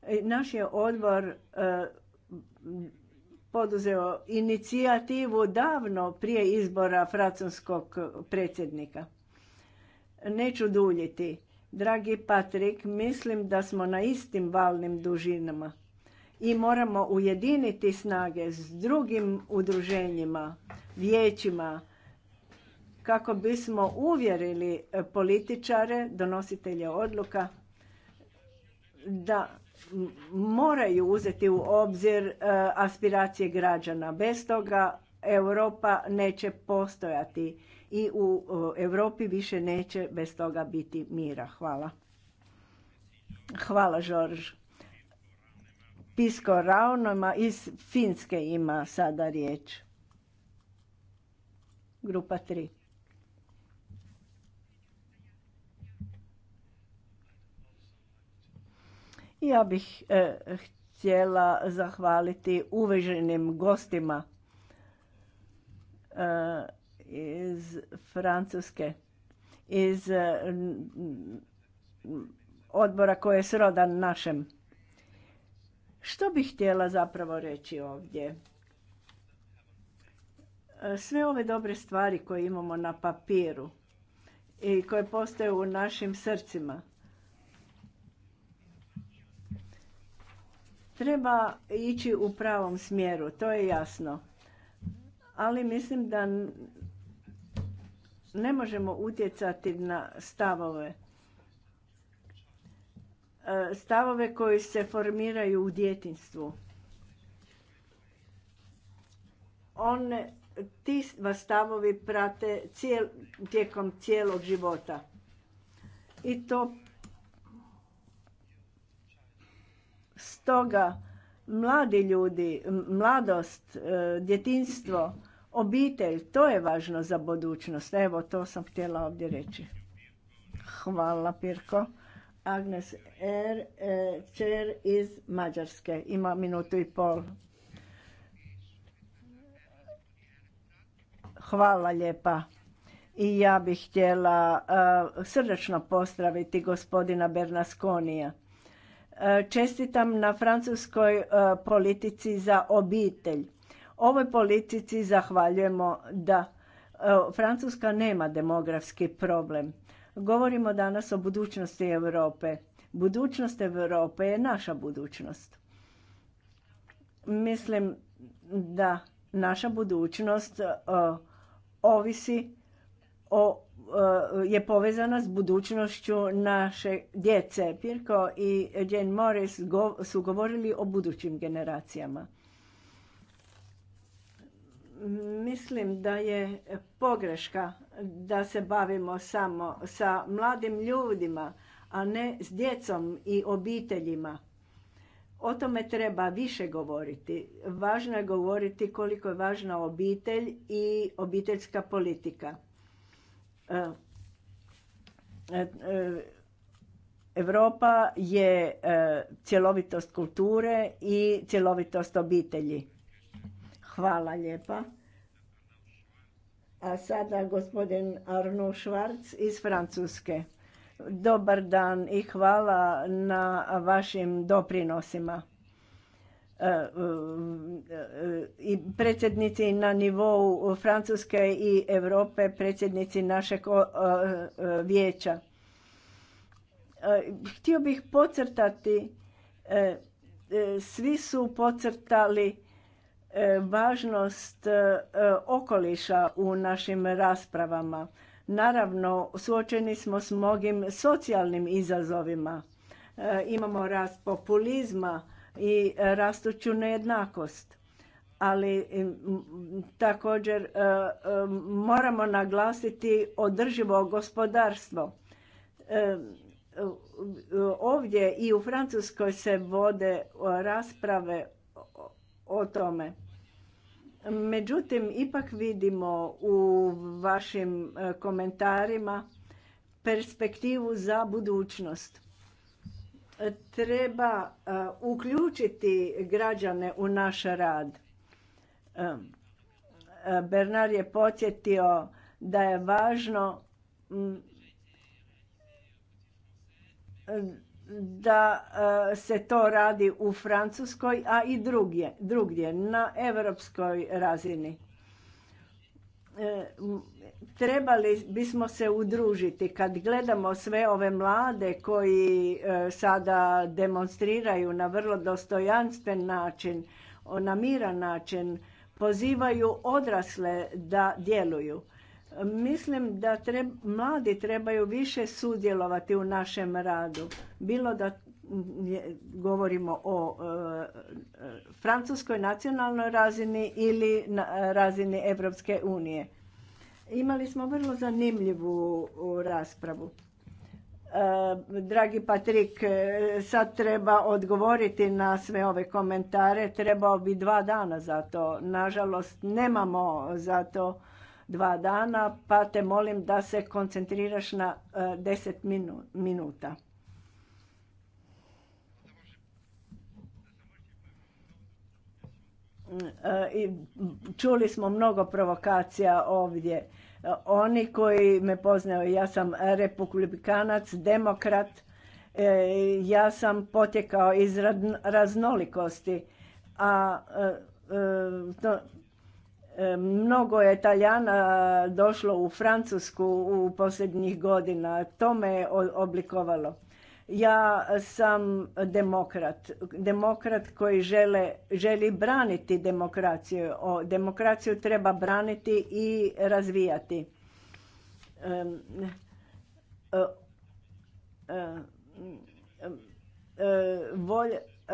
E, naš je odbor e, poduzeo inicijativu davno prije izbora francuskog predsjednika. Neću duljiti. Dragi Patrik, mislim da smo na istim valnim dužinama i moramo ujediniti snage s drugim udruženjima, vijećima, kako bismo uvjerili e, političare, donositelje odluka, da moraju uzeti u obzir e, aspiracije građana. Bez toga Europa neće postojati i u Europi više neće bez toga biti mira. Hvala. Hvala, Žorž. Pisko ima, iz Finske ima sada riječ. Grupa 3. Ja bih e, htjela zahvaliti uveženim gostima e, iz Francuske, iz odbora koji je srodan našem. Što bih htjela zapravo reći ovdje? E, sve ove dobre stvari koje imamo na papiru i koje postoje u našim srcima, treba ići u pravom smjeru, to je jasno. Ali mislim da ne možemo utjecati na stavove E, stavove koji se formiraju u djetinstvu. On ti vas stavovi prate tijekom cijelog života. I to stoga mladi ljudi, mladost, e, djetinstvo, obitelj, to je važno za budućnost. Evo, to sam htjela ovdje reći. Hvala, Pirko. Agnes Er, e, čer iz Mađarske. Ima minutu i pol. Hvala lijepa. I ja bih htjela e, srdačno pozdraviti gospodina Bernasconija. E, čestitam na francuskoj politici za obitelj. Ovoj politici zahvaljujemo da Francuska nema demografski problem Govorimo danas o budućnosti Europe. Budućnost Europe je naša budućnost. Mislim da naša budućnost e, ovisi o e, je povezana s budućnošću naše djece. Pirko i Jane Morris su govorili o budućim generacijama mislim da je pogreška da se bavimo samo sa mladim ljudima, a ne s djecom i obiteljima. O tome treba više govoriti. Važno je govoriti koliko je važna obitelj i obiteljska politika. E, e, e, Europa je cjelovitost kulture i cjelovitost obitelji Hvala lijepa. A sada gospodin Arnaud Schwarz iz Francuske. Dobar dan i hvala na vašim doprinosima. E, e, e, I predsjednici na nivou Francuske i Europe, predsjednici našeg vijeća. Htio bih pocrtati, svi su pocrtali važnost e, okoliša u našim raspravama. Naravno, suočeni smo s mnogim socijalnim izazovima. E, imamo rast populizma i rastuću nejednakost. Ali e, također moramo naglasiti održivo gospodarstvo. Ovdje i u Francuskoj se vode rasprave o tome. Međutim, ipak vidimo u vašim e, komentarima perspektivu za budućnost. E, treba e, uključiti građane u naš rad. Bernard je podsjetio da je važno da e, se to radi u Francuskoj, a i drugdje, drugdje na europskoj razini. E, trebali bismo se udružiti kad gledamo sve ove mlade koji e, sada demonstriraju na vrlo dostojanstven način, na miran način, pozivaju odrasle da djeluju. Mislim da mladi trebaju više sudjelovati u našem radu. Bilo da govorimo o e, francuskoj nacionalnoj razini ili razini Evropske unije. Imali smo vrlo zanimljivu raspravu. E, dragi Patrik, e, sad treba odgovoriti na sve ove komentare. Trebao bi dva dana za to. Nažalost, nemamo za to dva dana, pa te molim da se koncentriraš na e, deset minuta. E, čuli smo mnogo provokacija ovdje. E, oni koji me poznaju, ja sam republikanac, demokrat, ja sam potjekao iz raznolikosti, a to, E, mnogo je Italijana došlo u Francusku u posljednjih godina. To me je oblikovalo. Ja sam demokrat. Demokrat koji žele, želi braniti demokraciju. O, demokraciju treba braniti i razvijati. E, e, e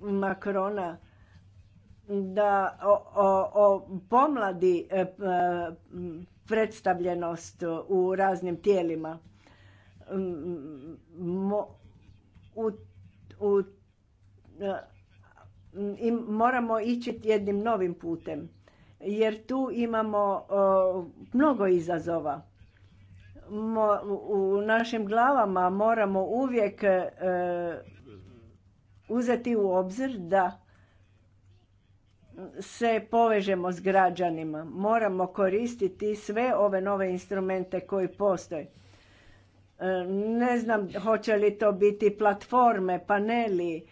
Makrona da o, o, pomladi e, e, predstavljenost u raznim tijelima. u, u, e, i moramo ići jednim novim putem jer tu imamo mnogo izazova. u našim glavama moramo uvijek uzeti u obzir da se povežemo s građanima. Moramo koristiti sve ove nove instrumente koji postoje. E, ne znam hoće li to biti platforme, paneli.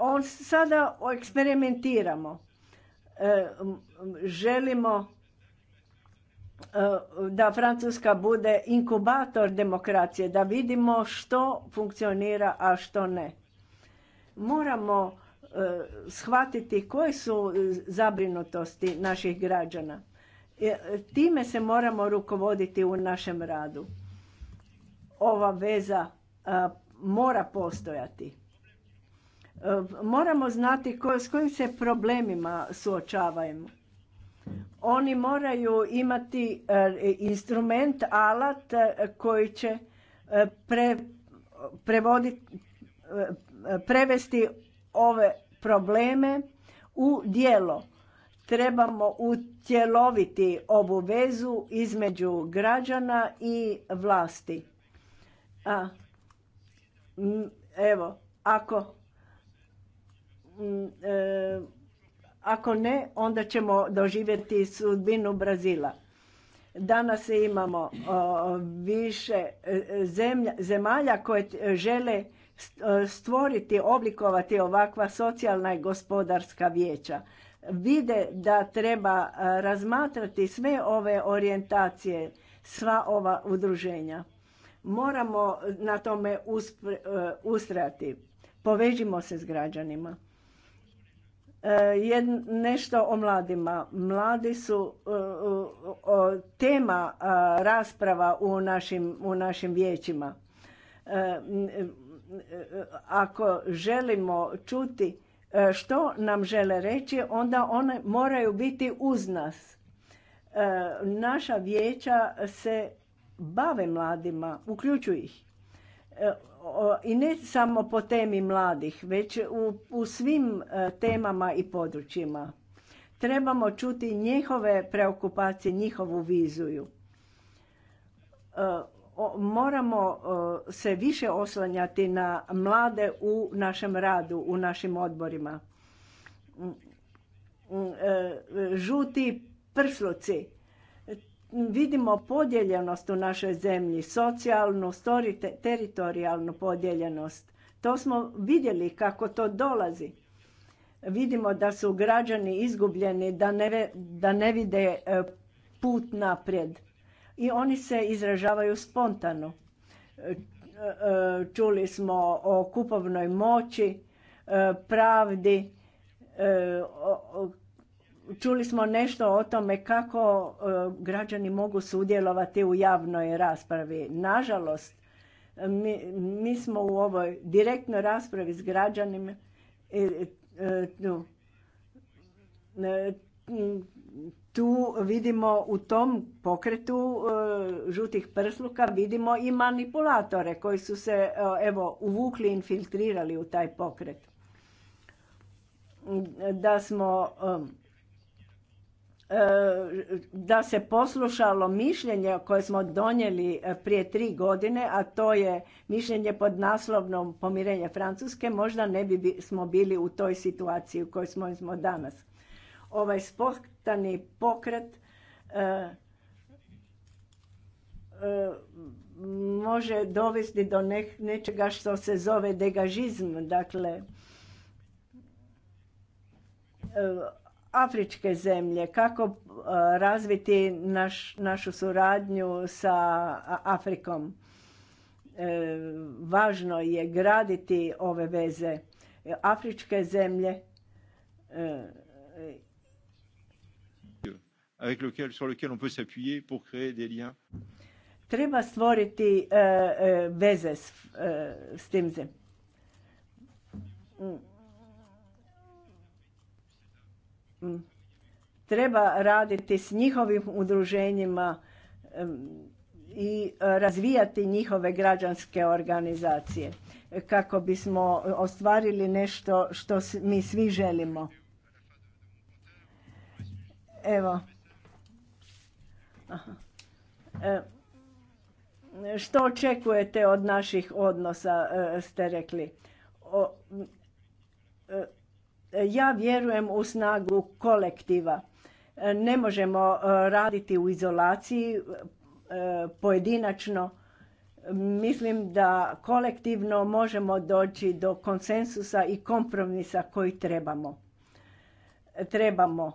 On sada eksperimentiramo. E, želimo e, da Francuska bude inkubator demokracije, da vidimo što funkcionira, a što ne Moramo e, shvatiti koje su e, zabrinutosti naših građana. E, time se moramo rukovoditi u našem radu. Ova veza mora postojati. Moramo znati s kojim se problemima suočavajmo. Oni moraju imati instrument, alat koji će prevoditi prevesti ove probleme u djelo. Trebamo utjeloviti ovu vezu između građana i vlasti. A, m, evo, ako m, e, ako ne, onda ćemo doživjeti sudbinu Brazila. Danas imamo više e, e, zemlja, zemalja koje žele stvoriti, oblikovati ovakva socijalna i gospodarska vijeća. Vide da treba e, razmatrati sve ove orijentacije, sva ova udruženja. Moramo na tome e, ustrati. Povežimo se s građanima. E, jed, nešto o mladima. Mladi su tema rasprava u našim, u našim vijećima ako želimo čuti e, što nam žele reći, onda one moraju biti uz nas. E, naša vijeća se bave mladima, uključuju ih. E, I ne samo po temi mladih, već u, u svim temama i područjima. Trebamo čuti njihove preokupacije, njihovu vizuju moramo se više oslanjati na mlade u našem radu, u našim odborima. Mm, mm, e, žuti prsluci. Vidimo podjeljenost u našoj zemlji, socijalnu, teritorijalnu podjeljenost. To smo vidjeli kako to dolazi. Vidimo da su građani izgubljeni, da ne, da ne vide e, put naprijed i oni se izražavaju spontano. E, e, čuli smo o kupovnoj moći, e, pravdi, čuli smo nešto o tome kako građani mogu sudjelovati u javnoj raspravi. Nažalost, mi, mi smo u ovoj direktnoj raspravi s građanima tu vidimo u tom pokretu e, žutih prsluka vidimo i manipulatore koji su se e, evo uvukli, infiltrirali u taj pokret. Da smo e, da se poslušalo mišljenje koje smo donijeli prije tri godine, a to je mišljenje pod naslovnom pomirenje Francuske, možda ne bi smo bili u toj situaciji u kojoj smo danas ovaj spontani pokret e, e, može dovesti do nečega što se zove degažizm, dakle e, afričke zemlje, kako razviti našu suradnju sa Afrikom. Važno je graditi ove veze. Afričke zemlje avec lequel, on s'appuyer pour créer des liens. Treba stvoriti e, e, veze e, s, tim zem. Mm. Mm. Treba raditi s njihovim udruženjima i razvijati njihove građanske organizacije kako bismo ostvarili nešto što mi svi želimo. Evo, E, što očekujete od naših odnosa, e, ste rekli. E, ja vjerujem u snagu kolektiva. Ne možemo raditi u izolaciji pojedinačno. Mislim da kolektivno možemo doći do konsensusa i kompromisa koji trebamo. Trebamo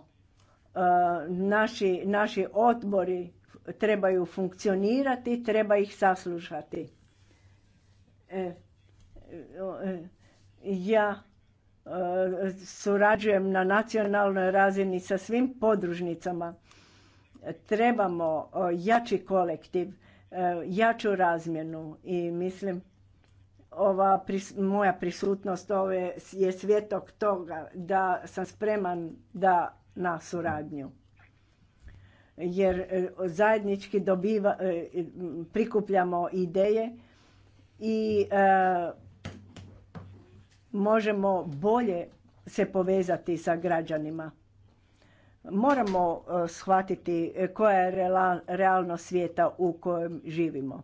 E, naši, naši odbori trebaju funkcionirati, treba ih saslušati. E, e, ja surađujem na nacionalnoj razini sa svim podružnicama. Trebamo jači kolektiv, jaču razmjenu i mislim ova moja prisutnost ove je svjetok toga da sam spreman da na suradnju jer e, zajednički dobiva, e, e, prikupljamo ideje i možemo bolje se povezati sa građanima. Moramo shvatiti koja je realnost svijeta u kojem živimo.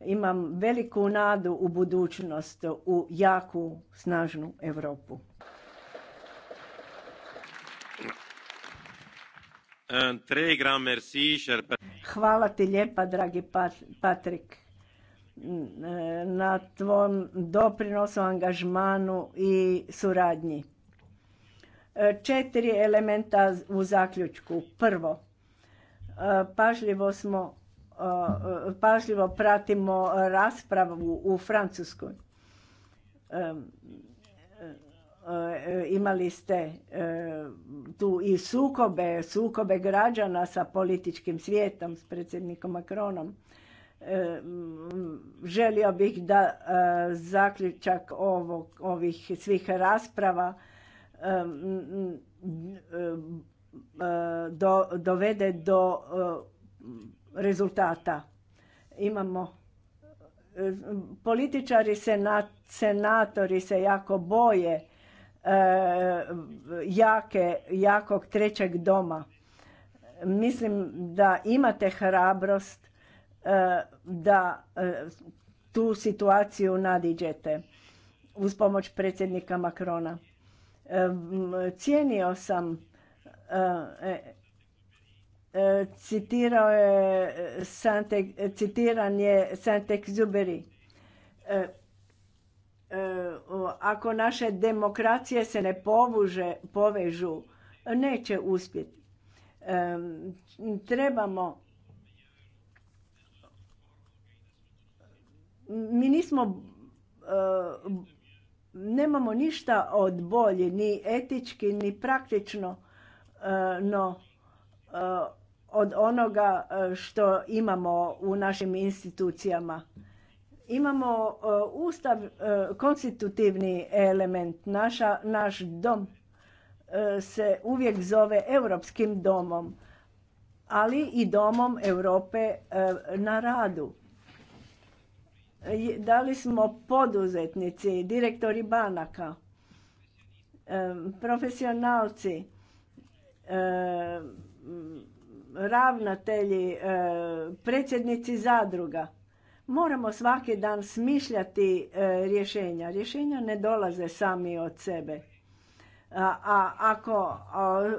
Imam veliku nadu u budućnost, u jaku, snažnu Europu. Hvala ti lijepa, dragi Patrik, mm, e, na tvom doprinosu, angažmanu i suradnji. E, četiri elementa u zaključku. Prvo, e, pažljivo smo pažljivo pratimo raspravu u Francuskoj E, imali ste e, tu i sukobe, sukobe građana sa političkim svijetom, s predsjednikom Macronom. E, želio bih da zaključak ovog, ovih svih rasprava dovede do rezultata. Imamo političari, senatori se jako boje E, jake, jakog trećeg doma. Mislim da imate hrabrost e, da e, tu situaciju nadiđete uz pomoć predsjednika Makrona. Cijenio sam, citirao citiran je E, ako naše demokracije se ne povuže, povežu, neće uspjeti. E, trebamo mi nismo e, nemamo ništa od bolje, ni etički, ni praktično no od onoga što imamo u našim institucijama. Imamo e, ustav, e, konstitutivni element, naša, naš dom e, se uvijek zove europskim domom, ali i domom Europe na radu. Da li smo poduzetnici, direktori banaka, profesionalci, ravnatelji, predsjednici zadruga. Moramo svaki dan smišljati e, rješenja. Rješenja ne dolaze sami od sebe. A ako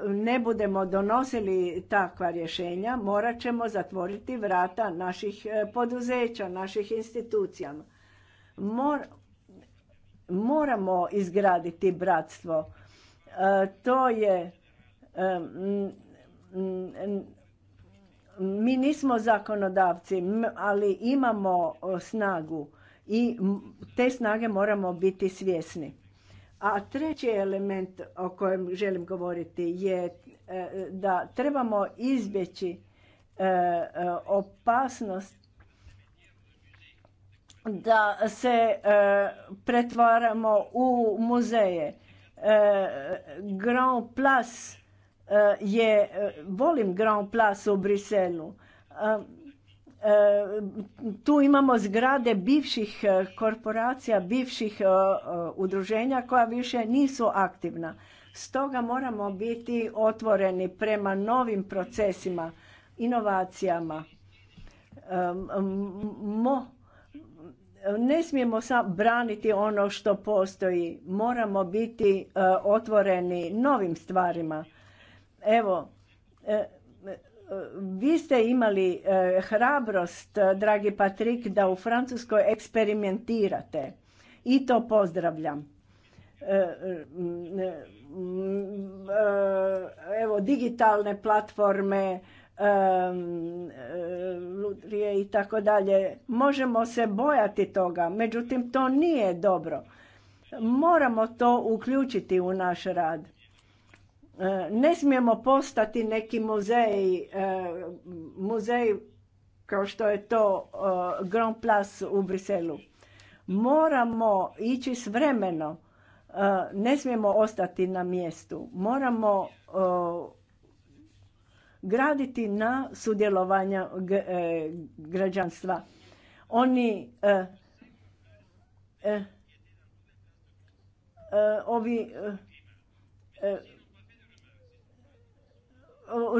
ne budemo donosili takva rješenja, morat ćemo zatvoriti vrata naših e, poduzeća, naših institucija. Moramo izgraditi bratstvo. E, to je mi nismo zakonodavci, ali imamo snagu i te snage moramo biti svjesni. A treći element o kojem želim govoriti je e, da trebamo izbjeći e, e, opasnost da se pretvaramo u muzeje. Grand Place Eh, je, eh, volim Grand Place u Briselu. Eh, tu imamo zgrade bivših korporacija, bivših udruženja koja više nisu aktivna. Stoga moramo biti otvoreni prema novim procesima, inovacijama. ne smijemo sam braniti ono što postoji. Moramo biti otvoreni novim stvarima Evo, e, e, vi ste imali e, hrabrost, dragi Patrik, da u Francuskoj eksperimentirate i to pozdravljam. Evo, digitalne platforme, lutrije i tako dalje. Možemo se bojati toga, međutim to nije dobro. Moramo to uključiti u naš rad. Ne smijemo postati neki muzej e, muzeji kao što je to e, Grand Place u Briselu. Moramo ići s vremenom. E, ne smijemo ostati na mjestu. Moramo graditi na sudjelovanja građanstva. Oni ovi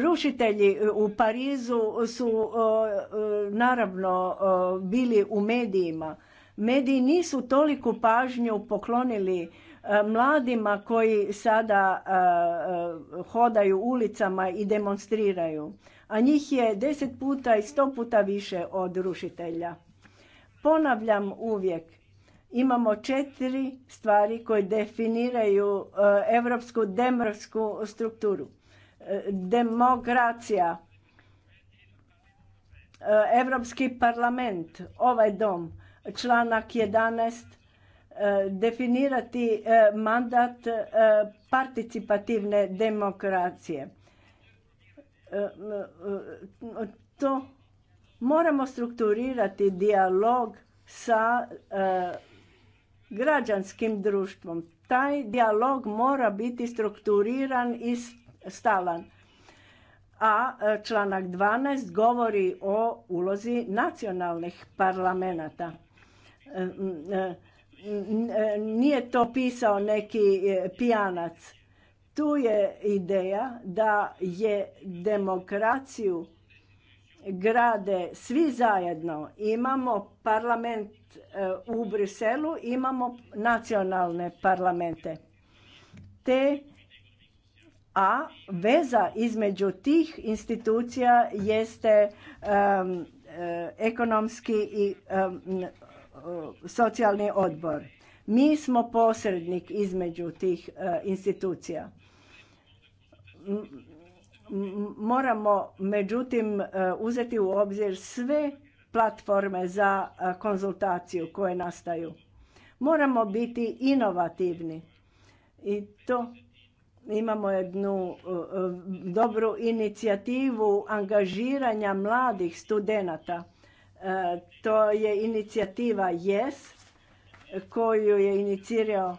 rušitelji e, u Parizu su e, e, naravno bili u medijima. Mediji nisu toliku pažnju poklonili mladima koji sada hodaju ulicama i demonstriraju. A njih je deset puta i sto puta više od rušitelja. Ponavljam uvijek, imamo četiri stvari koje definiraju europsku demografsku strukturu demokracija, Europski parlament, ovaj dom, članak 11, e, definirati e, mandat e, participativne demokracije. To moramo strukturirati dijalog sa građanskim društvom. Taj dijalog mora biti strukturiran iz stalan. A e, članak 12 govori o ulozi nacionalnih parlamenta. E, e, nije to pisao neki pijanac. Tu je ideja da je demokraciju grade svi zajedno. Imamo parlament u Briselu, imamo nacionalne parlamente. Te a veza između tih institucija jeste eh, ekonomski i eh, socijalni odbor. Mi smo posrednik između tih eh, institucija. Moramo međutim uzeti u obzir sve platforme za konzultaciju koje nastaju. Moramo biti inovativni i to imamo jednu e, e, dobru inicijativu angažiranja mladih studenata. E, to je inicijativa Yes koju je inicirao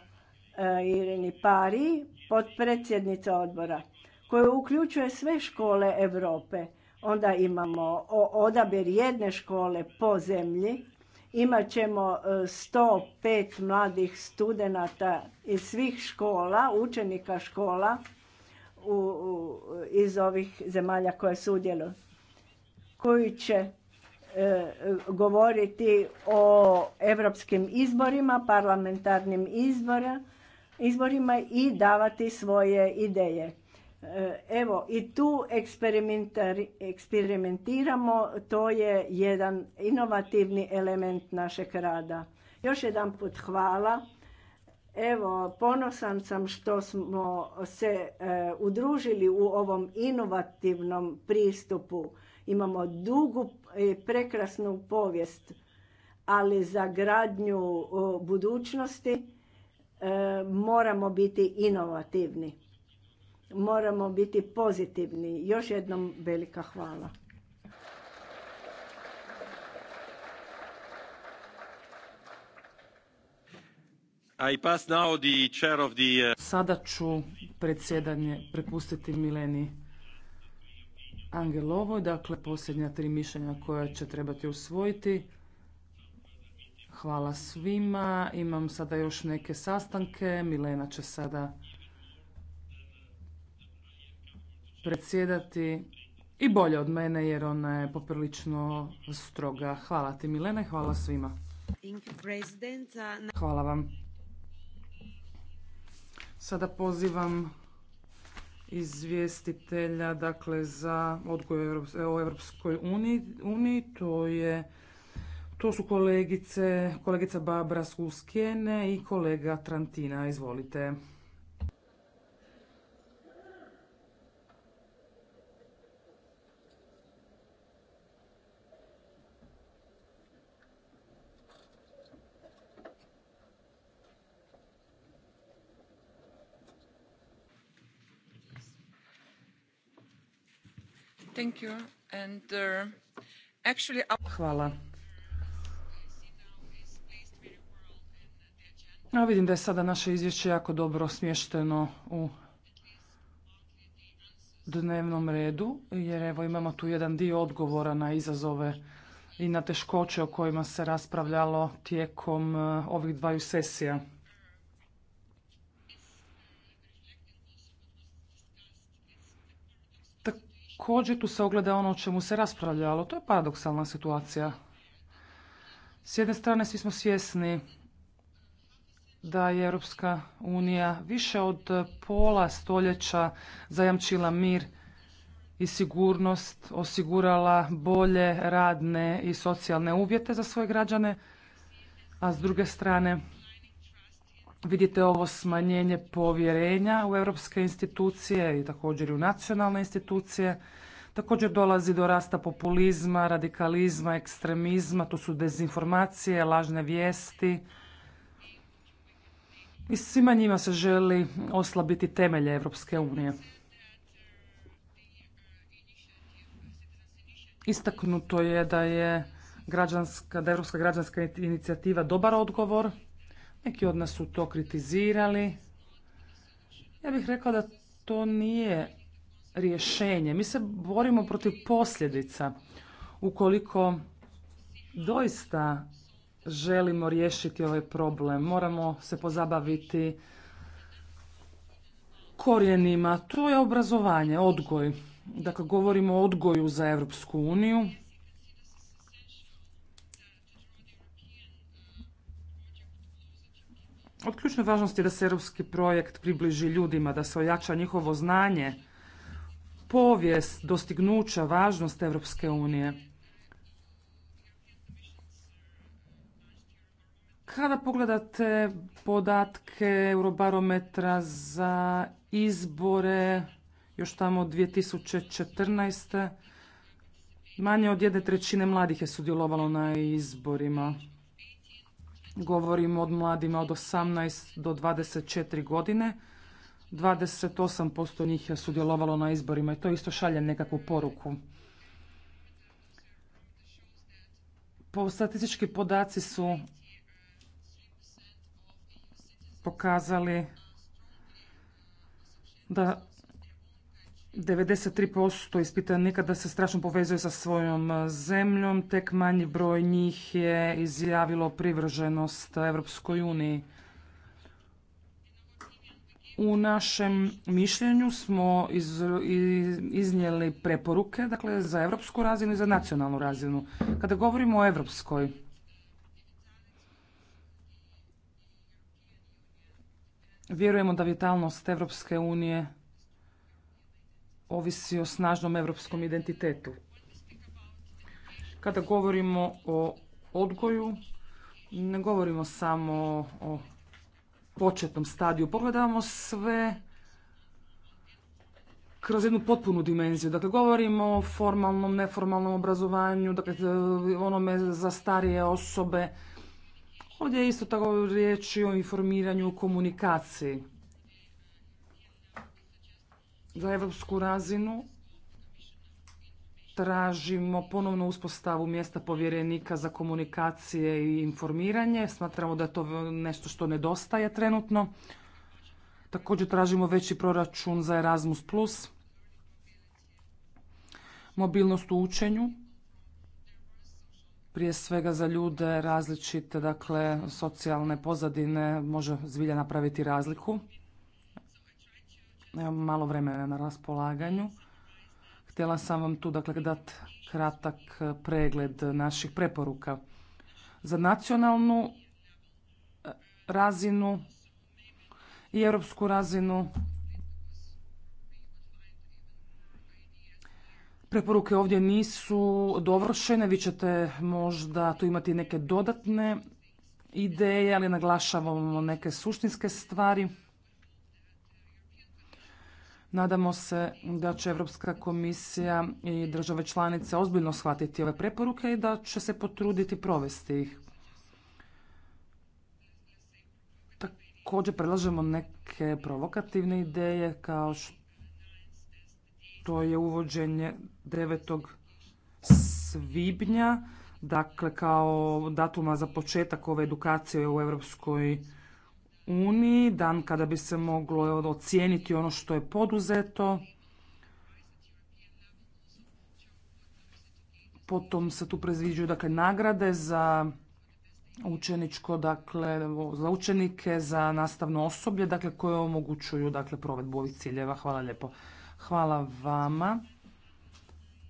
Irini Pari, potpredsjednica odbora, koja uključuje sve škole Europe. Onda imamo odabir jedne škole po zemlji Imat ćemo 105 e, mladih studenata iz svih škola, učenika škola u, iz ovih zemalja koje sudjeluju, koji će e, govoriti o europskim izborima, parlamentarnim izborima i davati svoje ideje. E, evo i tu eksperimentiramo, to je jedan inovativni element našeg rada. Još jedan put hvala. Evo, ponosan sam što smo se e, udružili u ovom inovativnom pristupu. Imamo dugu i prekrasnu povijest, ali za gradnju budućnosti e, moramo biti inovativni moramo biti pozitivni. Još jednom velika hvala. Uh, sada ću predsjedanje prepustiti Mileni Angelovoj, dakle posljednja tri mišljenja koja će trebati usvojiti. Hvala svima. Imam sada još neke sastanke. Milena će sada predsjedati i bolje od mene jer ona je poprilično stroga. Hvala ti Milene, hvala svima. Hvala vam. Sada pozivam izvjestitelja dakle za odgoj o Europskoj uniji, to je to su kolegice, kolegica Babra Skuskjene i kolega Trantina. Izvolite. Uh, Hvala. vidim da je sada naše izvješće jako dobro smješteno u dnevnom redu, jer evo imamo tu jedan dio odgovora na izazove i na teškoće o kojima se raspravljalo tijekom uh, ovih dvaju sesija. također tu se ogleda ono o čemu se raspravljalo. To je paradoksalna situacija. S jedne strane svi smo svjesni da je Europska unija više od pola stoljeća zajamčila mir i sigurnost, osigurala bolje radne i socijalne uvjete za svoje građane, a s druge strane Vidite ovo smanjenje povjerenja u europske institucije i također i u nacionalne institucije. Također dolazi do rasta populizma, radikalizma, ekstremizma, to su dezinformacije, lažne vijesti. I svima njima se želi oslabiti temelje Europske unije. Istaknuto je da je građanska, da Europska građanska inicijativa dobar odgovor neki od nas su to kritizirali. Ja bih rekao da to nije rješenje. Mi se borimo protiv posljedica. Ukoliko doista želimo riješiti ovaj problem, moramo se pozabaviti korijenima. To je obrazovanje, odgoj. Dakle, govorimo o odgoju za Europsku uniju. Od ključne važnosti je da se europski projekt približi ljudima, da se ojača njihovo znanje, povijest, dostignuća, važnost Europske unije. Kada pogledate podatke Eurobarometra za izbore još tamo 2014. Manje od jedne trećine mladih je sudjelovalo na izborima. Govorimo od mladima od 18 do 24 godine. 28% njih je sudjelovalo na izborima i to isto šalje nekakvu poruku. Po statistički podaci su pokazali da 93% ispitanika da se strašno povezuje sa svojom eh, zemljom, tek manji broj njih je izjavilo privrženost Evropskoj uniji. U našem mišljenju smo iznijeli preporuke dakle, za europsku razinu i za nacionalnu razinu. Kada govorimo o europskoj, vjerujemo da vitalnost Evropske unije ovisi o snažnom europskom identitetu. Kada govorimo o odgoju, ne govorimo samo o početnom stadiju. Pogledamo sve kroz jednu potpunu dimenziju. Dakle, govorimo o formalnom, neformalnom obrazovanju, dakle, onome za starije osobe. Ovdje je isto tako riječ o informiranju, komunikaciji za evropsku razinu tražimo ponovno uspostavu mjesta povjerenika za komunikacije i informiranje. Smatramo da je to nešto što nedostaje trenutno. Također tražimo veći proračun za Erasmus+, mobilnost u učenju, prije svega za ljude različite, dakle, socijalne pozadine može zbilja napraviti razliku malo vremena na raspolaganju. Htjela sam vam tu dakle dati kratak e, pregled naših preporuka. Za nacionalnu e, razinu i europsku razinu Preporuke ovdje nisu dovršene, vi ćete možda tu imati neke dodatne ideje, ali naglašavamo neke suštinske stvari. Nadamo se da će Europska komisija i države članice ozbiljno shvatiti ove preporuke i da će se potruditi provesti ih. Također predlažemo neke provokativne ideje kao što je uvođenje 9. svibnja, dakle kao datuma za početak ove edukacije u Europskoj uniji, dan kada bi se moglo ocijeniti ono što je poduzeto. Potom se tu predviđaju dakle nagrade za učeničko, dakle za učenike, za nastavno osoblje, dakle koje omogućuju dakle provedbu ovih ciljeva. Hvala lijepo. Hvala vama.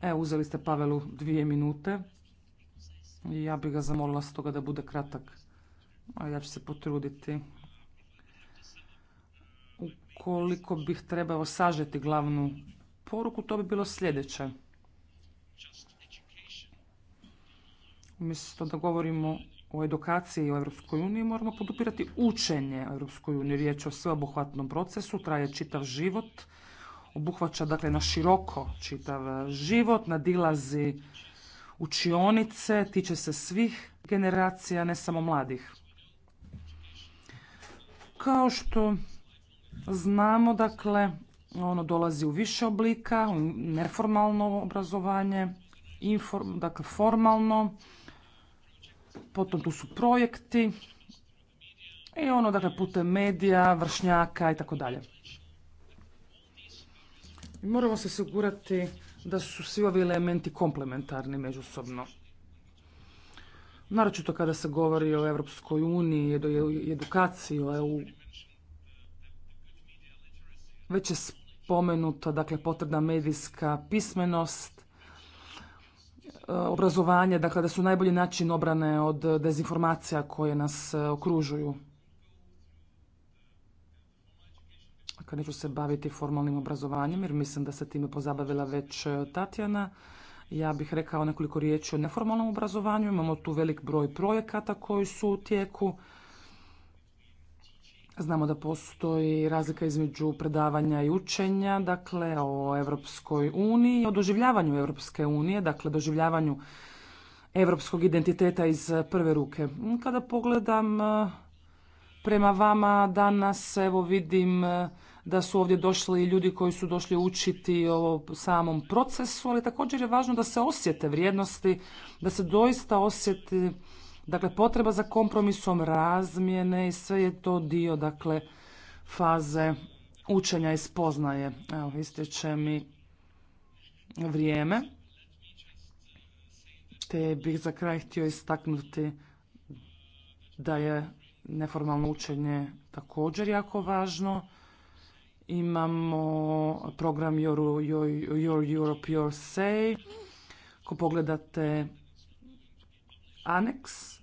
Evo, uzeli ste Pavelu dvije minute. Ja bih ga zamolila toga da bude kratak. ja ću se potruditi koliko bih trebao sažeti glavnu poruku, to bi bilo sljedeće. Umjesto da govorimo o edukaciji u EU uniji, moramo podupirati učenje u Europskoj Riječ je o sveobuhvatnom procesu, traje čitav život, obuhvaća dakle na široko čitav život, nadilazi učionice, tiče se svih generacija, ne samo mladih. Kao što Znamo dakle, ono dolazi u više oblika, neformalno obrazovanje, inform, dakle formalno, potom tu su projekti i ono dakle putem medija, vršnjaka i tako dalje. Moramo se sigurati da su svi ovi elementi komplementarni međusobno. Naročito kada se govori o Europskoj uniji, edukaciji, o EU već je spomenuto, dakle, potrebna medijska pismenost, e, obrazovanje, dakle, da su najbolji način obrane od dezinformacija koje nas e, okružuju. Dakle, neću se baviti formalnim obrazovanjem jer mislim da se time pozabavila već e, Tatjana. Ja bih rekao nekoliko riječi o neformalnom obrazovanju. Imamo tu velik broj projekata koji su u tijeku. Znamo da postoji razlika između predavanja i učenja, dakle o Europskoj uniji, o doživljavanju Evropske unije, dakle doživljavanju europskog identiteta iz prve ruke. Kada pogledam e, prema vama danas, evo vidim e, da su ovdje došli ljudi koji su došli učiti o samom procesu, ali također je važno da se osjete vrijednosti, da se doista osjeti Dakle, potreba za kompromisom, razmjene i sve je to dio, dakle, faze učenja i spoznaje. Evo, istječe mi vrijeme. Te bih za kraj htio istaknuti da je neformalno učenje također jako važno. Imamo program Your, Europe, Your Say. Ako pogledate aneks,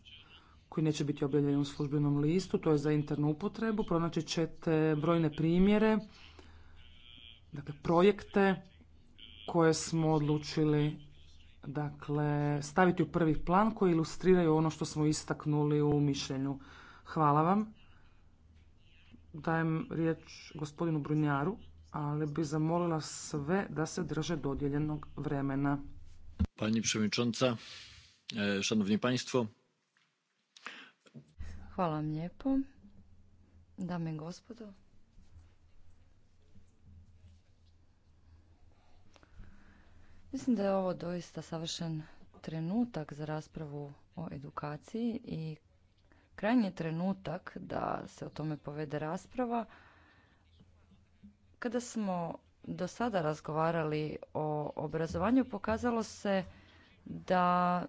koji neće biti objavljeni u službenom listu, to je za internu upotrebu. Pronaći ćete brojne primjere, dakle projekte koje smo odlučili dakle, staviti u prvi plan koji ilustriraju ono što smo istaknuli u mišljenju. Hvala vam. Dajem riječ gospodinu Brunjaru, ali bi zamolila sve da se drže dodijeljenog vremena. Pani przewodnicząca, e, szanowni państwo, Hvala vam lijepo. Dame i gospodo. Mislim da je ovo doista savršen trenutak za raspravu o edukaciji i krajnji trenutak da se o tome povede rasprava. Kada smo do sada razgovarali o obrazovanju, pokazalo se da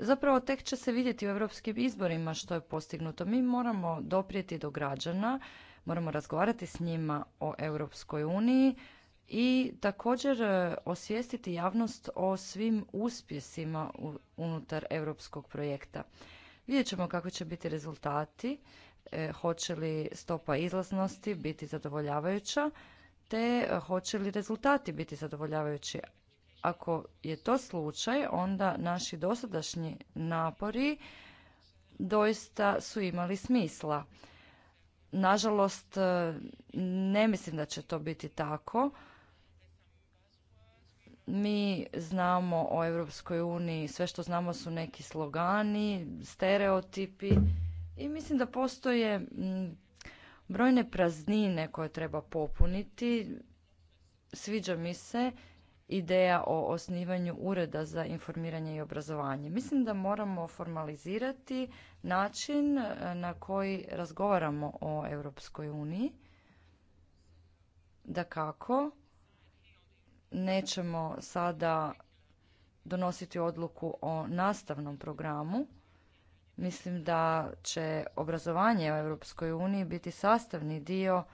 Zapravo tek će se vidjeti u europskim izborima što je postignuto. Mi moramo doprijeti do građana, moramo razgovarati s njima o Europskoj uniji i također e, osvijestiti javnost o svim uspjesima unutar europskog projekta. Vidjet ćemo kakvi će biti rezultati, e, hoće li stopa izlaznosti biti zadovoljavajuća, te e, hoće li rezultati biti zadovoljavajući. Ako je to slučaj, onda naši dosadašnji napori doista su imali smisla. Nažalost, e, ne mislim da će to biti tako. Mi znamo o Europskoj uniji, sve što znamo su neki slogani, stereotipi i mislim da postoje brojne praznine koje treba popuniti. Sviđa mi se ideja o osnivanju ureda za informiranje i obrazovanje. Mislim da moramo formalizirati način e, na koji razgovaramo o Europskoj uniji. Da kako nećemo sada donositi odluku o nastavnom programu. Mislim da će obrazovanje u Europskoj uniji biti sastavni dio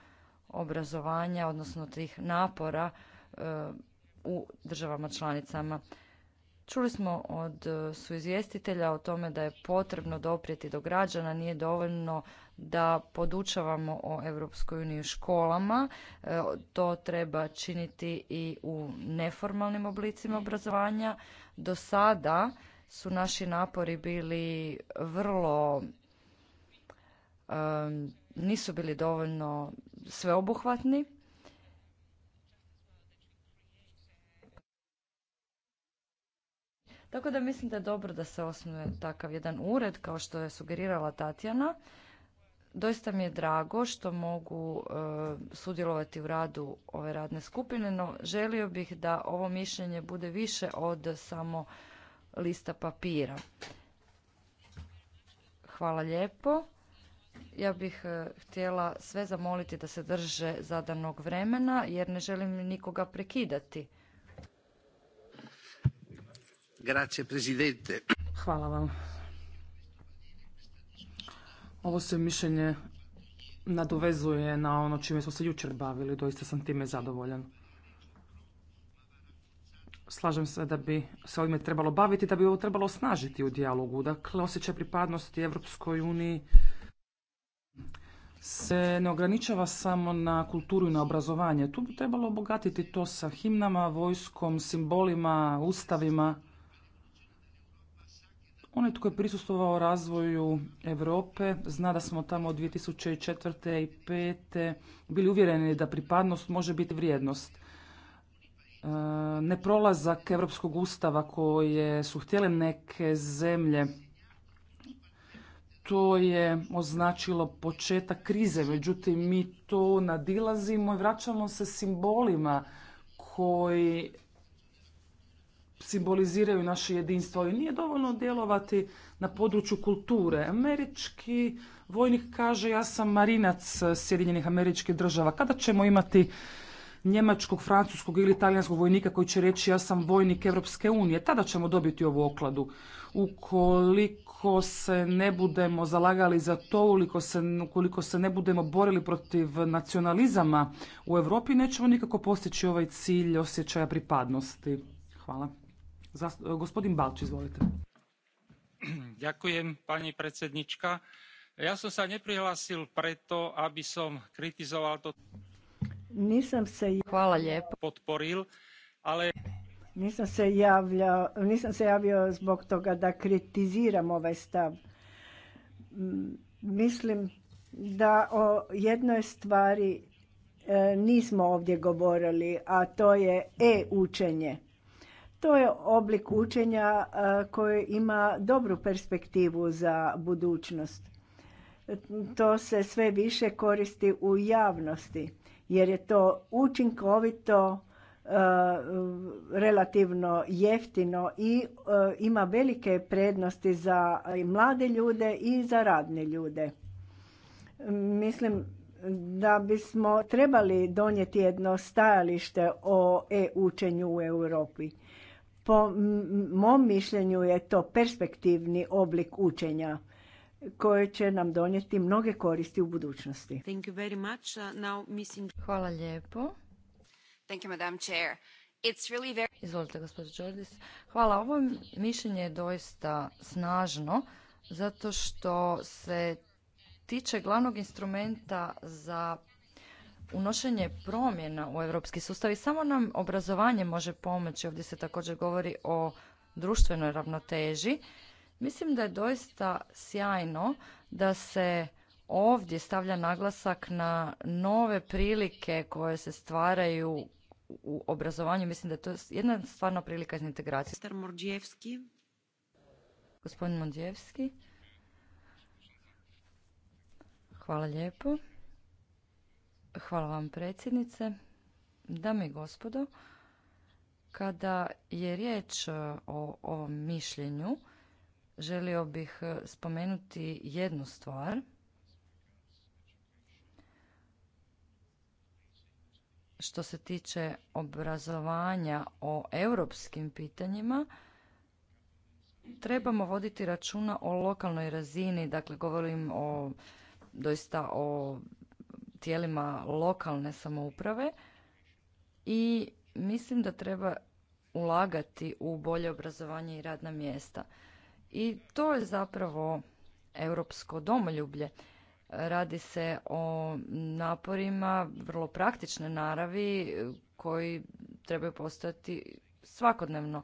obrazovanja, odnosno tih napora e, u državama članicama. Čuli smo od e, suizvjestitelja o tome da je potrebno doprijeti do građana, nije dovoljno da podučavamo o Europskoj uniji školama, e, to treba činiti i u neformalnim oblicima obrazovanja. Do sada su naši napori bili vrlo e, nisu bili dovoljno sveobuhvatni Tako da mislim da je dobro da se osnuje takav jedan ured kao što je sugerirala Tatjana. Doista mi je drago što mogu e, sudjelovati u radu ove radne skupine, no želio bih da ovo mišljenje bude više od samo lista papira. Hvala lijepo. Ja bih e, htjela sve zamoliti da se drže zadanog vremena jer ne želim nikoga prekidati. Grazie, presidente. Hvala vam. Ovo se mišljenje nadovezuje na ono čime smo se jučer bavili, doista sam time zadovoljan. Slažem se da bi se ovime trebalo baviti, da bi ovo trebalo osnažiti u dijalogu. Dakle, osjećaj pripadnosti Evropskoj uniji se ne ograničava samo na kulturu i na obrazovanje. Tu bi trebalo obogatiti to sa himnama, vojskom, simbolima, ustavima. Onaj tko je prisustovao razvoju Europe zna da smo tamo od 2004. i 2005. bili uvjereni da pripadnost može biti vrijednost. E, neprolazak Europskog ustava koje su htjele neke zemlje, to je označilo početak krize, međutim mi to nadilazimo i vraćamo se simbolima koji simboliziraju naše jedinstvo i nije dovoljno djelovati na području kulture. Američki vojnik kaže ja sam marinac Sjedinjenih američkih država. Kada ćemo imati njemačkog, francuskog ili talijanskog vojnika koji će reći ja sam vojnik Europske unije. Tada ćemo dobiti ovu okladu. Ukoliko se ne budemo zalagali za to, ukoliko se, ukoliko se ne budemo borili protiv nacionalizama u Europi, nećemo nikako postići ovaj cilj osjećaja pripadnosti. Hvala. E, gospodin Balč, izvolite. Ďakujem, pani predsednička. Ja som sa neprihlásil preto, aby som kritizoval to... Nisam se... Hvala lijepo. Podporil, ale... Nisam se, javio zbog toga da kritiziram ovaj stav. Mislim da o jednoj stvari e, nismo ovdje govorili, a to je e-učenje. To je oblik učenja e, koji ima dobru perspektivu za budućnost. To se sve više koristi u javnosti jer je to učinkovito, e, relativno jeftino i e, ima velike prednosti za mlade ljude i za radne ljude. Mislim da bismo trebali donijeti jedno stajalište o e-učenju u Europi. Po mom mišljenju je to perspektivni oblik učenja koje će nam donijeti mnoge koristi u budućnosti. Thank you very much. Uh, now Hvala lijepo. Thank you, Madam Chair. It's really very... Izvolite, gospođo Jordis. Hvala. Ovo mišljenje je doista snažno zato što se tiče glavnog instrumenta za unošenje promjena u europski sustav i samo nam obrazovanje može pomoći. Ovdje se također govori o društvenoj ravnoteži. Mislim da je doista sjajno da se ovdje stavlja naglasak na nove prilike koje se stvaraju u obrazovanju. Mislim da je to jedna stvarno prilika iz integracije. Gospodin Mordjevski. Hvala lijepo. Hvala vam predsjednice. Dame i gospodo, kada je riječ e, o ovom mišljenju, želio bih e, spomenuti jednu stvar. Što se tiče obrazovanja o europskim pitanjima, trebamo voditi računa o lokalnoj razini, dakle govorim o doista o tijelima lokalne samouprave i mislim da treba ulagati u bolje obrazovanje i radna mjesta. I to je zapravo europsko domoljublje. Radi se o naporima vrlo praktične naravi koji trebaju postojati svakodnevno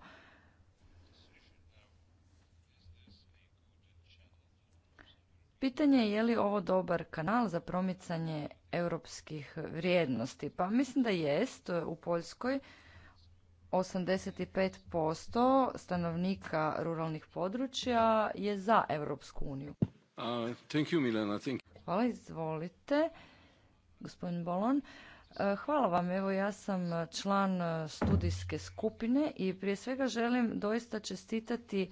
Pitanje je li ovo dobar kanal za promicanje europskih vrijednosti. Pa mislim da jest u Poljskoj. 85% stanovnika ruralnih područja je za Europsku uniju. Uh, hvala, izvolite, gospodin Bolon. Uh, hvala vam, evo ja sam član uh, studijske skupine i prije svega želim doista čestitati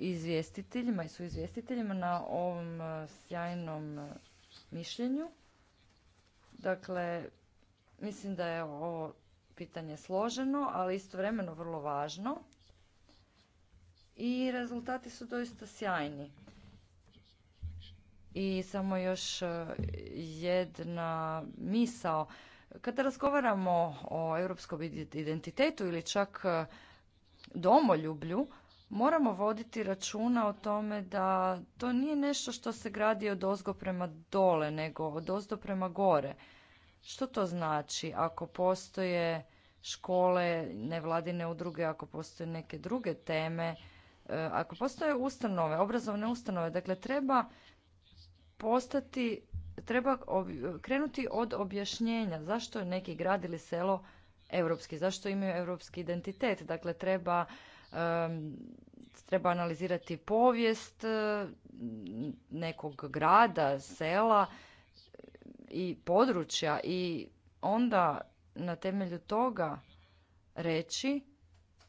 izvjestiteljima i su izvjestiteljima na ovom e, sjajnom e, mišljenju. Dakle, mislim da je ovo pitanje složeno, ali istovremeno vrlo važno. I rezultati su doista sjajni. I samo još e, jedna misao. Kada razgovaramo o europskom identitetu ili čak domoljublju, moramo voditi računa o tome da to nije nešto što se gradi od ozgo prema dole, nego od ozdo prema gore. Što to znači ako postoje škole, nevladine udruge, ako postoje neke druge teme, e, ako postoje ustanove, obrazovne ustanove, dakle treba postati, treba krenuti od objašnjenja zašto je neki grad ili selo europski, zašto imaju europski identitet. Dakle, treba treba analizirati povijest e, nekog grada, sela i područja i onda na temelju toga reći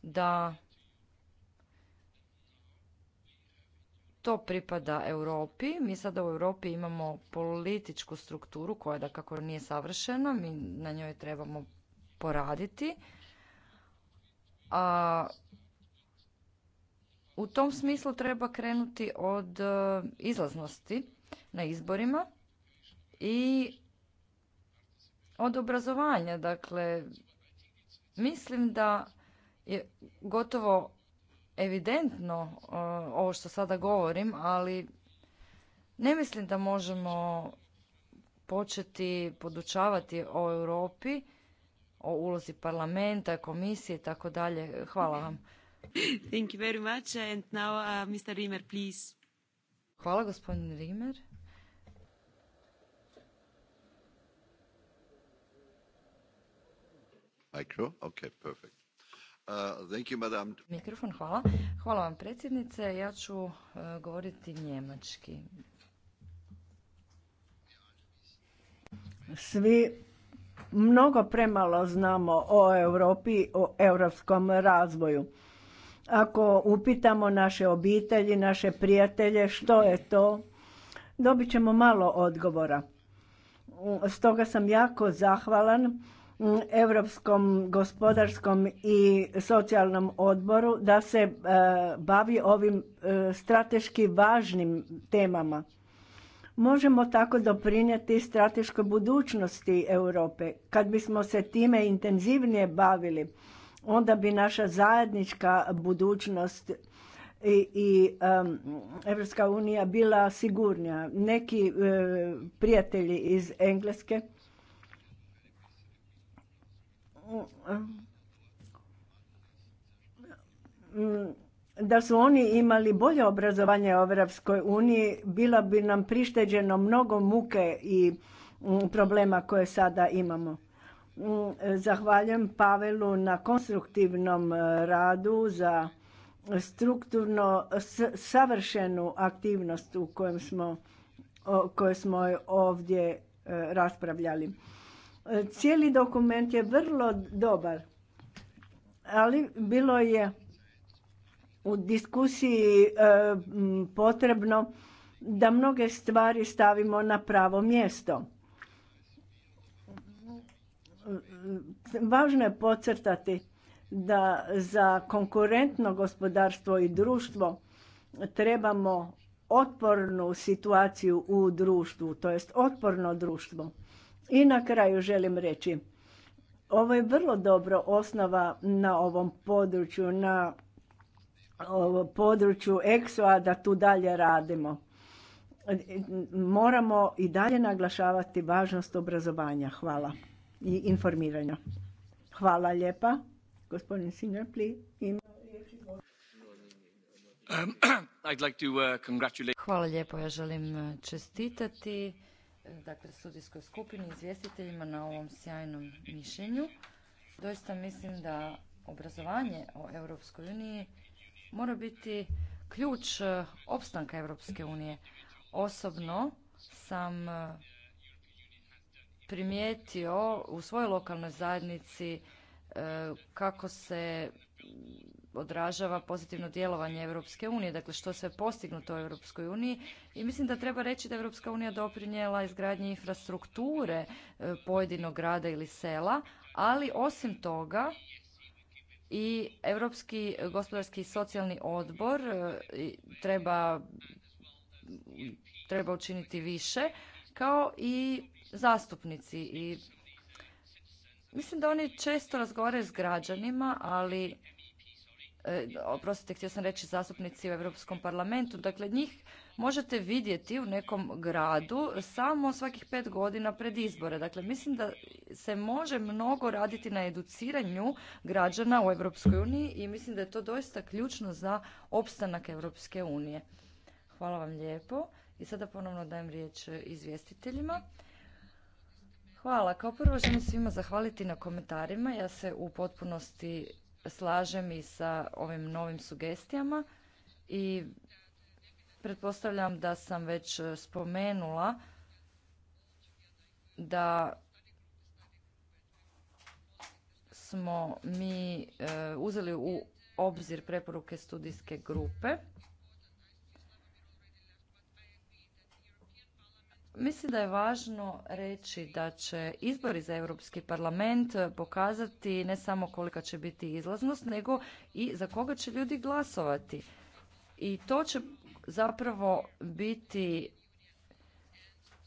da to pripada Europi. Mi sada u Europi imamo političku strukturu koja da kako nije savršena, mi na njoj trebamo poraditi. A u tom smislu treba krenuti od e, izlaznosti na izborima i od obrazovanja. Dakle, mislim da je gotovo evidentno e, ovo što sada govorim, ali ne mislim da možemo početi podučavati o Europi, o ulozi parlamenta, komisije i tako dalje. Hvala vam. Thank you very much. And now, uh, Mr. Rimer, please. Hvala, gospodin Rimer. Mikro? Okay, perfect. Uh, thank you, madam. Mikrofon, hvala. Hvala vam, predsjednice. Ja ću uh, govoriti njemački. Svi mnogo premalo znamo o Europi, o europskom razvoju. Ako upitamo naše obitelji, naše prijatelje što je to, dobit ćemo malo odgovora. Stoga sam jako zahvalan Europskom gospodarskom i socijalnom odboru da se e, bavi ovim e, strateški važnim temama. Možemo tako doprinijeti strateškoj budućnosti Europe kad bismo se time intenzivnije bavili onda bi naša zajednička budućnost i, i Evropska unija bila sigurnija. Neki e, prijatelji iz Engleske mm, da su oni imali bolje obrazovanje u Evropskoj uniji, bila bi nam prišteđeno mnogo muke i mm, problema koje sada imamo. Mm, zahvaljujem Pavelu na konstruktivnom e, radu za strukturno savršenu aktivnost u kojem smo, o kojoj smo ovdje e, raspravljali. E, cijeli dokument je vrlo dobar, ali bilo je u diskusiji potrebno da mnoge stvari stavimo na pravo mjesto. Važno je podcrtati da za konkurentno gospodarstvo i društvo trebamo otpornu situaciju u društvu, to jest otporno društvo. I na kraju želim reći, ovo je vrlo dobro osnova na ovom području, na području EXO-a da tu dalje radimo. Moramo i dalje naglašavati važnost obrazovanja. Hvala i informiranja. Hvala lijepa. Gospodin Hvala lijepo. Ja želim uh, čestitati dakle, studijskoj skupini izvjestiteljima na ovom sjajnom mišljenju. Doista mislim da obrazovanje o Europskoj uniji mora biti ključ uh, opstanka Europske unije. Osobno sam uh, primijetio u svojoj lokalnoj zajednici e, kako se odražava pozitivno djelovanje Europske unije, dakle što se je postignuto u Europskoj uniji i mislim da treba reći da Europska unija doprinijela izgradnji infrastrukture e, pojedinog grada ili sela, ali osim toga i Europski gospodarski i socijalni odbor e, treba, treba učiniti više, kao i zastupnici i mislim da oni često razgovaraju s građanima, ali e, oprostite, htio sam reći zastupnici u Europskom parlamentu, dakle njih možete vidjeti u nekom gradu samo svakih pet godina pred izbore. Dakle, mislim da se može mnogo raditi na educiranju građana u Europskoj uniji i mislim da je to doista ključno za opstanak Europske unije. Hvala vam lijepo. I sada ponovno dajem riječ izvjestiteljima. Hvala. Kao prvo želim svima zahvaliti na komentarima. Ja se u potpunosti slažem i sa ovim novim sugestijama i pretpostavljam da sam već spomenula da smo mi e, uzeli u obzir preporuke studijske grupe Mislim da je važno reći da će izbori za Europski parlament pokazati ne samo kolika će biti izlaznost, nego i za koga će ljudi glasovati. I to će zapravo biti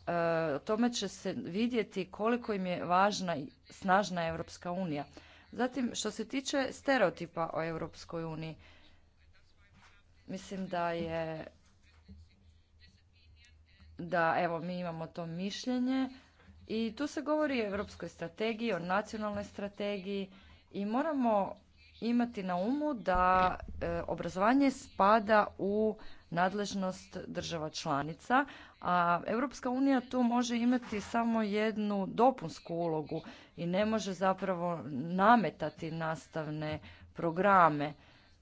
e, tome će se vidjeti koliko im je važna i snažna Europska unija. Zatim, što se tiče stereotipa o Europskoj uniji, mislim da je da evo mi imamo to mišljenje i tu se govori o europskoj strategiji, o nacionalnoj strategiji i moramo imati na umu da e, obrazovanje spada u nadležnost država članica, a Europska unija tu može imati samo jednu dopunsku ulogu i ne može zapravo nametati nastavne programe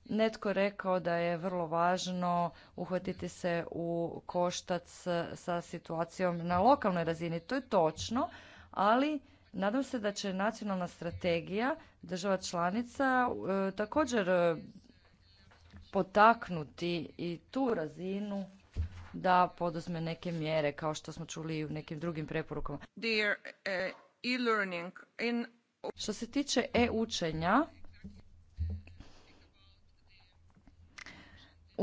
netko rekao da je vrlo važno uhvatiti se u koštac sa situacijom na lokalnoj razini. To je točno, ali nadam se da će nacionalna strategija država članica e, također e, potaknuti i tu razinu da poduzme neke mjere kao što smo čuli i u nekim drugim preporukama. E, što se tiče e-učenja,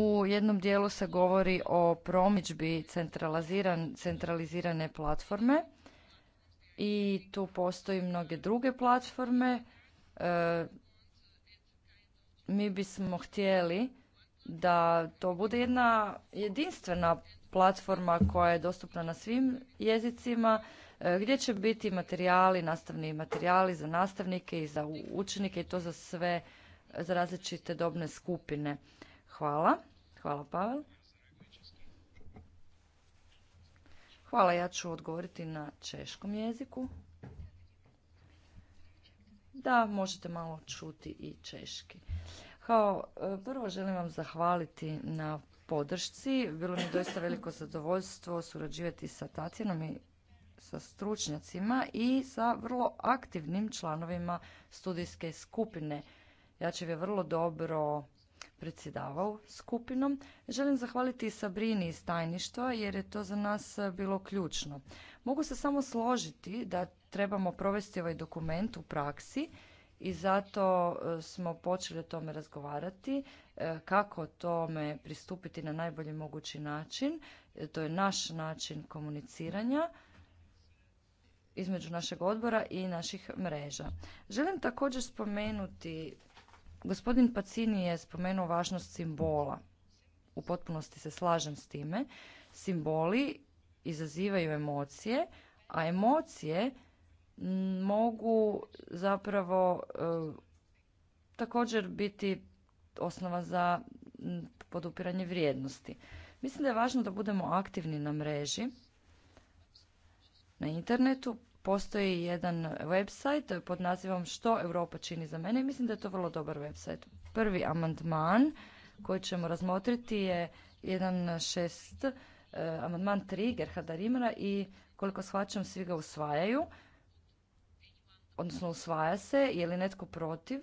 U jednom dijelu se govori o promičbi centraliziran, centralizirane platforme i tu postoji mnoge druge platforme. E, mi bismo htjeli da to bude jedna jedinstvena platforma koja je dostupna na svim jezicima e, gdje će biti materijali, nastavni materijali za nastavnike i za učenike i to za sve, za različite dobne skupine. Hvala. Hvala, Pavel. Hvala, ja ću odgovoriti na češkom jeziku. Da, možete malo čuti i češki. Kao prvo želim vam zahvaliti na podršci. Bilo mi doista veliko zadovoljstvo surađivati sa Tatjanom i sa stručnjacima i sa vrlo aktivnim članovima studijske skupine. Ja ću je vrlo dobro predsjedavao skupinom. Želim zahvaliti Sabrini iz tajništva jer je to za nas bilo ključno. Mogu se samo složiti da trebamo provesti ovaj dokument u praksi i zato e, smo počeli o tome razgovarati, e, kako tome pristupiti na najbolji mogući način. E, to je naš način komuniciranja između našeg odbora i naših mreža. Želim također spomenuti Gospodin Pacini je spomenuo važnost simbola. U potpunosti se slažem s time. Simboli izazivaju emocije, a emocije mogu zapravo e, također biti osnova za podupiranje vrijednosti. Mislim da je važno da budemo aktivni na mreži, na internetu, Postoji jedan website pod nazivom Što Europa čini za mene i mislim da je to vrlo dobar website. Prvi amandman koji ćemo razmotriti je 1.6, eh, amandman 3 Gerharda Rimara i koliko shvaćam svi ga usvajaju, odnosno usvaja se, je li netko protiv?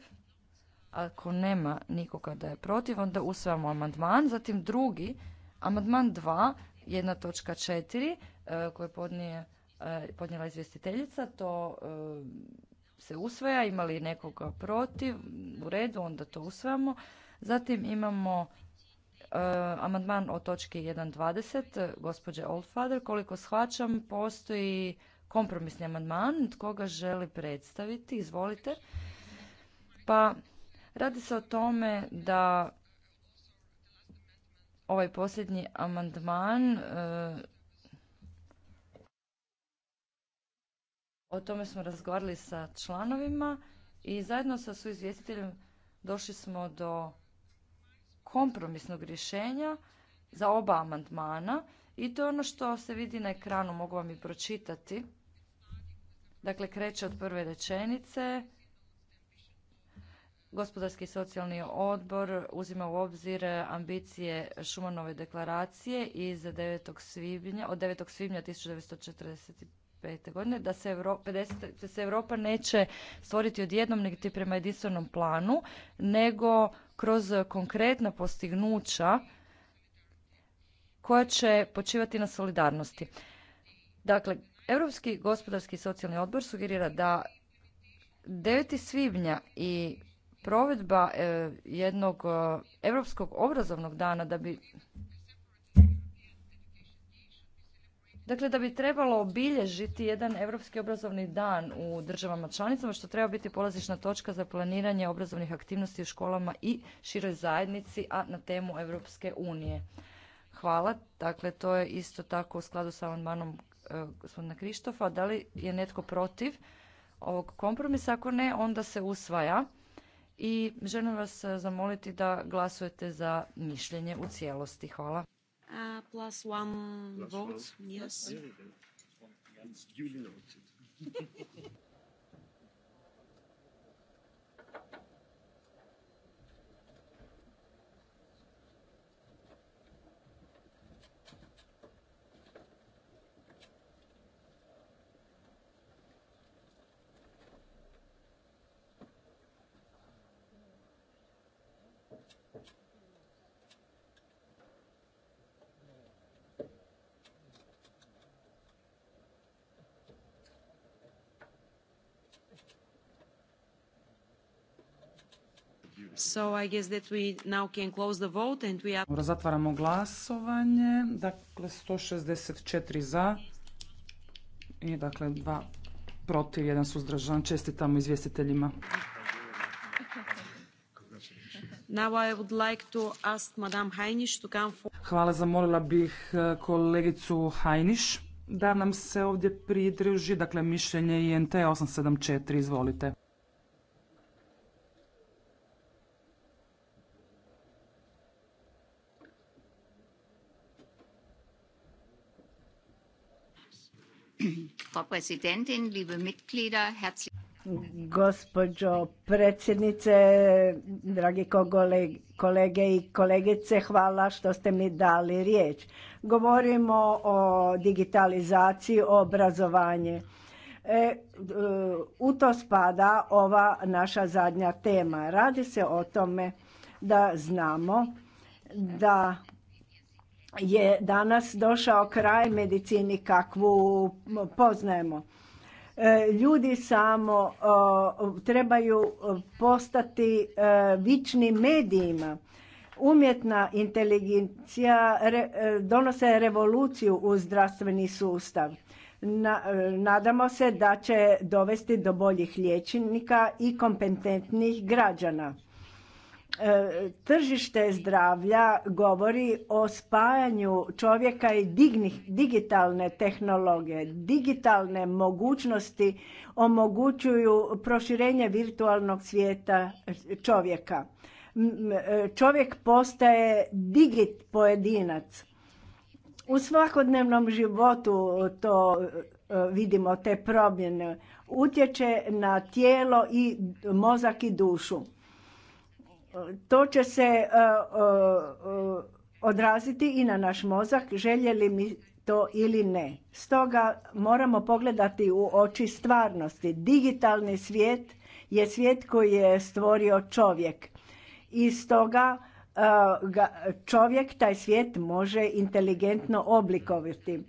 Ako nema nikoga da je protiv, onda usvajamo amandman. Zatim drugi, amandman 2, 1.4 eh, koji podnije E, podnijela izvjestiteljica, to e, se usvaja, ima li nekoga protiv, u redu, onda to usvajamo. Zatim imamo e, amandman o točki 1.20, gospođe Oldfather. Koliko shvaćam, postoji kompromisni amandman, tko ga želi predstaviti, izvolite. Pa, radi se o tome da ovaj posljednji amandman O tome smo razgovarali sa članovima i zajedno sa suizvjestiteljem došli smo do kompromisnog rješenja za oba amandmana i to je ono što se vidi na ekranu, mogu vam i pročitati. Dakle, kreće od prve rečenice. Gospodarski i socijalni odbor uzima u obzir ambicije Šumanove deklaracije iz 9. svibnja, od 9. svibnja 1945 2025. godine da se Europa, se Evropa neće stvoriti odjednom niti prema jedinstvenom planu, nego kroz konkretna postignuća koja će počivati na solidarnosti. Dakle, Europski gospodarski i socijalni odbor sugerira da 9. svibnja i provedba e, jednog e, europskog obrazovnog dana da bi Dakle, da bi trebalo obilježiti jedan Europski obrazovni dan u državama članicama, što treba biti polazišna točka za planiranje obrazovnih aktivnosti u školama i široj zajednici, a na temu Europske unije. Hvala. Dakle, to je isto tako u skladu sa amandmanom e, gospodina Krištofa. Da li je netko protiv ovog kompromisa? Ako ne, onda se usvaja. I želim vas e, zamoliti da glasujete za mišljenje u cijelosti. Hvala. A plus one vote, yes. So I guess that we now close the vote and we Zatvaramo glasovanje. Dakle, 164 za i dakle dva protiv, jedan suzdržan. Čestitamo izvjestiteljima. Now I would like to ask Madame to come Hvala, zamolila bih e, kolegicu Hajniš da nam se ovdje pridruži. Dakle, mišljenje INT 874, izvolite. Präsidentin, liebe Mitglieder, herzlich Gospođo predsjednice, dragi kolege i kolegice, hvala što ste mi dali riječ. Govorimo o digitalizaciji, obrazovanje. E, u to spada ova naša zadnja tema. Radi se o tome da znamo da je danas došao kraj medicini kakvu poznajemo. E, ljudi samo trebaju postati e, vični medijima. Umjetna inteligencija e, donose revoluciju u zdravstveni sustav. Nadamo se da će dovesti do boljih liječnika i kompetentnih građana E, tržište zdravlja govori o spajanju čovjeka i digitalne tehnologije. Digitalne mogućnosti omogućuju proširenje virtualnog svijeta čovjeka. Čovjek postaje digit pojedinac. U svakodnevnom životu to e, vidimo te promjene. Utječe na tijelo i mozak i dušu to će se e, e, odraziti i na naš mozak, željeli mi to ili ne. Stoga moramo pogledati u oči stvarnosti. Digitalni svijet je svijet koji je stvorio čovjek. I stoga e, čovjek taj svijet može inteligentno oblikovati.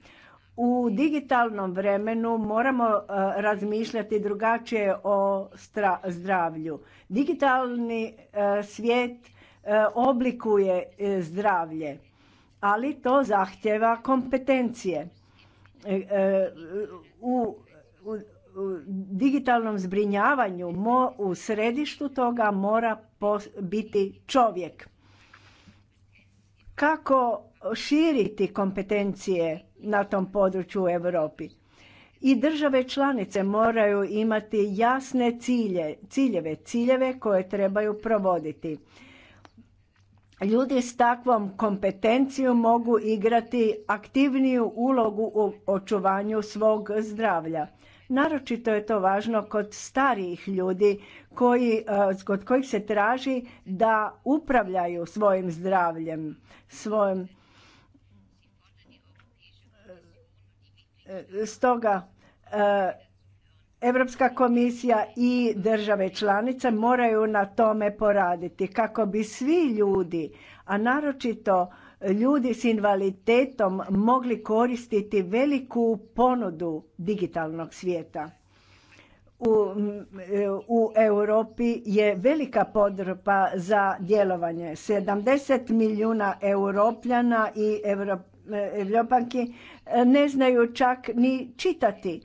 U digitalnom vremenu moramo e, razmišljati drugačije o zdravlju. Digitalni e, svijet e, oblikuje zdravlje, ali to zahtjeva kompetencije. U digitalnom zbrinjavanju u središtu toga mora biti čovjek. Kako širiti kompetencije na tom području u Europi. I države članice moraju imati jasne cilje, ciljeve, ciljeve koje trebaju provoditi. Ljudi s takvom kompetencijom mogu igrati aktivniju ulogu u očuvanju svog zdravlja. Naročito je to važno kod starijih ljudi koji, e, kod kojih se traži da upravljaju svojim zdravljem, svojim E, stoga Europska komisija i države članice moraju na tome poraditi kako bi svi ljudi, a naročito ljudi s invaliditetom mogli koristiti veliku ponudu digitalnog svijeta. U, e, u Europi je velika podrpa za djelovanje. 70 milijuna europljana i ne znaju čak ni čitati,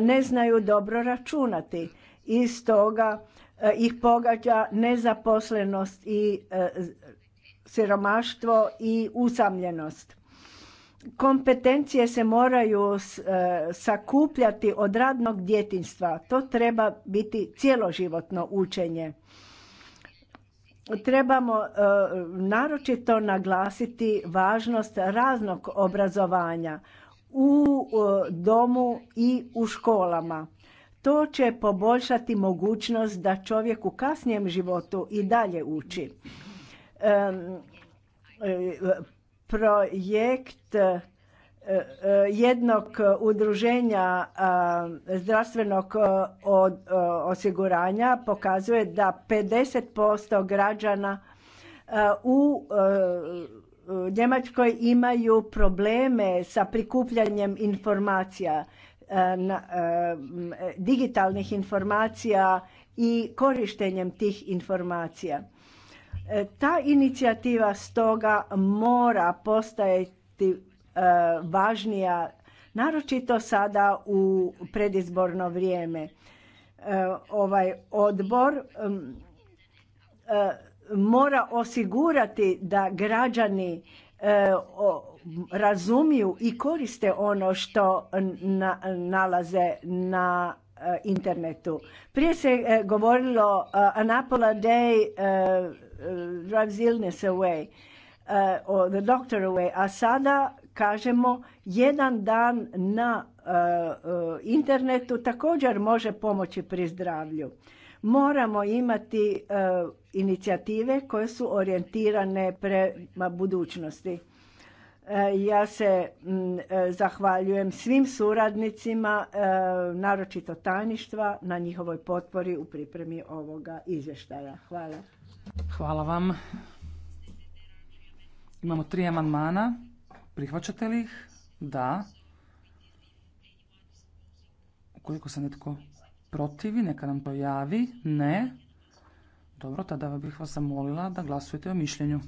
ne znaju dobro računati. I stoga eh, ih pogađa nezaposlenost i eh, siromaštvo i usamljenost. Kompetencije se moraju eh, sakupljati od radnog djetinjstva. To treba biti cjeloživotno učenje trebamo e, naročito naglasiti važnost raznog obrazovanja u e, domu i u školama. To će poboljšati mogućnost da čovjek u kasnijem životu i dalje uči. E, projekt E, e, jednog udruženja zdravstvenog e, osiguranja pokazuje da 50% građana u Njemačkoj imaju probleme sa prikupljanjem informacija, digitalnih informacija i korištenjem tih informacija. Ta inicijativa stoga mora postajati E, važnija, naročito sada u predizborno vrijeme. E, ovaj odbor e, mora osigurati da građani razumiju i koriste ono što nalaze na internetu. Prije se govorilo Anapola Day drives illness away, the doctor away, a sada kažemo jedan dan na e, e, internetu također može pomoći pri zdravlju. Moramo imati e, inicijative koje su orijentirane prema budućnosti. Ja se zahvaljujem svim suradnicima, naročito tajništva, na njihovoj potpori u pripremi ovoga izvještaja. Hvala. Hvala vam. Imamo tri amandmana. Prihvaćate li ih? Da. Ukoliko se netko protivi, neka nam to javi. Ne. Dobro, tada bih vas zamolila da glasujete o mišljenju.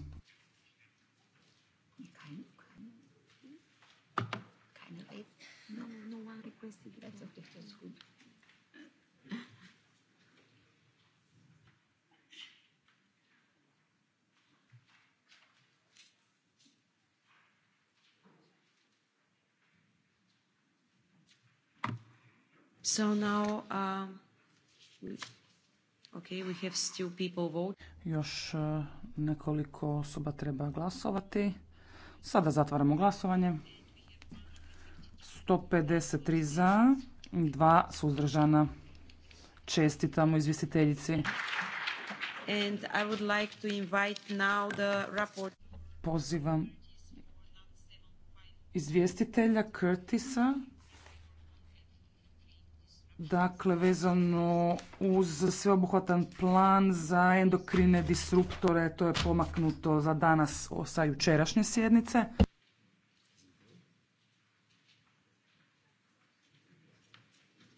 Um, Još uh, nekoliko osoba treba glasovati. Sada zatvaramo glasovanje. 153 za, 2 suzdržana. Čestitamo izvjestiteljici. And I would like Pozivam izvjestitelja Curtisa dakle vezano uz sveobuhvatan plan za endokrine disruptore, to je pomaknuto za danas sa jučerašnje sjednice.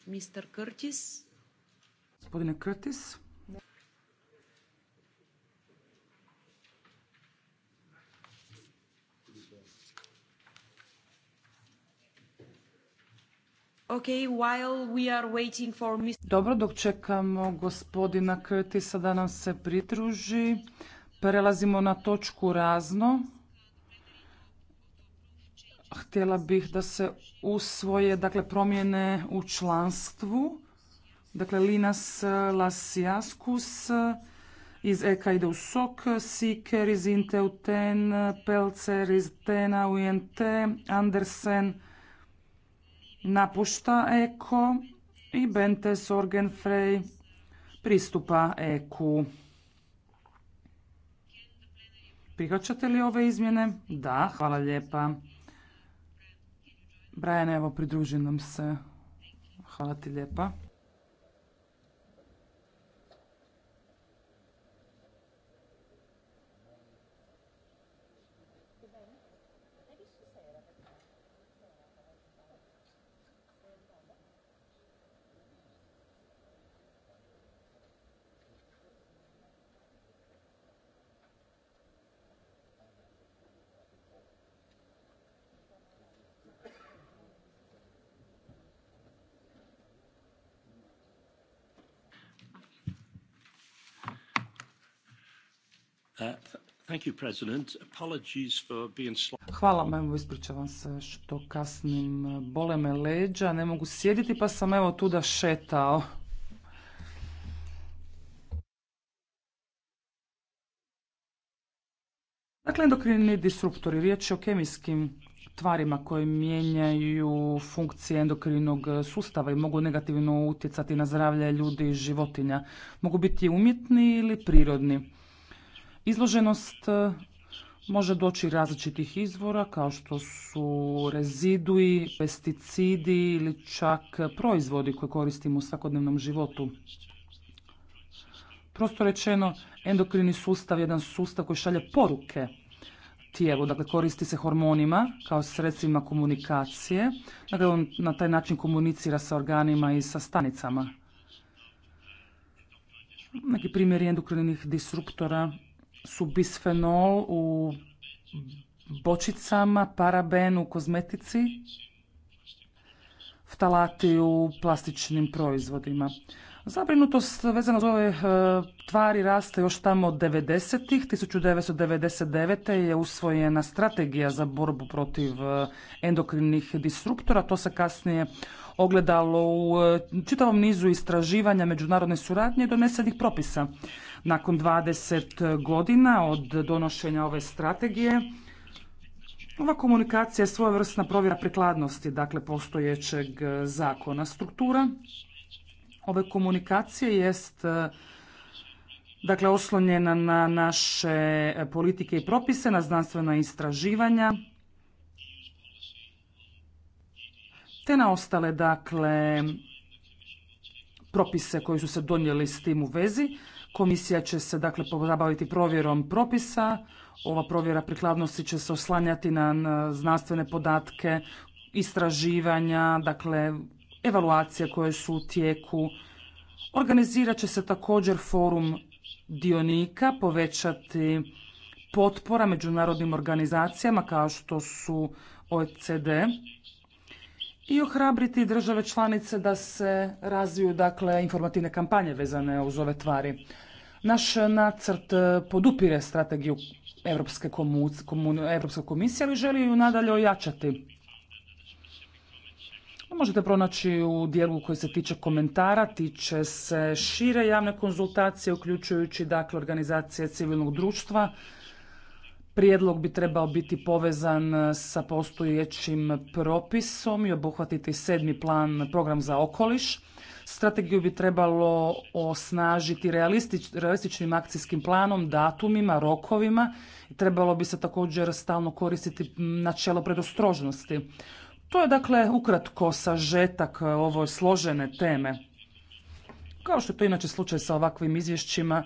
Mr. Curtis. Gospodine Curtis. Dobro, dok čekamo gospodina Curtisa da nam se pridruži, prelazimo na točku razno. Htjela bih da se usvoje, dakle, promjene u članstvu. Dakle, Linas Lasijaskus iz EK ide u SOK, Siker iz Inteuten, Pelcer iz Tena UNT, Andersen napušta Eko i Bente Sorgenfrey pristupa Eku. Prihvaćate li ove izmjene? Da, hvala lijepa. Brian, evo, pridruži nam se. Hvala ti lijepa. Uh, Hvala vam, ispričavam se što kasnim. Uh, bole me leđa, ne mogu sjediti pa sam evo tu da šetao. Dakle, endokrini disruptori, riječ je o kemijskim tvarima koje mijenjaju funkcije endokrinog sustava i mogu negativno utjecati na zdravlje ljudi i životinja. Mogu biti umjetni ili prirodni. Izloženost e, može doći različitih izvora kao što su rezidui, pesticidi ili čak proizvodi koje koristimo u svakodnevnom životu. Prosto rečeno, endokrini sustav je jedan sustav koji šalje poruke tijelu, dakle koristi se hormonima kao sredstvima komunikacije, dakle on na taj način komunicira sa organima i sa stanicama. Neki primjeri endokrinih disruptora su bisfenol u bočicama, paraben u kozmetici, ftalati u plastičnim proizvodima. Zabrinutost vezano za ove e, tvari raste još tamo od 90-ih. 1999. je usvojena strategija za borbu protiv e, endokrinih disruptora. To se kasnije ogledalo u e, čitavom nizu istraživanja međunarodne suradnje i donesenih propisa. Nakon 20 godina od donošenja ove strategije, ova komunikacija je svojevrsna provjera prikladnosti, dakle postojećeg zakona. Struktura ove komunikacije jest dakle oslonjena na naše politike i propise, na znanstvena istraživanja, te na ostale dakle propise koji su se donijeli s tim u vezi. Komisija će se dakle pozabaviti provjerom propisa. Ova provjera prikladnosti će se oslanjati na znanstvene podatke, istraživanja, dakle evaluacije koje su u tijeku. Organizirat će se također forum dionika, povećati potpora međunarodnim organizacijama kao što su OECD i ohrabriti države članice da se razviju dakle informativne kampanje vezane uz ove tvari. Naš nacrt e, podupire strategiju Europske, Europske komisije, ali želi ju nadalje ojačati. Možete pronaći u dijelu koji se tiče komentara, tiče se šire javne konzultacije, uključujući dakle organizacije civilnog društva. Prijedlog bi trebao biti povezan e, sa postojećim propisom i obuhvatiti sedmi plan program za okoliš. Strategiju bi trebalo osnažiti realističnim akcijskim planom, datumima, rokovima. Trebalo bi se također stalno koristiti načelo predostrožnosti. To je dakle ukratko sažetak ove složene teme. Kao što je to inače slučaj sa ovakvim izvješćima,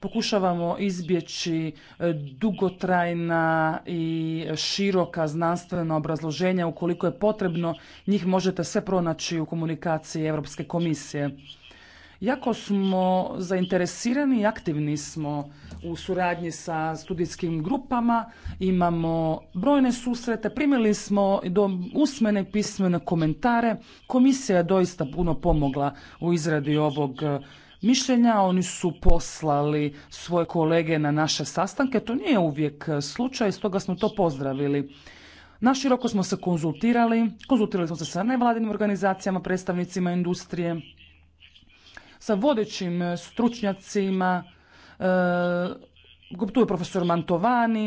pokušavamo izbjeći e, dugotrajna i široka znanstvena obrazloženja. Ukoliko je potrebno, njih možete sve pronaći u komunikaciji Europske komisije. Jako smo zainteresirani i aktivni smo u suradnji sa studijskim grupama, imamo brojne susrete, primili smo do usmene i pismene komentare. Komisija je doista puno pomogla u izradi ovog e, mišljenja, oni su poslali svoje kolege na naše sastanke, to nije uvijek e, slučaj, stoga smo to pozdravili. Naširoko smo se konzultirali, konzultirali smo se sa nevladinim organizacijama, predstavnicima industrije, sa vodećim e, stručnjacima, e, tu je profesor Mantovani,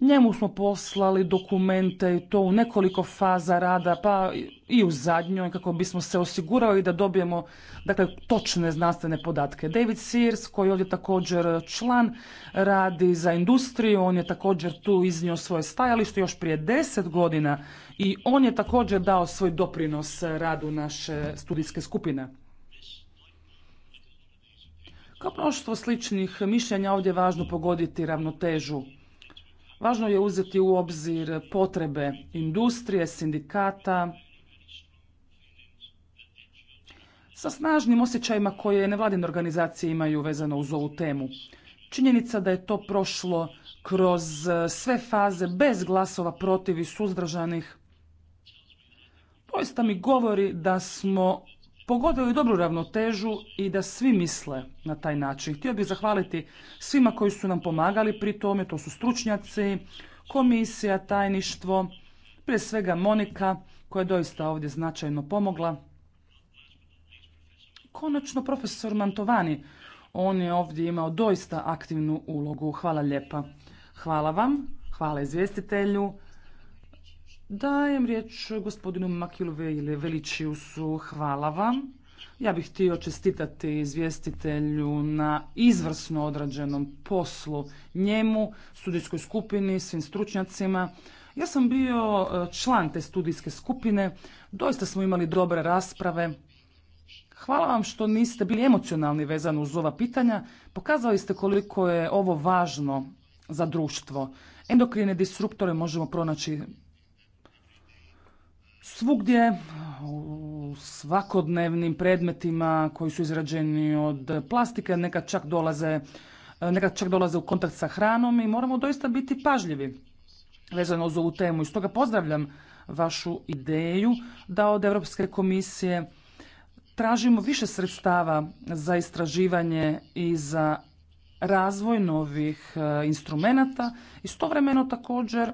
njemu smo poslali dokumente i to u nekoliko faza rada, pa i u zadnjoj, kako bismo se osigurali da dobijemo dakle, točne znanstvene podatke. David Sears, koji je ovdje također član, radi za industriju, on je također tu iznio svoje stajalište još prije deset godina i on je također dao svoj doprinos radu naše studijske skupine. Kao mnoštvo sličnih mišljenja ovdje je važno pogoditi ravnotežu. Važno je uzeti u obzir potrebe industrije, sindikata, sa snažnim osjećajima koje nevladine organizacije imaju vezano uz ovu temu. Činjenica da je to prošlo kroz sve faze bez glasova protiv i suzdržanih doista mi govori da smo pogodili dobru ravnotežu i da svi misle na taj način. Htio bih zahvaliti svima koji su nam pomagali pri tome, to su stručnjaci, komisija, tajništvo, prije svega Monika koja je doista ovdje značajno pomogla. Konačno profesor Mantovani, on je ovdje imao doista aktivnu ulogu. Hvala lijepa. Hvala vam, hvala izvjestitelju, Dajem riječ gospodinu Makilove ili su Hvala vam. Ja bih htio čestitati izvjestitelju na izvrsno odrađenom poslu njemu, studijskoj skupini, svim stručnjacima. Ja sam bio e, član te studijske skupine, doista smo imali dobre rasprave. Hvala vam što niste bili emocionalni vezani uz ova pitanja. Pokazali ste koliko je ovo važno za društvo. Endokrine disruptore možemo pronaći Svugdje u svakodnevnim predmetima koji su izrađeni od plastike nekad čak dolaze, nekad čak dolaze u kontakt sa hranom i moramo doista biti pažljivi vezano uz ovu temu. I stoga pozdravljam vašu ideju da od Europske komisije tražimo više sredstava za istraživanje i za razvoj novih e, instrumenata. Istovremeno također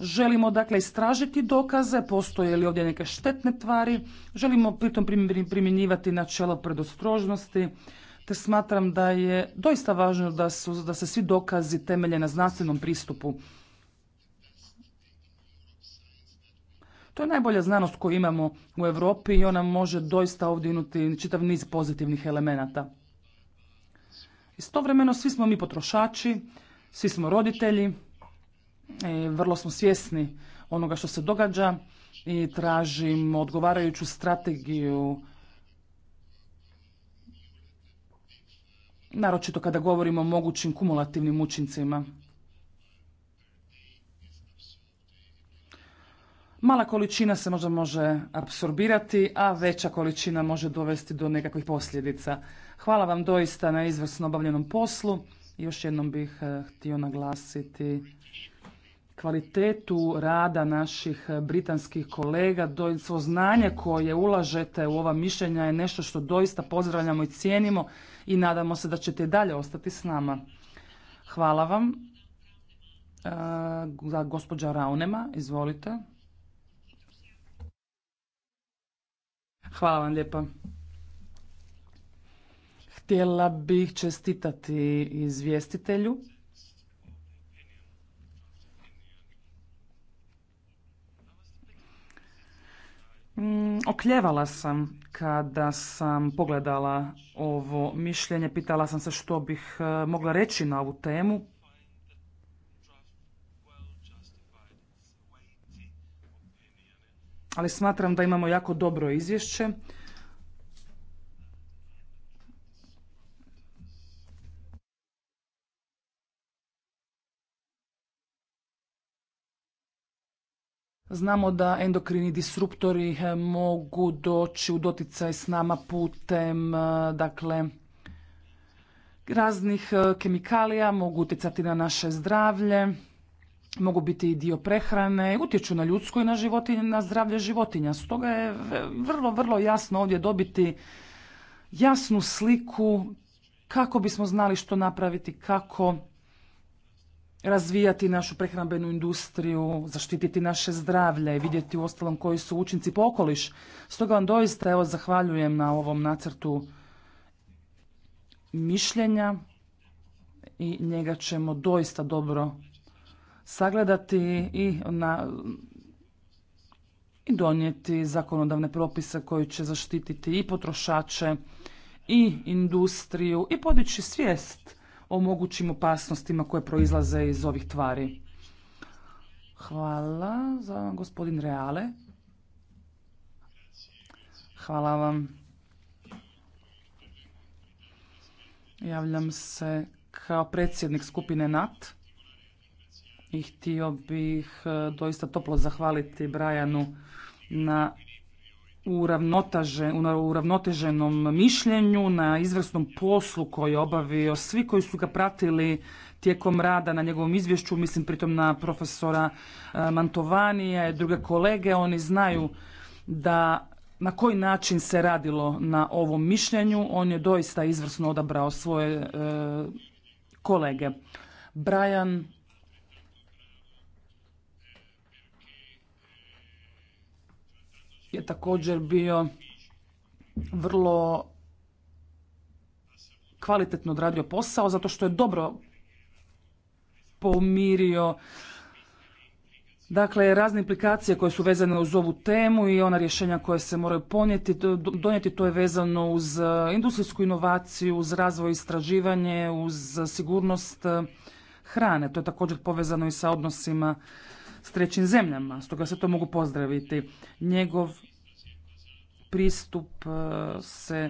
Želimo dakle istražiti dokaze, postoje li ovdje neke štetne tvari, želimo pritom primjenjivati načelo predostrožnosti, te smatram da je doista važno da, su, da se svi dokazi temelje na znanstvenom pristupu. To je najbolja znanost koju imamo u Europi i ona može doista ovdje inuti čitav niz pozitivnih elemenata. Istovremeno svi smo mi potrošači, svi smo roditelji, E, vrlo smo svjesni onoga što se događa i tražim odgovarajuću strategiju naročito kada govorimo o mogućim kumulativnim učincima. Mala količina se možda može apsorbirati, a veća količina može dovesti do nekakvih posljedica. Hvala vam doista na izvrsno obavljenom poslu. Još jednom bih e, htio naglasiti kvalitetu rada naših britanskih kolega, svo znanje koje ulažete u ova mišljenja je nešto što doista pozdravljamo i cijenimo i nadamo se da ćete i dalje ostati s nama. Hvala vam. Eh, za gospođa Raunema, izvolite. Hvala vam lijepa. Htjela bih čestitati izvjestitelju. Mm, okljevala sam kada sam pogledala ovo mišljenje, pitala sam se što bih e, mogla reći na ovu temu. Ali smatram da imamo jako dobro izvješće. Znamo da endokrini disruptori eh, mogu doći u doticaj s nama putem eh, dakle, raznih eh, kemikalija, mogu utjecati na naše zdravlje, mogu biti i dio prehrane, utječu na ljudsko i na, životinje, na zdravlje životinja. Stoga je vrlo, vrlo jasno ovdje dobiti jasnu sliku kako bismo znali što napraviti, kako razvijati našu prehrambenu industriju, zaštititi naše zdravlje i vidjeti u ostalom koji su učinci po okoliš. Stoga vam doista evo zahvaljujem na ovom nacrtu mišljenja i njega ćemo doista dobro sagledati i na i donijeti zakonodavne propise koji će zaštititi i potrošače i industriju i podići svijest mogućim opasnostima koje proizlaze iz ovih tvari. Hvala za gospodin Reale. Hvala vam. Javljam se kao predsjednik skupine NAT i htio bih eh, doista toplo zahvaliti Brajanu na uravnoteženom mišljenju, na izvrsnom poslu koji je obavio svi koji su ga pratili tijekom rada na njegovom izvješću, mislim pritom na profesora e, Mantovanija i druge kolege, oni znaju da na koji način se radilo na ovom mišljenju, on je doista izvrsno odabrao svoje e, kolege. Brian je također bio vrlo kvalitetno odradio posao zato što je dobro pomirio dakle razne implikacije koje su vezane uz ovu temu i ona rješenja koje se moraju ponijeti, donijeti to je vezano uz e, industrijsku inovaciju, uz razvoj istraživanje, uz sigurnost e, hrane. To je također povezano i sa odnosima s trećim zemljama, stoga se to mogu pozdraviti. Njegov pristup e, se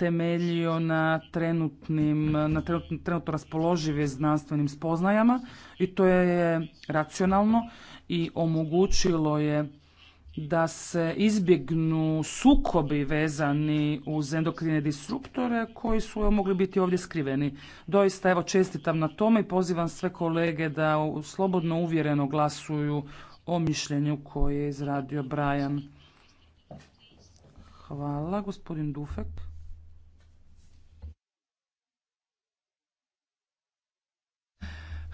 temeljio na trenutnim, na trenutno, trenutno raspoloživim znanstvenim spoznajama i to je racionalno i omogućilo je da se izbjegnu sukobi vezani uz endokrine disruptore koji su mogli biti ovdje skriveni. Doista evo čestitam na tome i pozivam sve kolege da slobodno uvjereno glasuju o mišljenju koje je izradio Brian. Hvala, gospodin Dufek.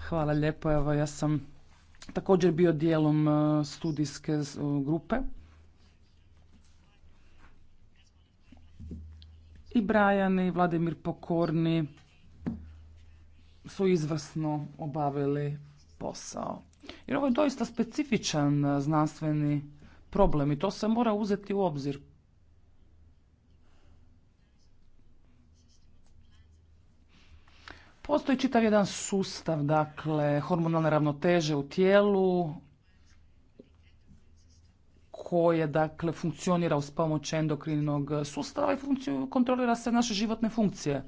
Hvala lijepo, evo ja sam također bio dijelom e, studijske e, grupe. I Brajan i Vladimir Pokorni su izvrsno obavili posao. Jer ovo je doista specifičan e, znanstveni problem i to se mora uzeti u obzir. Postoji čitav jedan sustav, dakle, hormonalne ravnoteže u tijelu koje, dakle, funkcionira uz pomoć endokrinog sustava i kontrolira se naše životne funkcije.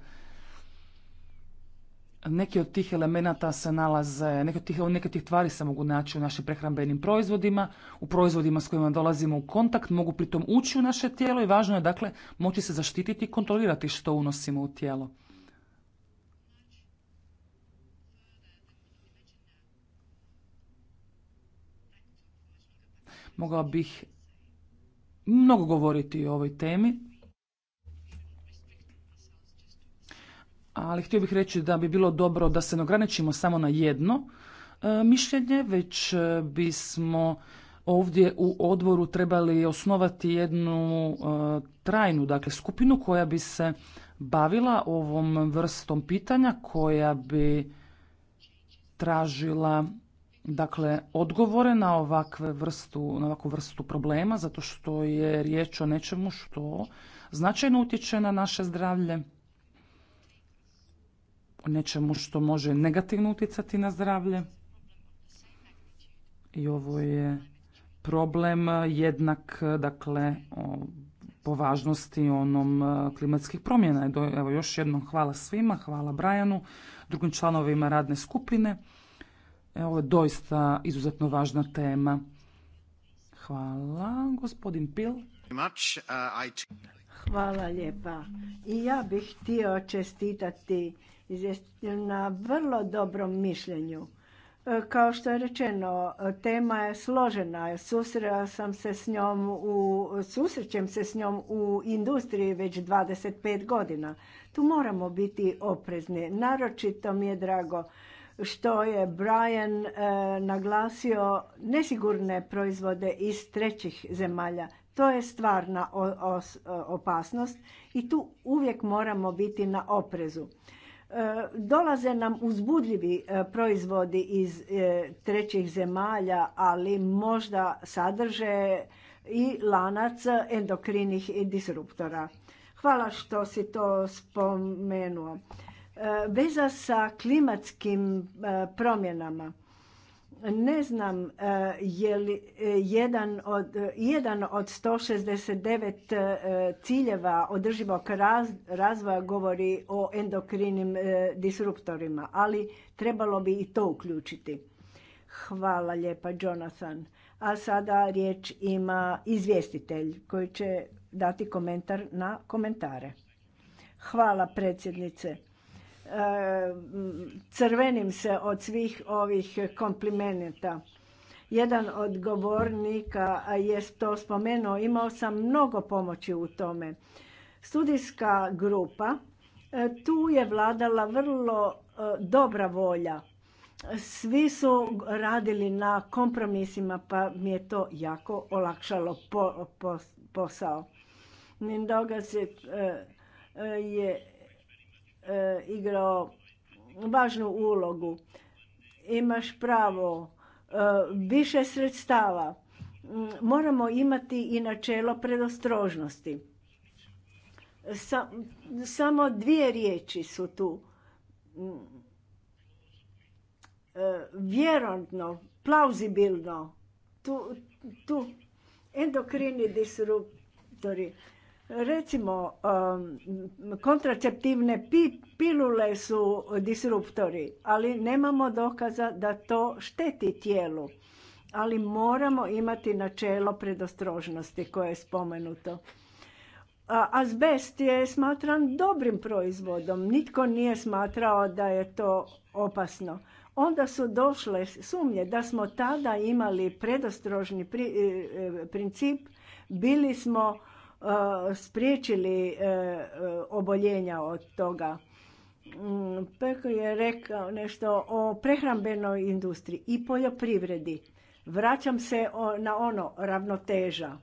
Neki od tih elemenata se nalaze, neke od tih, neke tih tvari se mogu naći u našim prehrambenim proizvodima, u proizvodima s kojima dolazimo u kontakt, mogu pritom ući u naše tijelo i važno je, dakle, moći se zaštititi i kontrolirati što unosimo u tijelo. Mogao bih mnogo govoriti o ovoj temi, ali htio bih reći da bi bilo dobro da se ne ograničimo samo na jedno e, mišljenje, već e, bismo ovdje u odboru trebali osnovati jednu e, trajnu dakle, skupinu koja bi se bavila ovom vrstom pitanja, koja bi tražila dakle odgovore na ovakve vrstu, na ovakvu vrstu problema zato što je riječ o nečemu što značajno utječe na naše zdravlje, o nečemu što može negativno utjecati na zdravlje. I ovo je problem jednak, dakle, po važnosti onom e, klimatskih promjena. Evo još jednom hvala svima, hvala Brajanu, drugim članovima radne skupine. E, ovo je doista izuzetno važna tema. Hvala, gospodin Pil. Hvala lijepa. I ja bih htio čestitati na vrlo dobrom mišljenju. E, kao što je rečeno, tema je složena. sam se s njom u, susrećem se s njom u industriji već 25 godina. Tu moramo biti oprezni. Naročito mi je drago što je Brian eh, naglasio nesigurne proizvode iz trećih zemalja. To je stvarna eh, opasnost i tu uvijek moramo biti na oprezu. Eh, dolaze nam uzbudljivi proizvodi iz trećih zemalja, ali možda sadrže i lanac endokrinih disruptora. Hvala što si to spomenuo. E, veza sa klimatskim e, promjenama. Ne znam e, je li jedan od, jedan od 169 ciljeva održivog razvoja govori o endokrinim disruptorima, ali trebalo bi i to uključiti. Hvala lijepa, Jonathan. A sada riječ ima izvjestitelj koji će dati komentar na komentare. Hvala predsjednice crvenim se od svih ovih komplimenata. Jedan od govornika je to spomenuo, imao sam mnogo pomoći u tome. Studijska grupa, e, tu je vladala vrlo e, dobra volja. Svi su radili na kompromisima pa mi je to jako olakšalo po, po, posao. Nindoga se e, je E, igrao važnu ulogu. Imaš pravo, e, više sredstava. Mm, moramo imati i načelo predostrožnosti. samo dvije riječi su tu. Mm, e, vjerojatno, plauzibilno. Tu, tu endokrini disruptori Recimo, um, kontraceptivne pilule su disruptori, ali nemamo dokaza da to šteti tijelu. Ali moramo imati načelo predostrožnosti koje je spomenuto. Azbest je smatran dobrim proizvodom. Nitko nije smatrao da je to opasno. Onda su došle sumnje da smo tada imali predostrožni e, e, princip. Bili smo spriječili e, e, oboljenja od toga. Mm, Peko je rekao nešto o prehrambenoj industriji i poljoprivredi. Vraćam se na ono ravnoteža.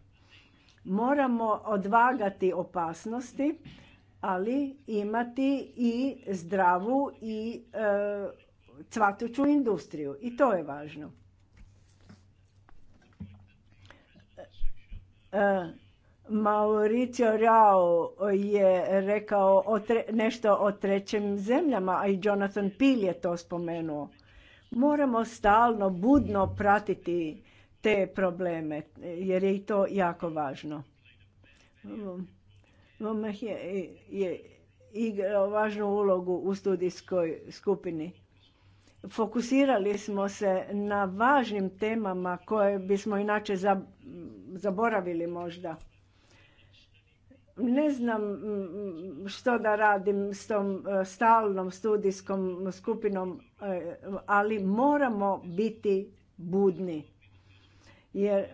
Moramo odvagati opasnosti, ali imati i zdravu i e, cvatuću industriju. I to je važno. Mauricio Rao je rekao nešto o trećim zemljama, a i Jonathan Peel je to spomenuo. Moramo stalno, budno pratiti te probleme, jer je i to jako važno. je, je igrao važnu ulogu u studijskoj skupini. Fokusirali smo se na važnim temama koje bismo inače zaboravili možda ne znam što da radim s tom e, stalnom studijskom skupinom, e, ali moramo biti budni. Jer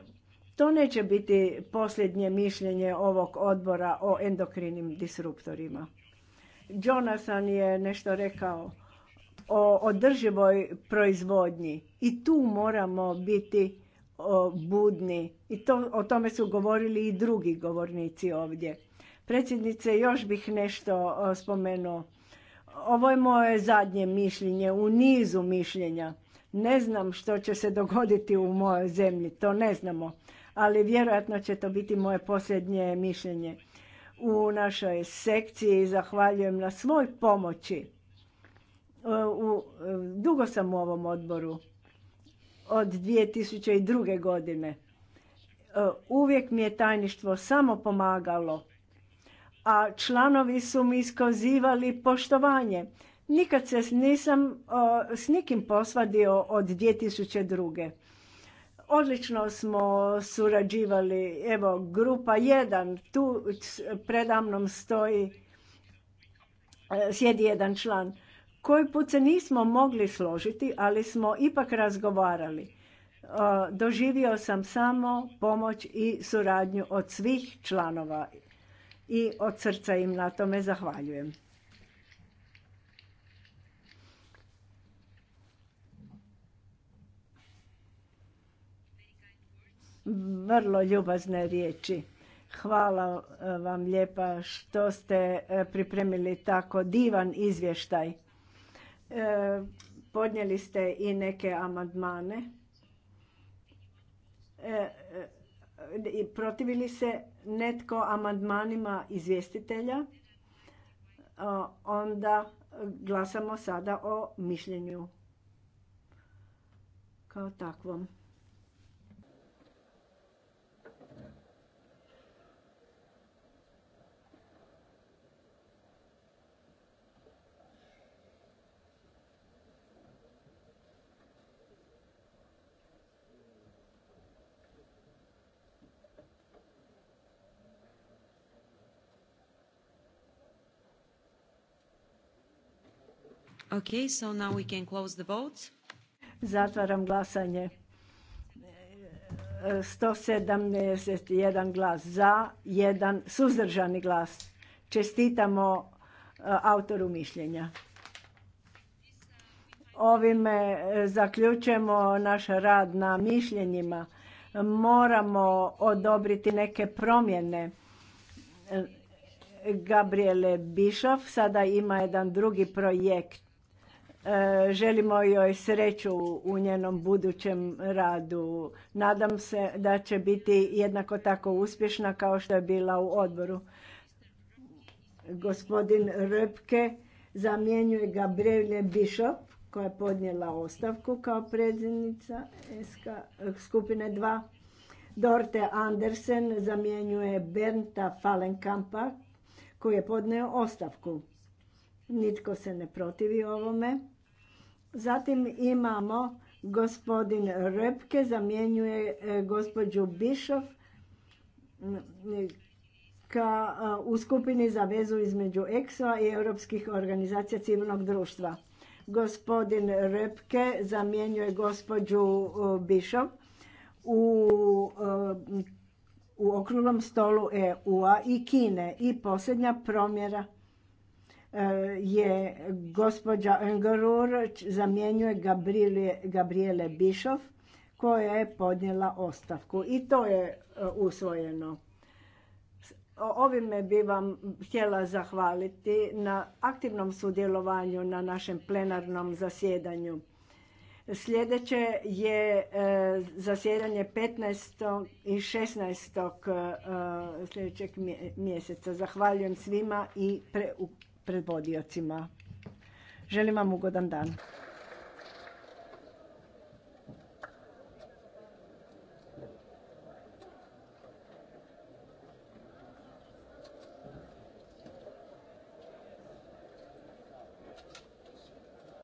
to neće biti posljednje mišljenje ovog odbora o endokrinim disruptorima. Jonathan je nešto rekao o održivoj proizvodnji i tu moramo biti budni. I to, o tome su govorili i drugi govornici ovdje. Predsjednice, još bih nešto e, spomenuo. Ovo je moje zadnje mišljenje u nizu mišljenja. Ne znam što će se dogoditi u mojoj zemlji, to ne znamo, ali vjerojatno će to biti moje posljednje mišljenje. U našoj sekciji zahvaljujem na svoj pomoći. E, u, e, dugo sam u ovom odboru, od 2002. godine. Uvijek mi je tajništvo samo pomagalo a članovi su mi iskazivali poštovanje. Nikad se nisam s nikim posvadio od 2002. Odlično smo surađivali, evo, grupa 1, tu predamnom stoji, e, sjedi jedan član. Koji put se nismo mogli složiti, ali smo ipak razgovarali. Doživio sam samo pomoć i suradnju od svih članova i od srca im na tome zahvaljujem. Vrlo ljubazne riječi. Hvala e, vam lijepa što ste e, pripremili tako divan izvještaj. E, podnijeli ste i neke amandmane. Protivili se netko amandmanima izvjestitelja, onda glasamo sada o mišljenju kao takvom. Okay, so now we can close the Zatvaram glasanje. 171 e, glas za, jedan suzdržani glas. Čestitamo e, autoru mišljenja. Ovime e, zaključujemo naš rad na mišljenjima. Moramo odobriti neke promjene. Gabriele Bišov sada ima jedan drugi projekt E, želimo joj sreću u njenom budućem radu. Nadam se da će biti jednako tako uspješna kao što je bila u odboru. Gospodin Röpke zamjenjuje Gabriele Bishop koja je podnijela ostavku kao predsjednica skupine 2. Dorte Andersen zamjenjuje Bernta Fallenkampa koji je podnio ostavku. Nitko se ne protivi ovome. Zatim imamo gospodin Repke, zamjenjuje e, gospođu Bišov e, u skupini za vezu između EXO-a i Europskih organizacija civilnog društva. Gospodin Repke zamjenjuje gospođu e, Bišov u, u stolu EU-a i Kine. I posljednja promjera Eh, je gospođa Engerur zamjenjuje Gabriele Bišov koja je podnijela ostavku. I to je eh, usvojeno. Ovime bi vam htjela zahvaliti na aktivnom sudjelovanju na našem plenarnom zasjedanju. Sljedeće je eh, zasjedanje 15. i 16. sljedećeg mjeseca. Zahvaljujem svima i pre predvodiocima. Želim vam ugodan dan.